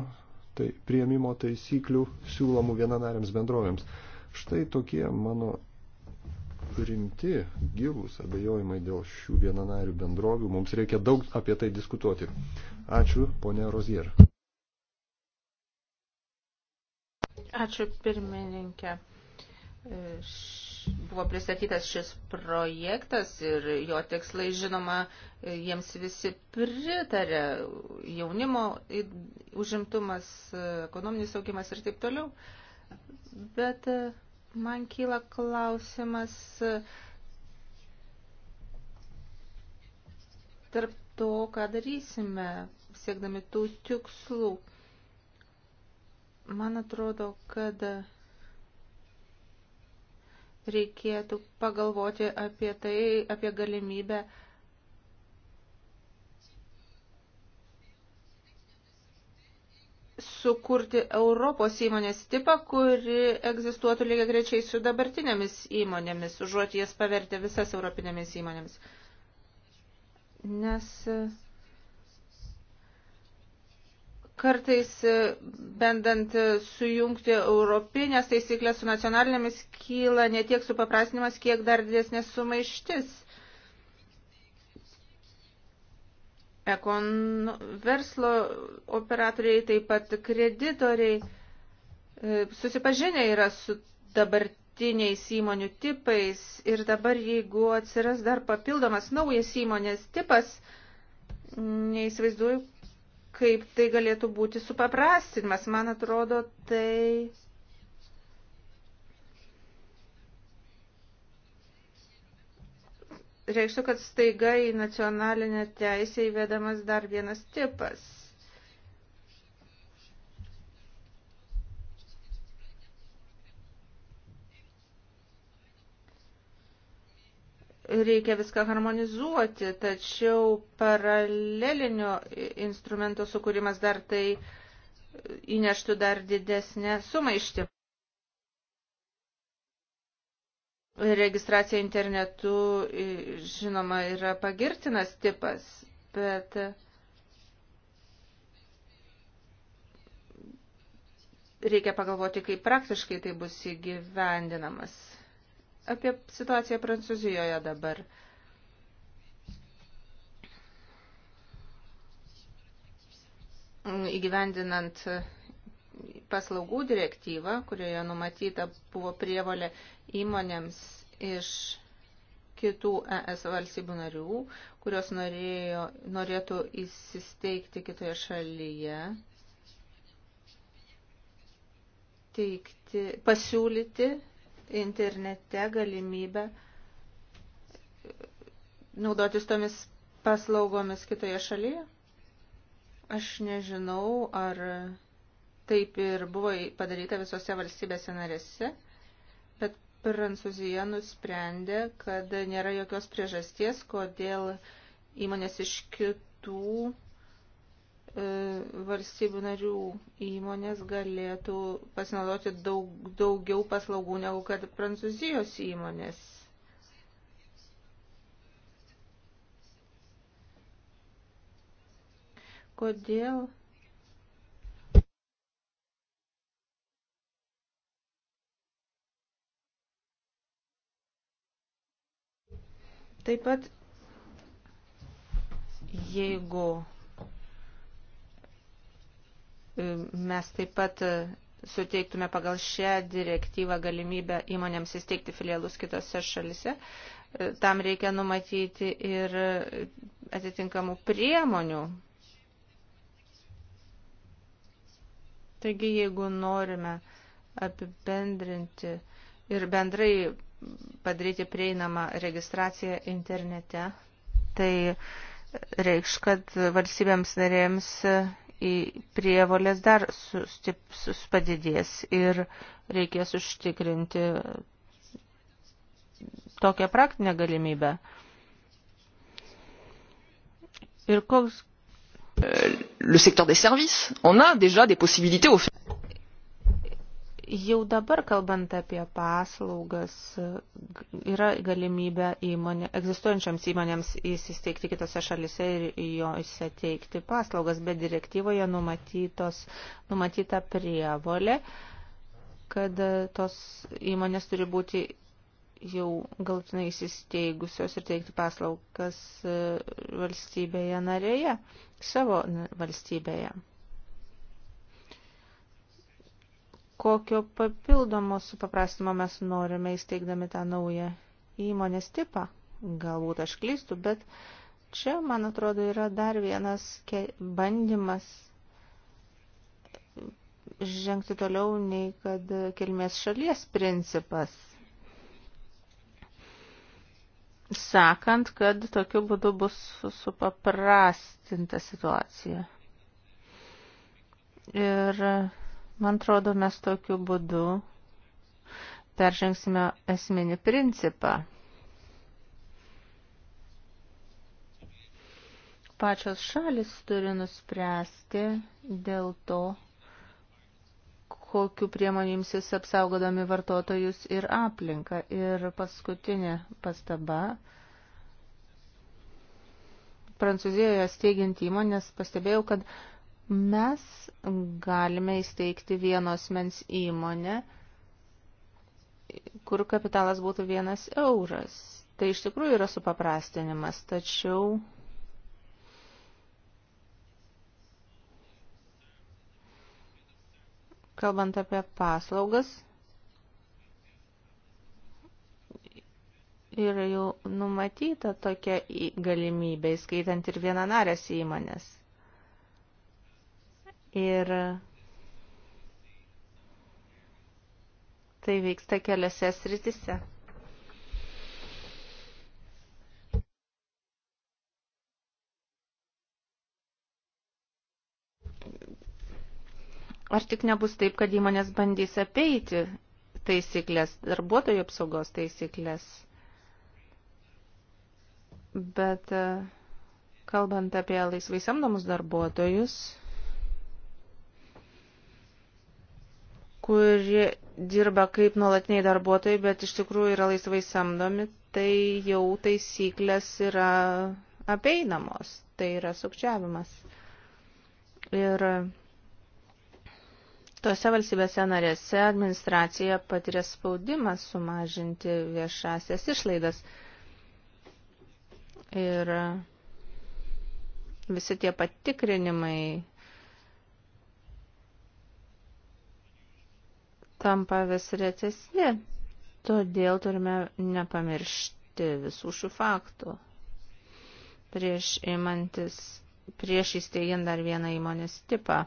tai, prieimimo taisyklių siūlomų vienanariams bendrovėms. Štai tokie mano rimti, gilus abejojimai dėl šių vienanarių bendrovių. Mums reikia daug apie tai diskutuoti. Ačiū, ponė Rozier. Ačiū, pirmininkė. Š buvo pristatytas šis projektas ir jo tikslai, žinoma, jiems visi pritarė jaunimo užimtumas, ekonominis augimas ir taip toliau. Bet e, man kyla klausimas e, tarp to, ką darysime, siekdami tų tikslų. Man atrodo, kad reikėtų pagalvoti apie tai, apie galimybę sukurti Europos įmonės tipą, kuri egzistuotų lygiai grečiai su dabartinėmis įmonėmis, užuot jas pavertę visas europinėmis įmonėmis. Nes kartais e, bendant e, sujungti europinės taisyklės su nacionalinėmis kyla ne tiek supaprastinimas, kiek dar didesnės sumaištis. Ekon verslo operatoriai, taip pat kreditoriai e, susipažinę yra su dabartiniais įmonių tipais ir dabar jeigu atsiras dar papildomas naujas įmonės tipas, neįsivaizduoju, kaip tai galėtų būti supaprastinimas. Man atrodo, tai. Reikštų, kad staiga į nacionalinę teisę įvedamas dar vienas tipas. reikia viską harmonizuoti, tačiau paralelinio instrumento sukūrimas dar tai įneštų dar didesnę sumaištį. Registracija internetu, žinoma, yra pagirtinas tipas, bet reikia pagalvoti, kaip praktiškai tai bus įgyvendinamas apie situaciją Prancūzijoje dabar. Įgyvendinant paslaugų direktyvą, kurioje numatyta buvo prievolė įmonėms iš kitų ES valstybių narių, kurios norėjo, norėtų įsisteigti kitoje šalyje, teikti, pasiūlyti internete galimybę naudotis tomis paslaugomis kitoje šalyje? Aš nežinau, ar taip ir buvo padaryta visose valstybėse narėse, bet Prancūzija nusprendė, kad nėra jokios priežasties, kodėl įmonės iš kitų E, valstybių narių įmonės galėtų pasinaudoti daug, daugiau paslaugų negu kad prancūzijos įmonės. Kodėl? Taip pat, jeigu Mes taip pat e, suteiktume pagal šią direktyvą galimybę įmonėms įsteigti filialus kitose šalise. E, tam reikia numatyti ir e, atitinkamų priemonių. Taigi, jeigu norime apibendrinti ir bendrai padaryti prieinamą registraciją internete, tai reikš, kad valstybėms narėms prievolės dar sustip, sus padidės ir reikės užtikrinti tokią praktinę galimybę. Ir koks. Le secteur des services, on a déjà des possibilités offertes jau dabar, kalbant apie paslaugas, yra galimybė įmonė, egzistuojančioms įmonėms įsisteigti kitose šalise ir jose teikti paslaugas, bet direktyvoje numatytos, numatyta prievolė, kad tos įmonės turi būti jau galtinai įsisteigusios ir teikti paslaugas valstybėje narėje, savo valstybėje. kokio papildomo supaprastimo mes norime įsteigdami tą naują įmonės tipą. Galbūt aš klystu, bet čia, man atrodo, yra dar vienas bandymas žengti toliau nei kad kilmės šalies principas. Sakant, kad tokiu būdu bus supaprastinta situacija. Ir Man atrodo, mes tokiu būdu peržengsime esminį principą. Pačios šalis turi nuspręsti dėl to, kokiu priemonių imsis apsaugodami vartotojus ir aplinką. Ir paskutinė pastaba. Prancūzijoje steigiant įmonės pastebėjau, kad Mes galime įsteigti vienos mens įmonę, kur kapitalas būtų vienas euras. Tai iš tikrųjų yra supaprastinimas, tačiau kalbant apie paslaugas, yra jau numatyta tokia galimybė, skaitant ir vienanarės įmonės. Ir tai vyksta keliose sritise. Ar tik nebus taip, kad įmonės bandys apeiti taisyklės, darbuotojų apsaugos taisyklės? Bet e, kalbant apie laisvai samdomus darbuotojus, kurie dirba kaip nuolatiniai darbuotojai, bet iš tikrųjų yra laisvai samdomi, tai jau taisyklės yra apeinamos. Tai yra sukčiavimas. Ir tose valstybėse narėse administracija patiria spaudimą sumažinti viešasias išlaidas. Ir visi tie patikrinimai tampa vis retesni. Todėl turime nepamiršti visų šių faktų. Prieš įmantis, prieš įsteigiant dar vieną įmonės tipą.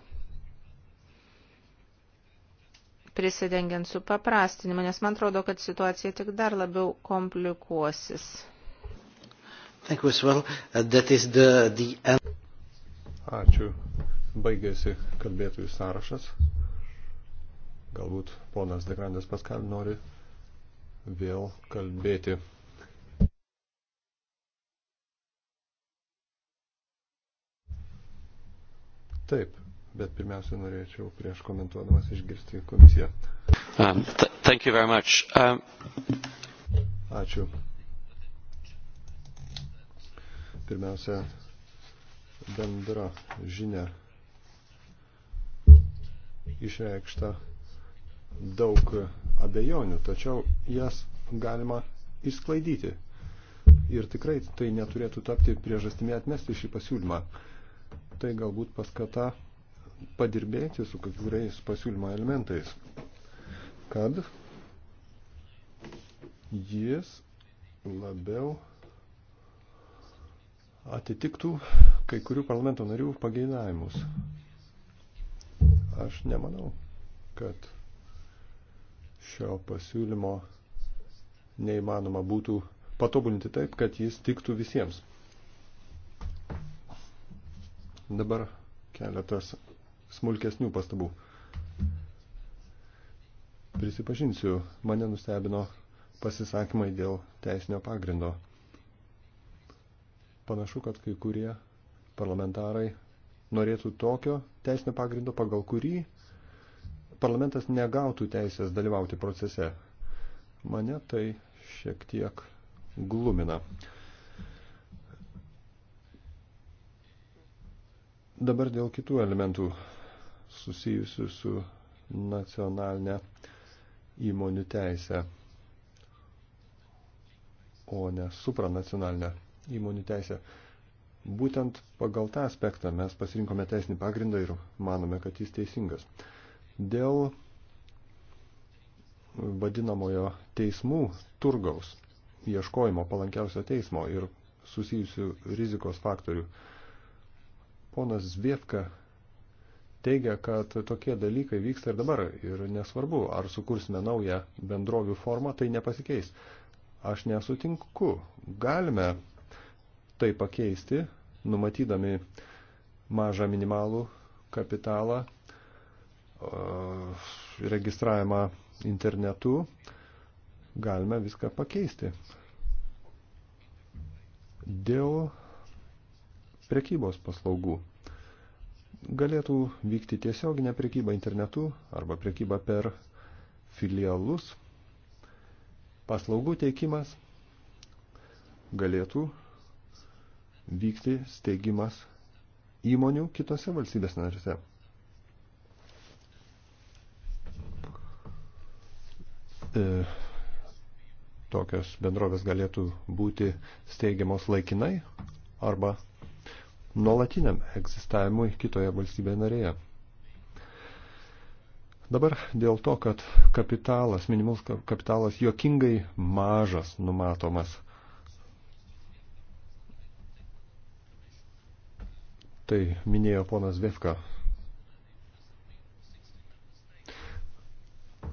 Prisidengiant su paprastinimu, nes man atrodo, kad situacija tik dar labiau komplikuosis. Uh, Ačiū. Baigėsi kalbėtojų sąrašas. Galbūt ponas Degrandas Paskal nori vėl kalbėti. Taip, bet pirmiausia norėčiau prieš komentuodamas išgirsti komisiją. Um, thank you very much. Um... Ačiū. Pirmiausia, bendra žinia išreikšta daug abejonių, tačiau jas galima išsklaidyti. Ir tikrai tai neturėtų tapti priežastimi atmesti šį pasiūlymą. Tai galbūt paskata padirbėti su kai kuriais pasiūlymo elementais, kad jis labiau atitiktų kai kurių parlamento narių pageidavimus. Aš nemanau, kad šio pasiūlymo neįmanoma būtų patobulinti taip, kad jis tiktų visiems. Dabar keletas smulkesnių pastabų. Prisipažinsiu, mane nustebino pasisakymai dėl teisinio pagrindo. Panašu, kad kai kurie parlamentarai norėtų tokio teisinio pagrindo, pagal kurį parlamentas negautų teisės dalyvauti procese. Mane tai šiek tiek glumina. Dabar dėl kitų elementų susijusių su nacionalinė įmonių teisė, o ne supranacionalinė įmonių teisė. Būtent pagal tą aspektą mes pasirinkome teisinį pagrindą ir manome, kad jis teisingas dėl vadinamojo teismų turgaus ieškojimo palankiausio teismo ir susijusių rizikos faktorių. Ponas Zviefka teigia, kad tokie dalykai vyksta ir dabar ir nesvarbu, ar sukursime naują bendrovių formą, tai nepasikeis. Aš nesutinku. Galime tai pakeisti, numatydami mažą minimalų kapitalą E, registravimą internetu, galime viską pakeisti. Dėl prekybos paslaugų galėtų vykti tiesioginė prekyba internetu arba prekyba per filialus. Paslaugų teikimas galėtų vykti steigimas įmonių kitose valstybės narėse. E, tokios bendrovės galėtų būti steigiamos laikinai arba nuolatiniam egzistavimui kitoje valstybėje narėje. Dabar dėl to, kad kapitalas, minimalus kapitalas jokingai mažas numatomas. Tai minėjo ponas Vefka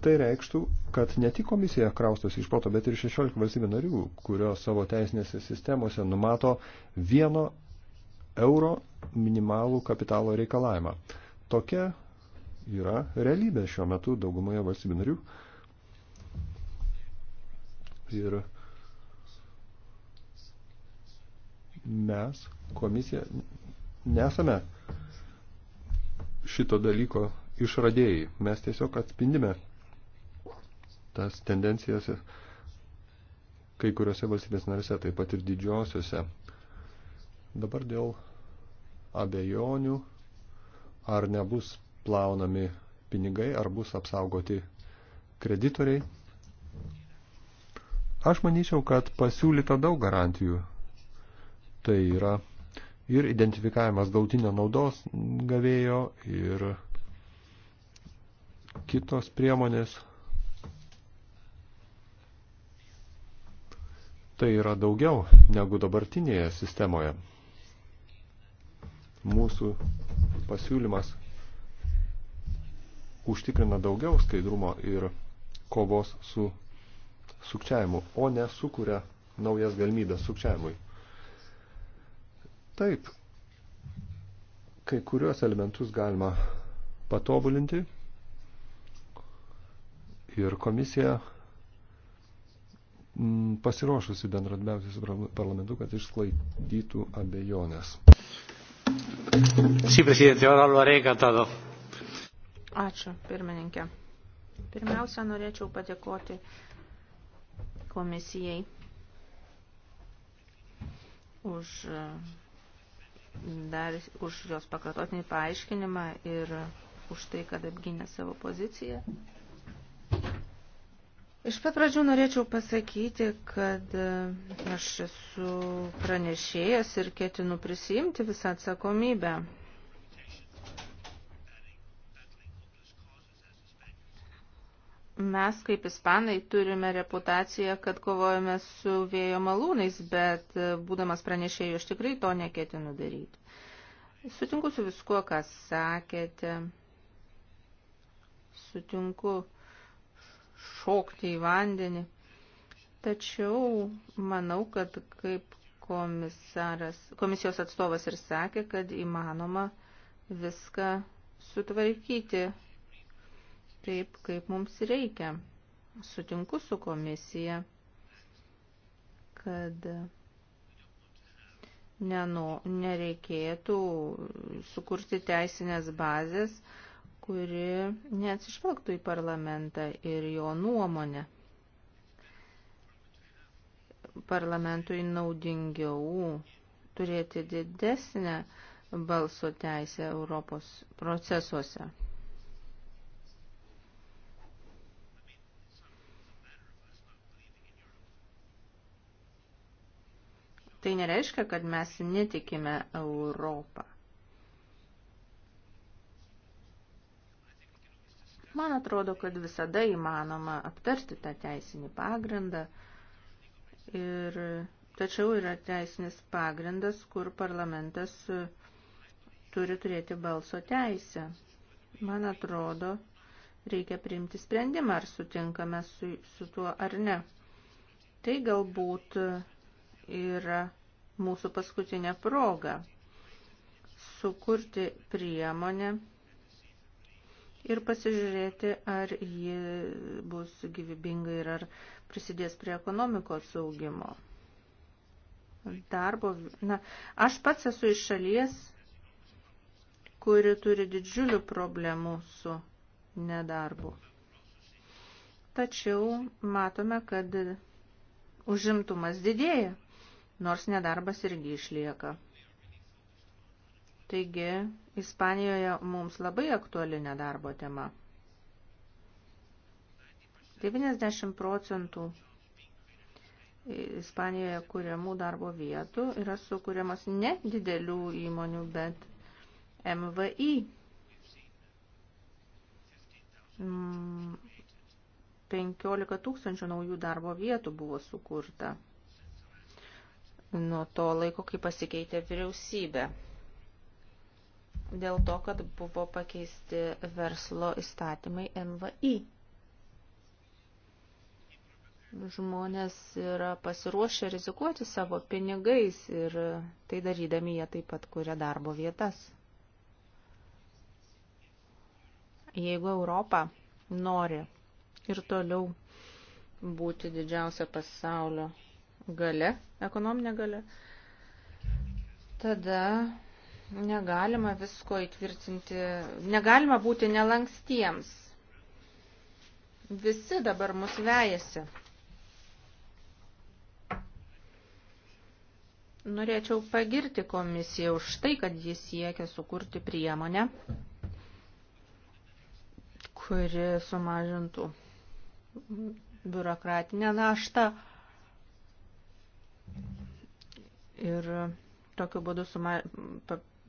Tai reikštų, kad ne tik komisija kraustosi iš poto, bet ir 16 valstybių narių, kurios savo teisinėse sistemose numato vieno euro minimalų kapitalo reikalavimą. Tokia yra realybė šiuo metu daugumoje valstybių narių. Ir mes, komisija, nesame šito dalyko išradėjai. Mes tiesiog atspindime tas tendencijas kai kuriuose valstybės narėse, taip pat ir didžiosiuose. Dabar dėl abejonių, ar nebus plaunami pinigai, ar bus apsaugoti kreditoriai. Aš manyčiau, kad pasiūlyta daug garantijų. Tai yra ir identifikavimas gautinio naudos gavėjo, ir kitos priemonės Tai yra daugiau negu dabartinėje sistemoje. Mūsų pasiūlymas užtikrina daugiau skaidrumo ir kovos su sukčiavimu, o ne sukuria naujas galimybės sukčiavimui. Taip, kai kuriuos elementus galima patobulinti ir komisija Mm, pasiruošusi bendradarbiauti su parlamentu, kad išsklaidytų abejonės. Sí, presidente, ahora lo haré encantado. Ačiū, pirmininkė. Pirmiausia, norėčiau padėkoti komisijai už, e, dar, už jos pakartotinį paaiškinimą ir už tai, kad apgynė savo poziciją. Iš pat pradžių norėčiau pasakyti, kad e, aš esu pranešėjas ir ketinu prisijimti visą atsakomybę. Mes kaip ispanai turime reputaciją, kad kovojame su vėjo malūnais, bet e, būdamas pranešėjų aš tikrai to neketinu daryti. Sutinku su viskuo, ką sakėte. Sutinku šokti į vandenį. Tačiau manau, kad kaip komisijos atstovas ir sakė, kad įmanoma viską sutvarkyti taip, kaip mums reikia. Sutinku su komisija, kad nenu, nereikėtų sukurti teisinės bazės, kuri neatsižvelgtų į parlamentą ir jo nuomonę. Parlamentui naudingiau turėti didesnę balso teisę Europos procesuose. Tai nereiškia, kad mes netikime Europą. Man atrodo, kad visada įmanoma aptarti tą teisinį pagrindą. Ir, tačiau yra teisinis pagrindas, kur parlamentas e, turi turėti balso teisę. Man atrodo, reikia priimti sprendimą, ar sutinkame su, su tuo ar ne. Tai galbūt e, yra mūsų paskutinė proga sukurti priemonę ir pasižiūrėti, ar ji bus gyvybinga ir ar prisidės prie ekonomikos saugimo. Darbo, na, aš pats esu iš šalies, kuri turi didžiulių problemų su nedarbu. Tačiau matome, kad užimtumas didėja, nors nedarbas irgi išlieka. Taigi, Ispanijoje mums labai aktuali nedarbo tema. 90 procentų Ispanijoje kuriamų darbo vietų yra sukūriamas ne didelių įmonių, bet MVI. 15 mm, tūkstančių naujų darbo vietų buvo sukurta nuo to laiko, kai pasikeitė vyriausybė dėl to, kad buvo pakeisti verslo įstatymai MVI. Žmonės yra pasiruošę rizikuoti savo pinigais ir tai darydami jie taip pat kuria darbo vietas. Jeigu Europa nori ir toliau būti didžiausia pasaulio gale, ekonominė gale, tada Negalima visko įtvirtinti, negalima būti nelankstiems. Visi dabar mus vejasi. Norėčiau pagirti komisiją už tai, kad jis siekia sukurti priemonę, kuri sumažintų biurokratinę naštą ir tokiu būdu suma,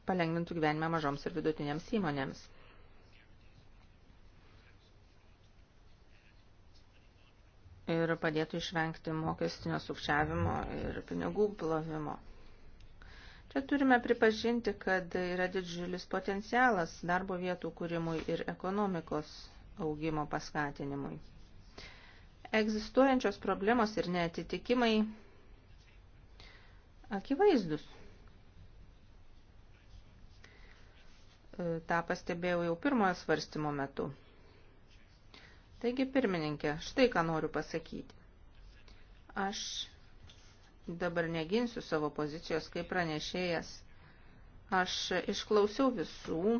palengvintų gyvenimą mažoms ir vidutinėms įmonėms. ir padėtų išvengti mokestinio sukčiavimo ir pinigų plovimo. Čia turime pripažinti, kad yra didžiulis potencialas darbo vietų kūrimui ir ekonomikos augimo paskatinimui. Egzistuojančios problemos ir netitikimai akivaizdus. tą pastebėjau jau pirmojo svarstymo metu. Taigi, pirmininkė, štai ką noriu pasakyti. Aš dabar neginsiu savo pozicijos kaip pranešėjas. Aš išklausiau visų,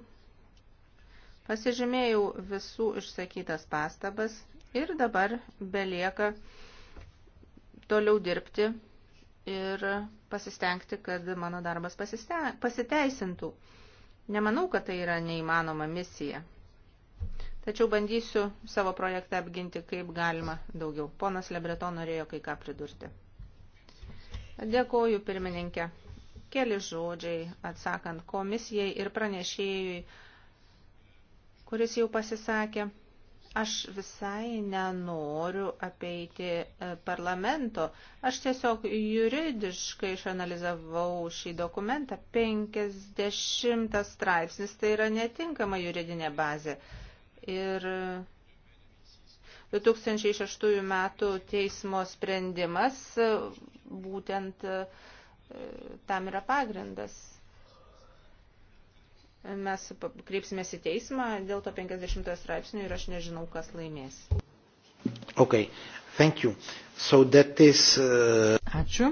pasižymėjau visų išsakytas pastabas ir dabar belieka toliau dirbti ir pasistengti, kad mano darbas pasisteng... pasiteisintų. Nemanau, kad tai yra neįmanoma misija. Tačiau bandysiu savo projektą apginti kaip galima daugiau. Ponas Lebreto norėjo kai ką pridurti. Dėkoju, pirmininkė. Keli žodžiai atsakant komisijai ir pranešėjui, kuris jau pasisakė. Aš visai nenoriu apeiti e, parlamento. Aš tiesiog juridiškai išanalizavau šį dokumentą. 50 straipsnis tai yra netinkama juridinė bazė. Ir 2006 metų teismo sprendimas e, būtent e, tam yra pagrindas mes kreipsimės į teismą dėl to 50 straipsnio ir aš nežinau, kas laimės. Okay. Thank you. So that is, uh... Ačiū.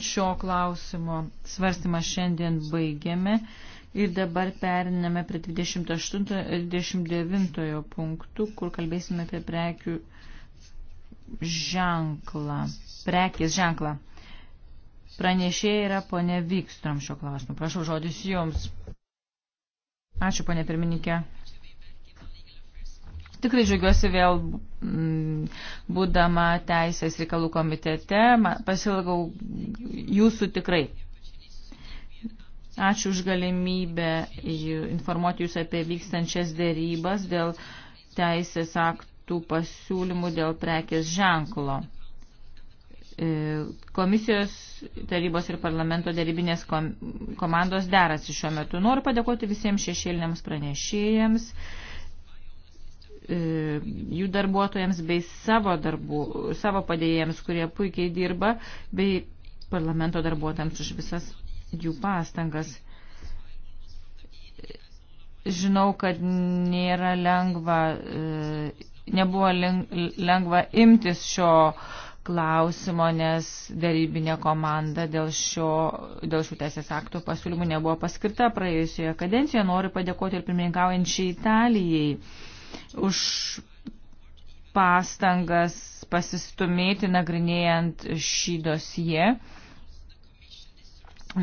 Šio klausimo svarstymą šiandien baigėme ir dabar periname prie 28 ir 29 punktų, kur kalbėsime apie prekių ženklą, prekės ženklą. Pranešėja yra ponė Vykstrom šio klausimu. Prašau žodis jums. Ačiū, ponė pirmininkė. Tikrai žiūriuosi vėl mm, būdama Teisės reikalų komitete. Pasilgau jūsų tikrai. Ačiū už galimybę informuoti Jūs apie vykstančias dėrybas dėl teisės aktų pasiūlymų dėl prekės ženklo. E, komisijos tarybos ir parlamento darybinės kom komandos derasi šiuo metu. Noriu padėkoti visiems šešėliniams pranešėjams, e, jų darbuotojams bei savo, darbų, savo padėjėjams, kurie puikiai dirba, bei parlamento darbuotojams už visas jų pastangas. Žinau, kad nėra lengva, e, nebuvo lengva imtis šio klausimo, nes darybinė komanda dėl, šio, dėl šių teisės aktų pasiūlymų nebuvo paskirta praėjusioje kadencijoje. Noriu padėkoti ir pirmininkaujančiai Italijai už pastangas pasistumėti nagrinėjant šį dosiją,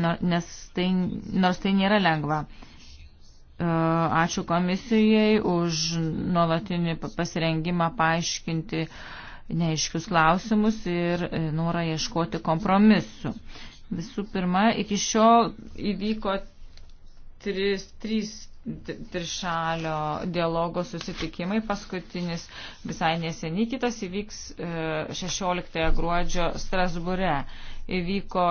nes tai, nors tai nėra lengva. E, ačiū komisijai už nuolatinį pasirengimą paaiškinti uh, neaiškius klausimus ir e, norą ieškoti kompromisu. Visų pirma, iki šiol įvyko tris, trys trišalio dialogo susitikimai, paskutinis visai neseniai, kitas įvyks 16 e, gruodžio Strasbūre. Įvyko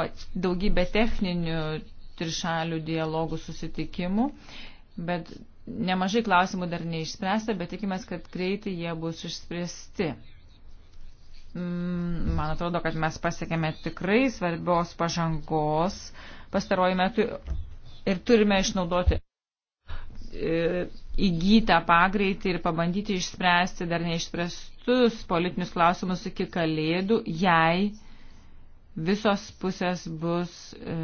daugybė techninių trišalių dialogų susitikimų, bet nemažai klausimų dar neišspręsta, bet tikimės, kad greitai jie bus išspręsti. Mm, man atrodo, kad mes pasiekėme tikrai svarbios pažangos pastaruoju metu ir turime išnaudoti e, įgytą pagreitį ir pabandyti išspręsti dar neišspręstus politinius klausimus iki kalėdų, jei visos pusės bus e,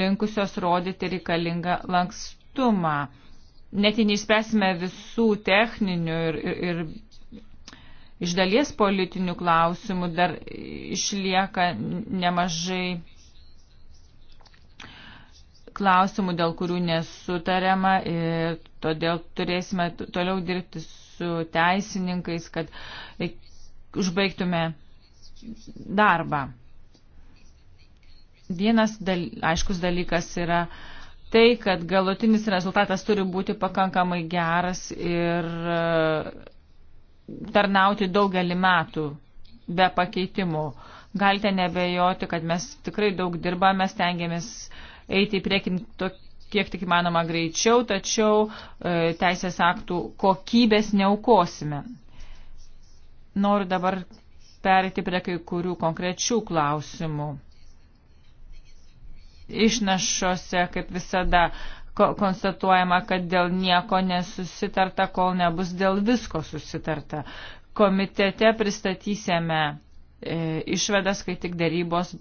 linkusios rodyti reikalingą lankstumą. Net jei neišspręsime visų techninių ir, ir, ir iš dalies politinių klausimų dar išlieka nemažai klausimų, dėl kurių nesutariama ir todėl turėsime toliau dirbti su teisininkais, kad e, užbaigtume darbą. Vienas dal, aiškus dalykas yra tai, kad galutinis rezultatas turi būti pakankamai geras ir tarnauti daugelį metų be pakeitimų. Galite nebejoti, kad mes tikrai daug dirbame, stengiamės eiti į priekį kiek tik įmanoma greičiau, tačiau e, teisės aktų kokybės neaukosime. Noriu dabar perėti prie kai kurių konkrečių klausimų. Išnašose, kaip visada, ko, konstatuojama, kad dėl nieko nesusitarta, kol nebus dėl visko susitarta. Komitete pristatysime e, išvedas, kai tik darybos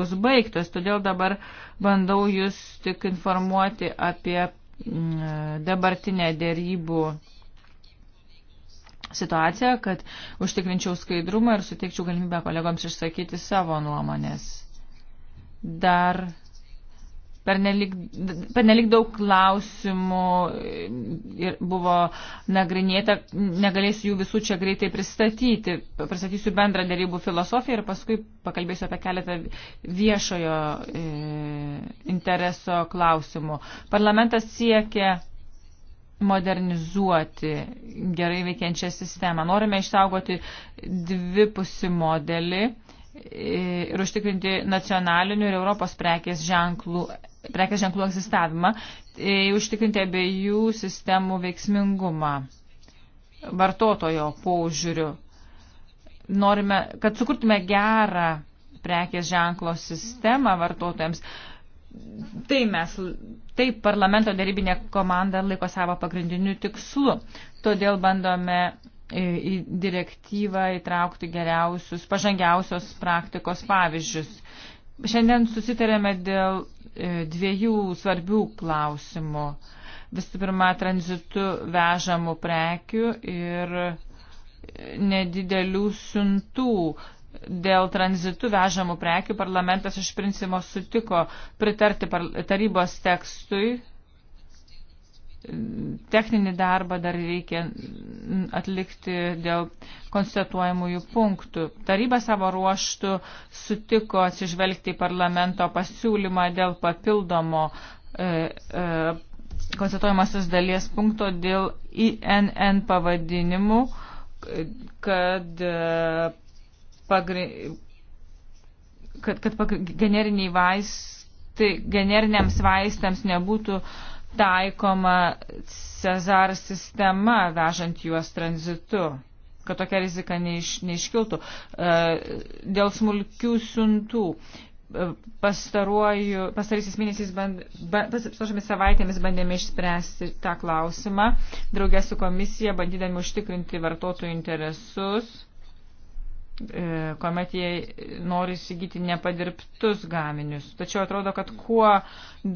bus baigtos. Todėl dabar bandau jūs tik informuoti apie m, mm, dabartinę darybų situaciją, kad užtikrinčiau skaidrumą ir suteikčiau galimybę kolegoms išsakyti savo nuomonės. Dar Pernelik, pernelik daug klausimų buvo nagrinėta, negalėsiu jų visų čia greitai pristatyti. Pristatysiu bendrą dėrybų filosofiją ir paskui pakalbėsiu apie keletą viešojo e, intereso klausimų. Parlamentas siekia modernizuoti gerai veikiančią sistemą. Norime išsaugoti dvipusi modelį e, ir užtikrinti nacionalinių ir Europos prekės ženklų prekės ženklų egzistavimą, e, užtikrinti abiejų sistemų veiksmingumą vartotojo požiūriu. Norime, kad sukurtume gerą prekės ženklo sistemą vartotojams. Tai mes, taip parlamento darybinė komanda laiko savo pagrindiniu tikslu. Todėl bandome e, į direktyvą įtraukti geriausius, pažangiausios praktikos pavyzdžius. Šiandien susitarėme dėl e, dviejų svarbių klausimų. Visų pirma, tranzitu vežamų prekių ir e, nedidelių siuntų. Dėl tranzitu vežamų prekių parlamentas iš principo sutiko pritarti tarybos tekstui techninį darbą dar reikia atlikti dėl konstatuojamųjų punktų. Taryba savo ruoštų sutiko atsižvelgti į parlamento pasiūlymą dėl papildomo e, e, konstatuojamasios dalies punkto dėl INN pavadinimų, kad, e, pagri, kad, kad pag, generiniai vaistai, generiniams vaistams nebūtų e, taikoma Cezar sistema vežant juos tranzitu, kad tokia rizika neiš, neiškiltų. E, dėl smulkių siuntų e, pastarysis mėnesiais, pastarosiomis savaitėmis bandėme išspręsti tą klausimą, draugę su komisija, bandydami užtikrinti vartotojų interesus E, kuomet jie nori įsigyti nepadirbtus gaminius. Tačiau atrodo, kad kuo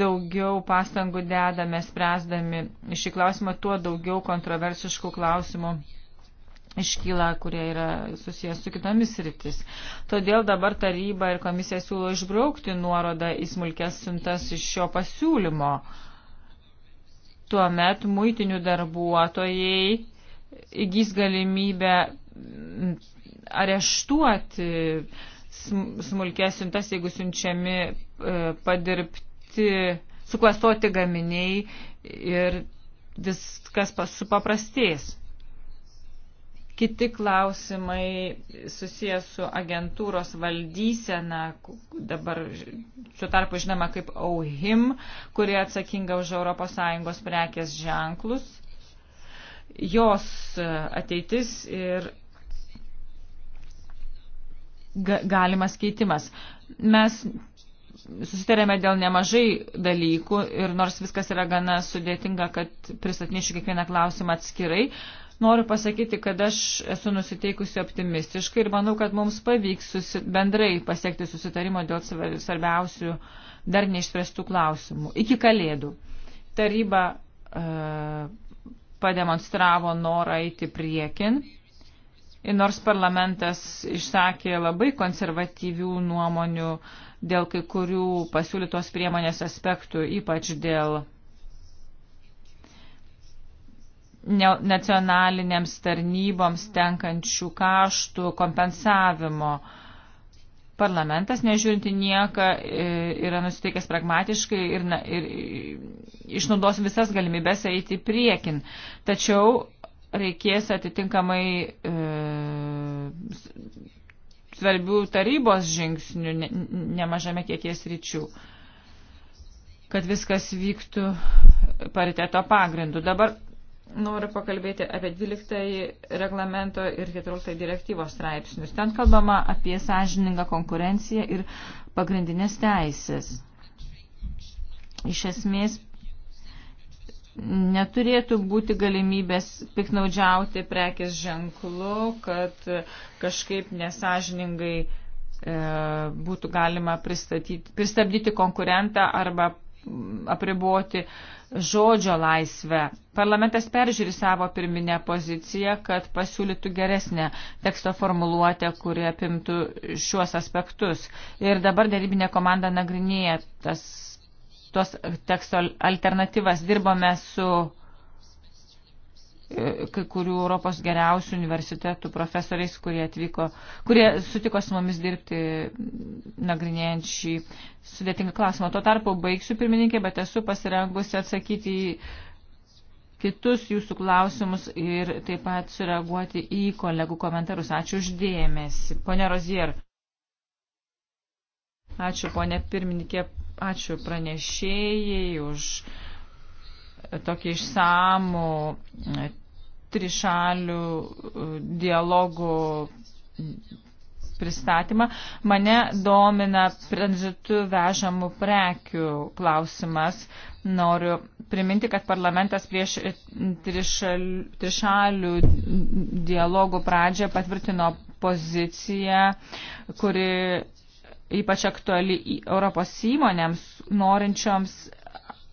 daugiau pastangų dedame spręsdami šį klausimą, tuo daugiau kontroversiškų klausimų iškyla, kurie yra susijęs su kitomis rytis. Todėl dabar taryba ir komisija siūlo išbraukti nuorodą į smulkės siuntas iš šio pasiūlymo. Tuomet muitinių darbuotojai įgys galimybę areštuoti smulkės siuntas, jeigu siunčiami e, padirbti, suklastoti gaminiai ir viskas supaprastės. Kiti klausimai susijęs su agentūros valdysena, dabar šiuo tarpu žinoma kaip AUHIM, kuri atsakinga už ES prekės ženklus. Jos ateitis ir galimas keitimas. Mes susitarėme dėl nemažai dalykų ir nors viskas yra gana sudėtinga, kad pristatinėšiu kiekvieną klausimą atskirai, noriu pasakyti, kad aš esu nusiteikusi optimistiškai ir manau, kad mums pavyks susi bendrai pasiekti susitarimo dėl svarbiausių dar neišspręstų klausimų. Iki kalėdų taryba e, pademonstravo norą eiti priekin Ir nors parlamentas išsakė labai konservatyvių nuomonių dėl kai kurių pasiūlytos priemonės aspektų, ypač dėl nacionalinėms tarnyboms tenkančių kaštų kompensavimo. Parlamentas, nežiūrinti nieką, e, yra nusiteikęs pragmatiškai ir, ir e, išnaudos visas galimybės eiti priekin. Tačiau reikės atitinkamai e, svarbių tarybos žingsnių ne, nemažame kiekės ryčių, kad viskas vyktų pariteto pagrindu. Dabar noriu pakalbėti apie 12 reglamento ir 14 direktyvos straipsnius. Ten kalbama apie sąžiningą konkurenciją ir pagrindinės teisės. Iš esmės neturėtų būti galimybės piknaudžiauti prekės ženklu, kad kažkaip nesažiningai e, būtų galima pristabdyti konkurentą arba mm, apriboti žodžio laisvę. Parlamentas peržiūri savo pirminę poziciją, kad pasiūlytų geresnę teksto formuluotę, kuri apimtų šiuos aspektus. Ir dabar darybinė komanda nagrinėja tas tos teksto alternatyvas. Dirbome su e, kai kurių Europos geriausių universitetų profesoriais, kurie atvyko, kurie sutiko su mumis dirbti nagrinėjant šį sudėtingą klausimą. Tuo tarpu baigsiu pirmininkė, bet esu pasirengusi atsakyti į kitus jūsų klausimus ir taip pat sureaguoti į kolegų komentarus. Ačiū uždėmesi. Pone Rozier. Ačiū, ponė pirmininkė. Ačiū pranešėjai už tokį išsamų e, trišalių e, dialogų pristatymą. Mane domina tranzitu vežamų prekių klausimas. Noriu priminti, kad parlamentas prieš trišalių dialogų pradžią patvirtino poziciją, kuri ypač aktuali Europos įmonėms, norinčioms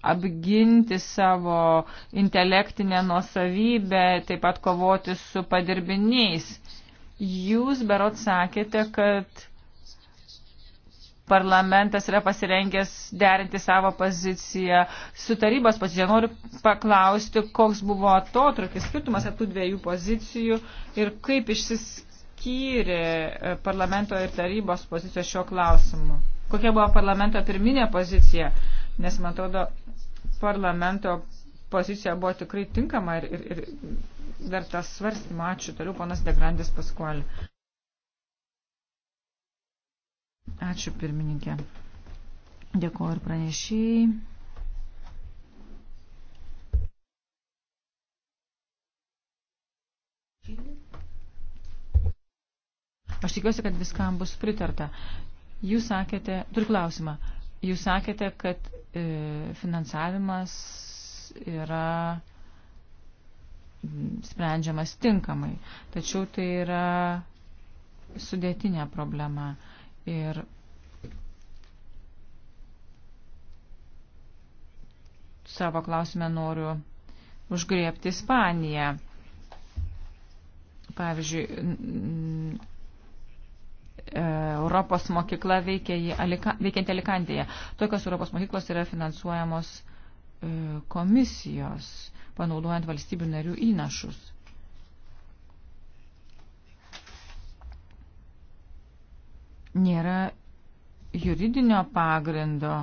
apginti savo intelektinę nuosavybę, taip pat kovoti su padirbiniais. Jūs berot sakėte, kad parlamentas yra pasirengęs derinti savo poziciją su tarybos pozicija. Noriu paklausti, koks buvo atotrukis skirtumas tų dviejų pozicijų ir kaip išsiskiria skyrė e, parlamento ir tarybos pozicijos šiuo klausimu? Kokia buvo parlamento pirminė pozicija? Nes, man atrodo, parlamento pozicija buvo tikrai tinkama ir, ir, ir dar tas svarstymo. Ačiū. Toliau ponas Degrandis Paskualė. Ačiū pirmininkė. Dėkuoju ir pranešėjai. Žinai? Aš tikiuosi, kad viskam bus pritarta. Jūs sakėte, turiu klausimą, jūs sakėte, kad e, finansavimas yra sprendžiamas tinkamai, tačiau tai yra sudėtinė problema ir savo klausime noriu užgriepti Ispaniją. Pavyzdžiui, E, Europos mokykla veikianti Alikantėje. Tokios Europos mokyklos yra finansuojamos e, komisijos, panaudojant valstybių narių įnašus. Nėra juridinio pagrindo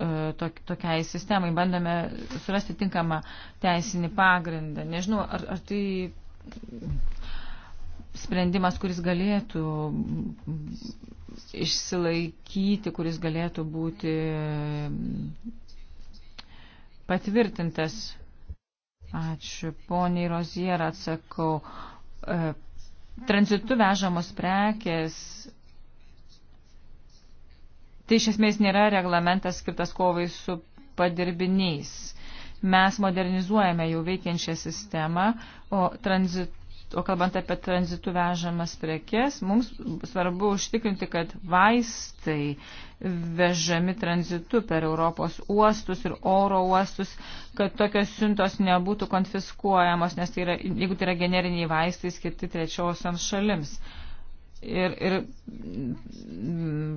e, tok, tokiai sistemai. Bandome surasti tinkamą teisinį pagrindą. Nežinau, ar, ar tai sprendimas, kuris galėtų išsilaikyti, kuris galėtų būti patvirtintas. Ačiū. Poniai Rozier atsakau. E, tranzitu vežamos prekės. Tai iš esmės nėra reglamentas skirtas kovai su padirbiniais. Mes modernizuojame jau veikiančią sistemą, o tranzitu O kalbant apie tranzitų vežamas prekes, mums svarbu užtikrinti, kad vaistai vežami tranzitu per Europos uostus ir oro uostus, kad tokios siuntos nebūtų konfiskuojamos, nes tai yra, jeigu tai yra generiniai vaistai skirti trečiosiams šalims. Ir, ir m, mm,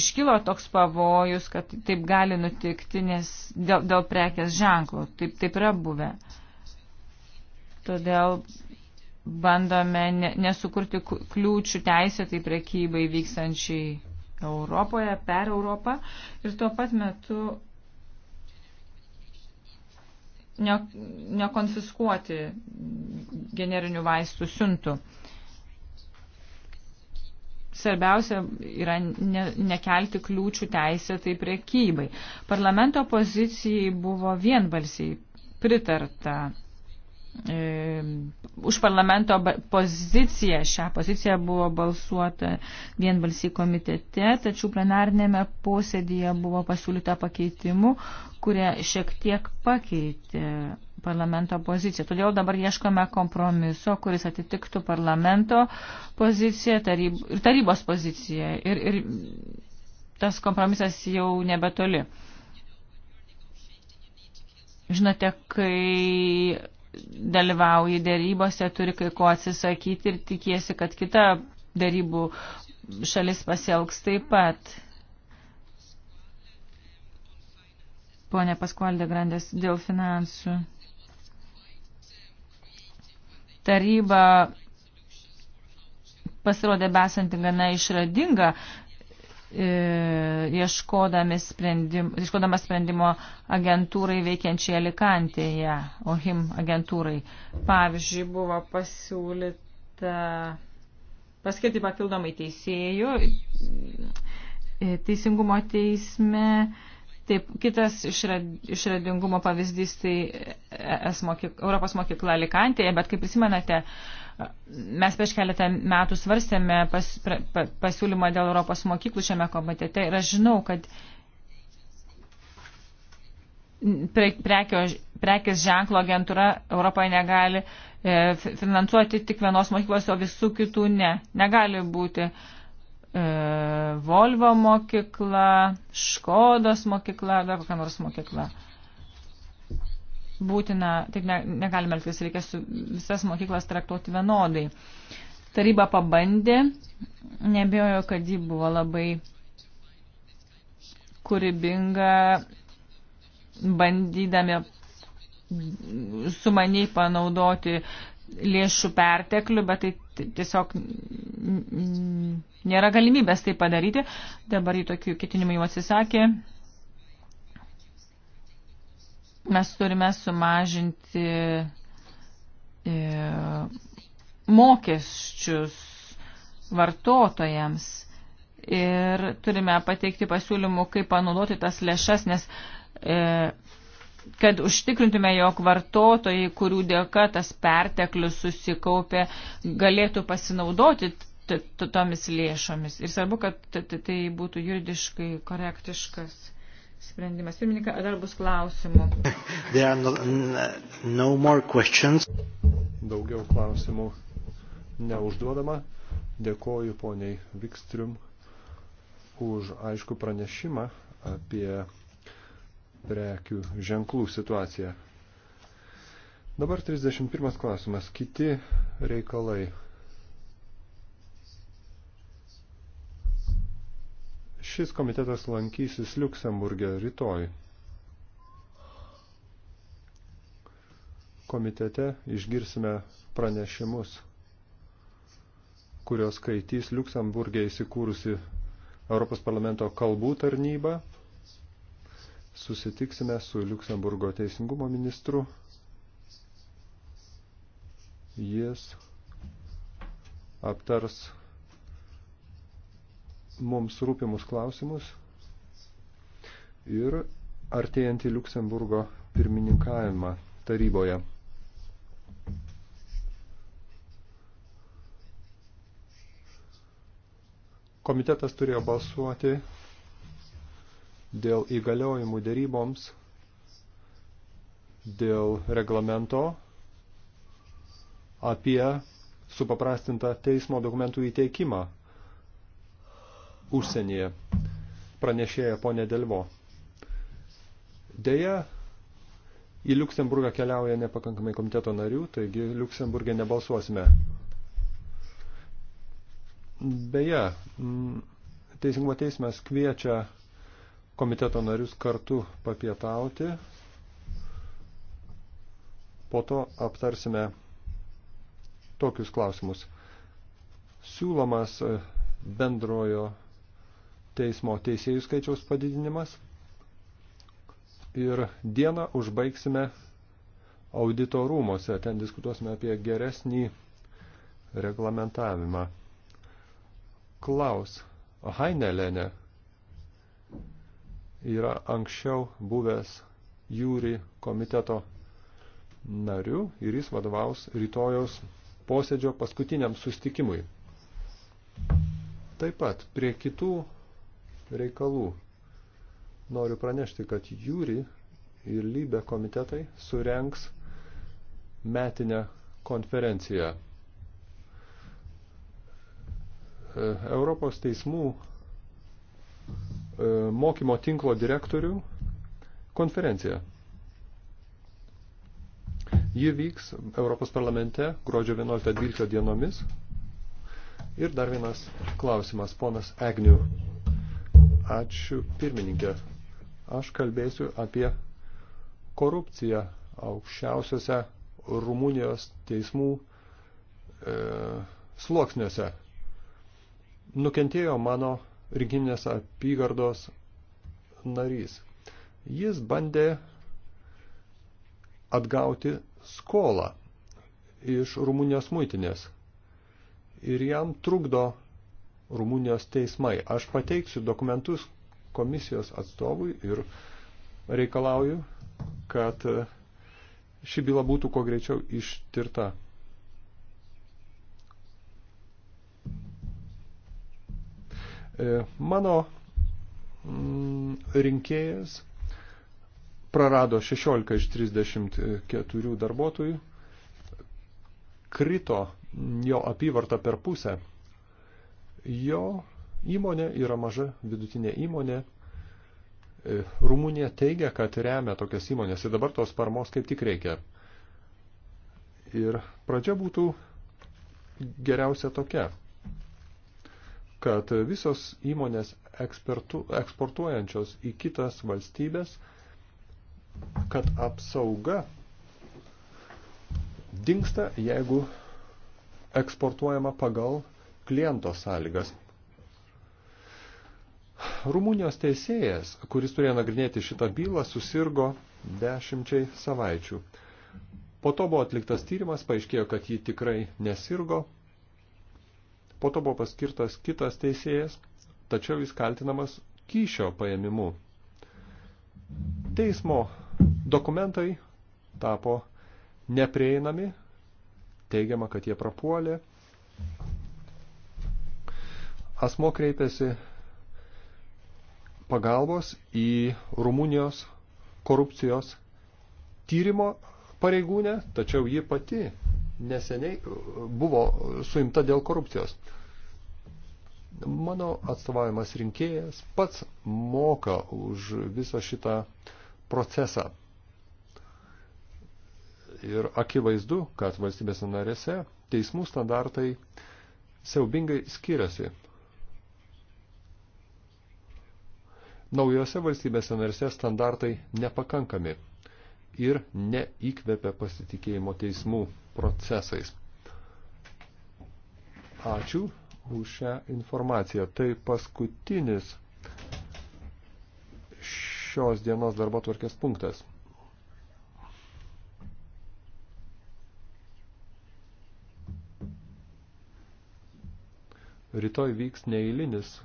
iškilo toks pavojus, kad taip gali nutikti, nes dėl, dėl prekės ženklo taip, taip yra buvę. Todėl bandome nesukurti kliūčių teisėtai prekybai vykstančiai Europoje, per Europą ir tuo pat metu ne, nekonfiskuoti generinių vaistų siuntų. Svarbiausia yra ne, nekelti kliūčių teisėtai prekybai. Parlamento pozicijai buvo vienbalsiai pritarta e, už parlamento poziciją, šią poziciją buvo balsuota vienbalsiai komitete, tačiau plenarnėme posėdėje buvo pasiūlyta pakeitimų, kurie šiek tiek pakeitė parlamento poziciją. Todėl dabar ieškome kompromiso, kuris atitiktų parlamento poziciją taryb, ir tarybos poziciją. Ir, ir tas kompromisas jau nebetoli. Žinote, kai dalyvauji dėrybose, turi kai ko atsisakyti ir tikiesi, kad kita dėrybų šalis pasielgs taip pat. Pone Paskualdė Grandės, dėl finansų. Taryba pasirodė besanti gana išradinga, E, ieškodami sprendim, ieškodama sprendimo agentūrai veikiančiai Alikantėje, OHIM agentūrai. Pavyzdžiui, buvo pasiūlyta paskirti papildomai teisėjų e, teisingumo teisme. Taip, kitas išradingumo pavyzdys tai e Europos mokykla Alikantėje, bet kaip prisimenate, Mes prieš keletą metų svarstėme pas, pra, pasiūlymą dėl Europos mokyklų šiame komitete ir aš žinau, kad pre, prekio, prekės ženklo agentūra Europoje negali e, finansuoti tik vienos mokyklos, o visų kitų ne. Negali būti e, Volvo mokykla, Škodos mokykla, dar kokia nors mokykla būtina, taip ne, negalime elgtis, reikia su visas mokyklas traktuoti vienodai. Taryba pabandė, nebejoju, kad ji buvo labai kūrybinga, bandydami sumaniai panaudoti lėšų perteklių, bet tai tiesiog nėra galimybės tai padaryti. Dabar į tokių ketinimų jau atsisakė, Mes turime sumažinti e, mokesčius vartotojams ir turime pateikti pasiūlymų, kaip panaudoti tas lėšas, nes e, kad užtikrintume, jog vartotojai, kurių dėka tas perteklius susikaupė, galėtų pasinaudoti tomis lėšomis. Ir svarbu, kad tai būtų juridiškai korektiškas sprendimas. Pirmininkai, dar bus klausimų. There are no, no more questions. Daugiau klausimų neužduodama. Dėkoju poniai Vikstrium už aišku pranešimą apie prekių ženklų situaciją. Dabar 31 klausimas. Kiti reikalai. Šis komitetas lankysis Liuksemburgė rytoj. Komitete išgirsime pranešimus, kurios skaitys Liuksemburgė įsikūrusi Europos parlamento kalbų tarnyba. Susitiksime su Liuksemburgo teisingumo ministru. Jis aptars mums rūpimus klausimus ir artėjantį Luksemburgo pirmininkavimą taryboje. Komitetas turėjo balsuoti dėl įgaliojimų dėryboms, dėl reglamento apie supaprastintą teismo dokumentų įteikimą užsienyje pranešėja ponė Delvo. Deja, į Luksemburgą keliauja nepakankamai komiteto narių, taigi Luksemburgė nebalsuosime. Beje, Teisingumo teismas kviečia komiteto narius kartu papietauti. Po to aptarsime tokius klausimus. Siūlomas e, bendrojo teismo teisėjų skaičiaus padidinimas. Ir dieną užbaigsime audito rūmose. Ten diskutuosime apie geresnį reglamentavimą. Klaus Hainelenė yra anksčiau buvęs jūri komiteto nariu ir jis vadovaus rytojaus posėdžio paskutiniam sustikimui. Taip pat prie kitų reikalų. Noriu pranešti, kad Jūri ir Lybė komitetai surenks metinę konferenciją. E, Europos teismų e, mokymo tinklo direktorių konferencija. Ji vyks Europos parlamente gruodžio 11-12 dienomis. Ir dar vienas klausimas, ponas Agnių Ačiū pirmininkė. Aš kalbėsiu apie korupciją aukščiausiose Rumunijos teismų e, sluoksniuose. Nukentėjo mano rinkiminės apygardos narys. Jis bandė atgauti skolą iš Rumunijos muitinės. Ir jam trukdo Rumunijos teismai. Aš pateiksiu dokumentus komisijos atstovui ir reikalauju, kad ši byla būtų kuo greičiau ištirta. E, mano mm, rinkėjas prarado 16 iš 34 darbuotojų, krito jo apyvarta per pusę Jo įmonė yra maža vidutinė įmonė. E, Rumunija teigia, kad remia tokias įmonės ir dabar tos paramos kaip tik reikia. Ir pradžia būtų geriausia tokia, kad visos įmonės ekspertu, eksportuojančios į kitas valstybės, kad apsauga dinksta, jeigu eksportuojama pagal kliento sąlygas. Rumunijos teisėjas, kuris turėjo nagrinėti šitą bylą, susirgo dešimčiai savaičių. Po to buvo atliktas tyrimas, paaiškėjo, kad ji tikrai nesirgo. Po to buvo paskirtas kitas teisėjas, tačiau jis kaltinamas kyšio paėmimu. Teismo dokumentai tapo neprieinami, teigiama, kad jie prapuolė, asmo kreipėsi pagalbos į Rumunijos korupcijos tyrimo pareigūnę, tačiau ji pati neseniai buvo suimta dėl korupcijos. Mano atstovavimas rinkėjas pats moka už visą šitą procesą. Ir akivaizdu, kad valstybės narėse teismų standartai siaubingai skiriasi. Naujose valstybėse narse standartai nepakankami ir neįkvepia pasitikėjimo teismų procesais. Ačiū už šią informaciją. Tai paskutinis šios dienos darbo tvarkės punktas. Rytoj vyks neįlinis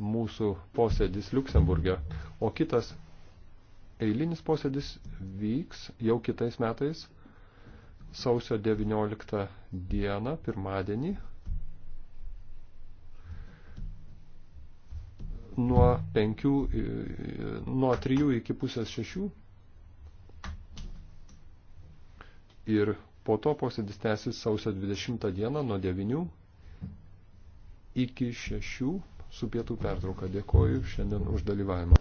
mūsų posėdis Luksemburgė, o kitas eilinis posėdis vyks jau kitais metais sausio 19 dieną, pirmadienį, nuo, 5, nuo 3 iki pusės 6 ir po to posėdis tęsis sausio 20 dieną nuo 9 iki 6 su pietų pertrauka. Dėkoju šiandien už dalyvavimą.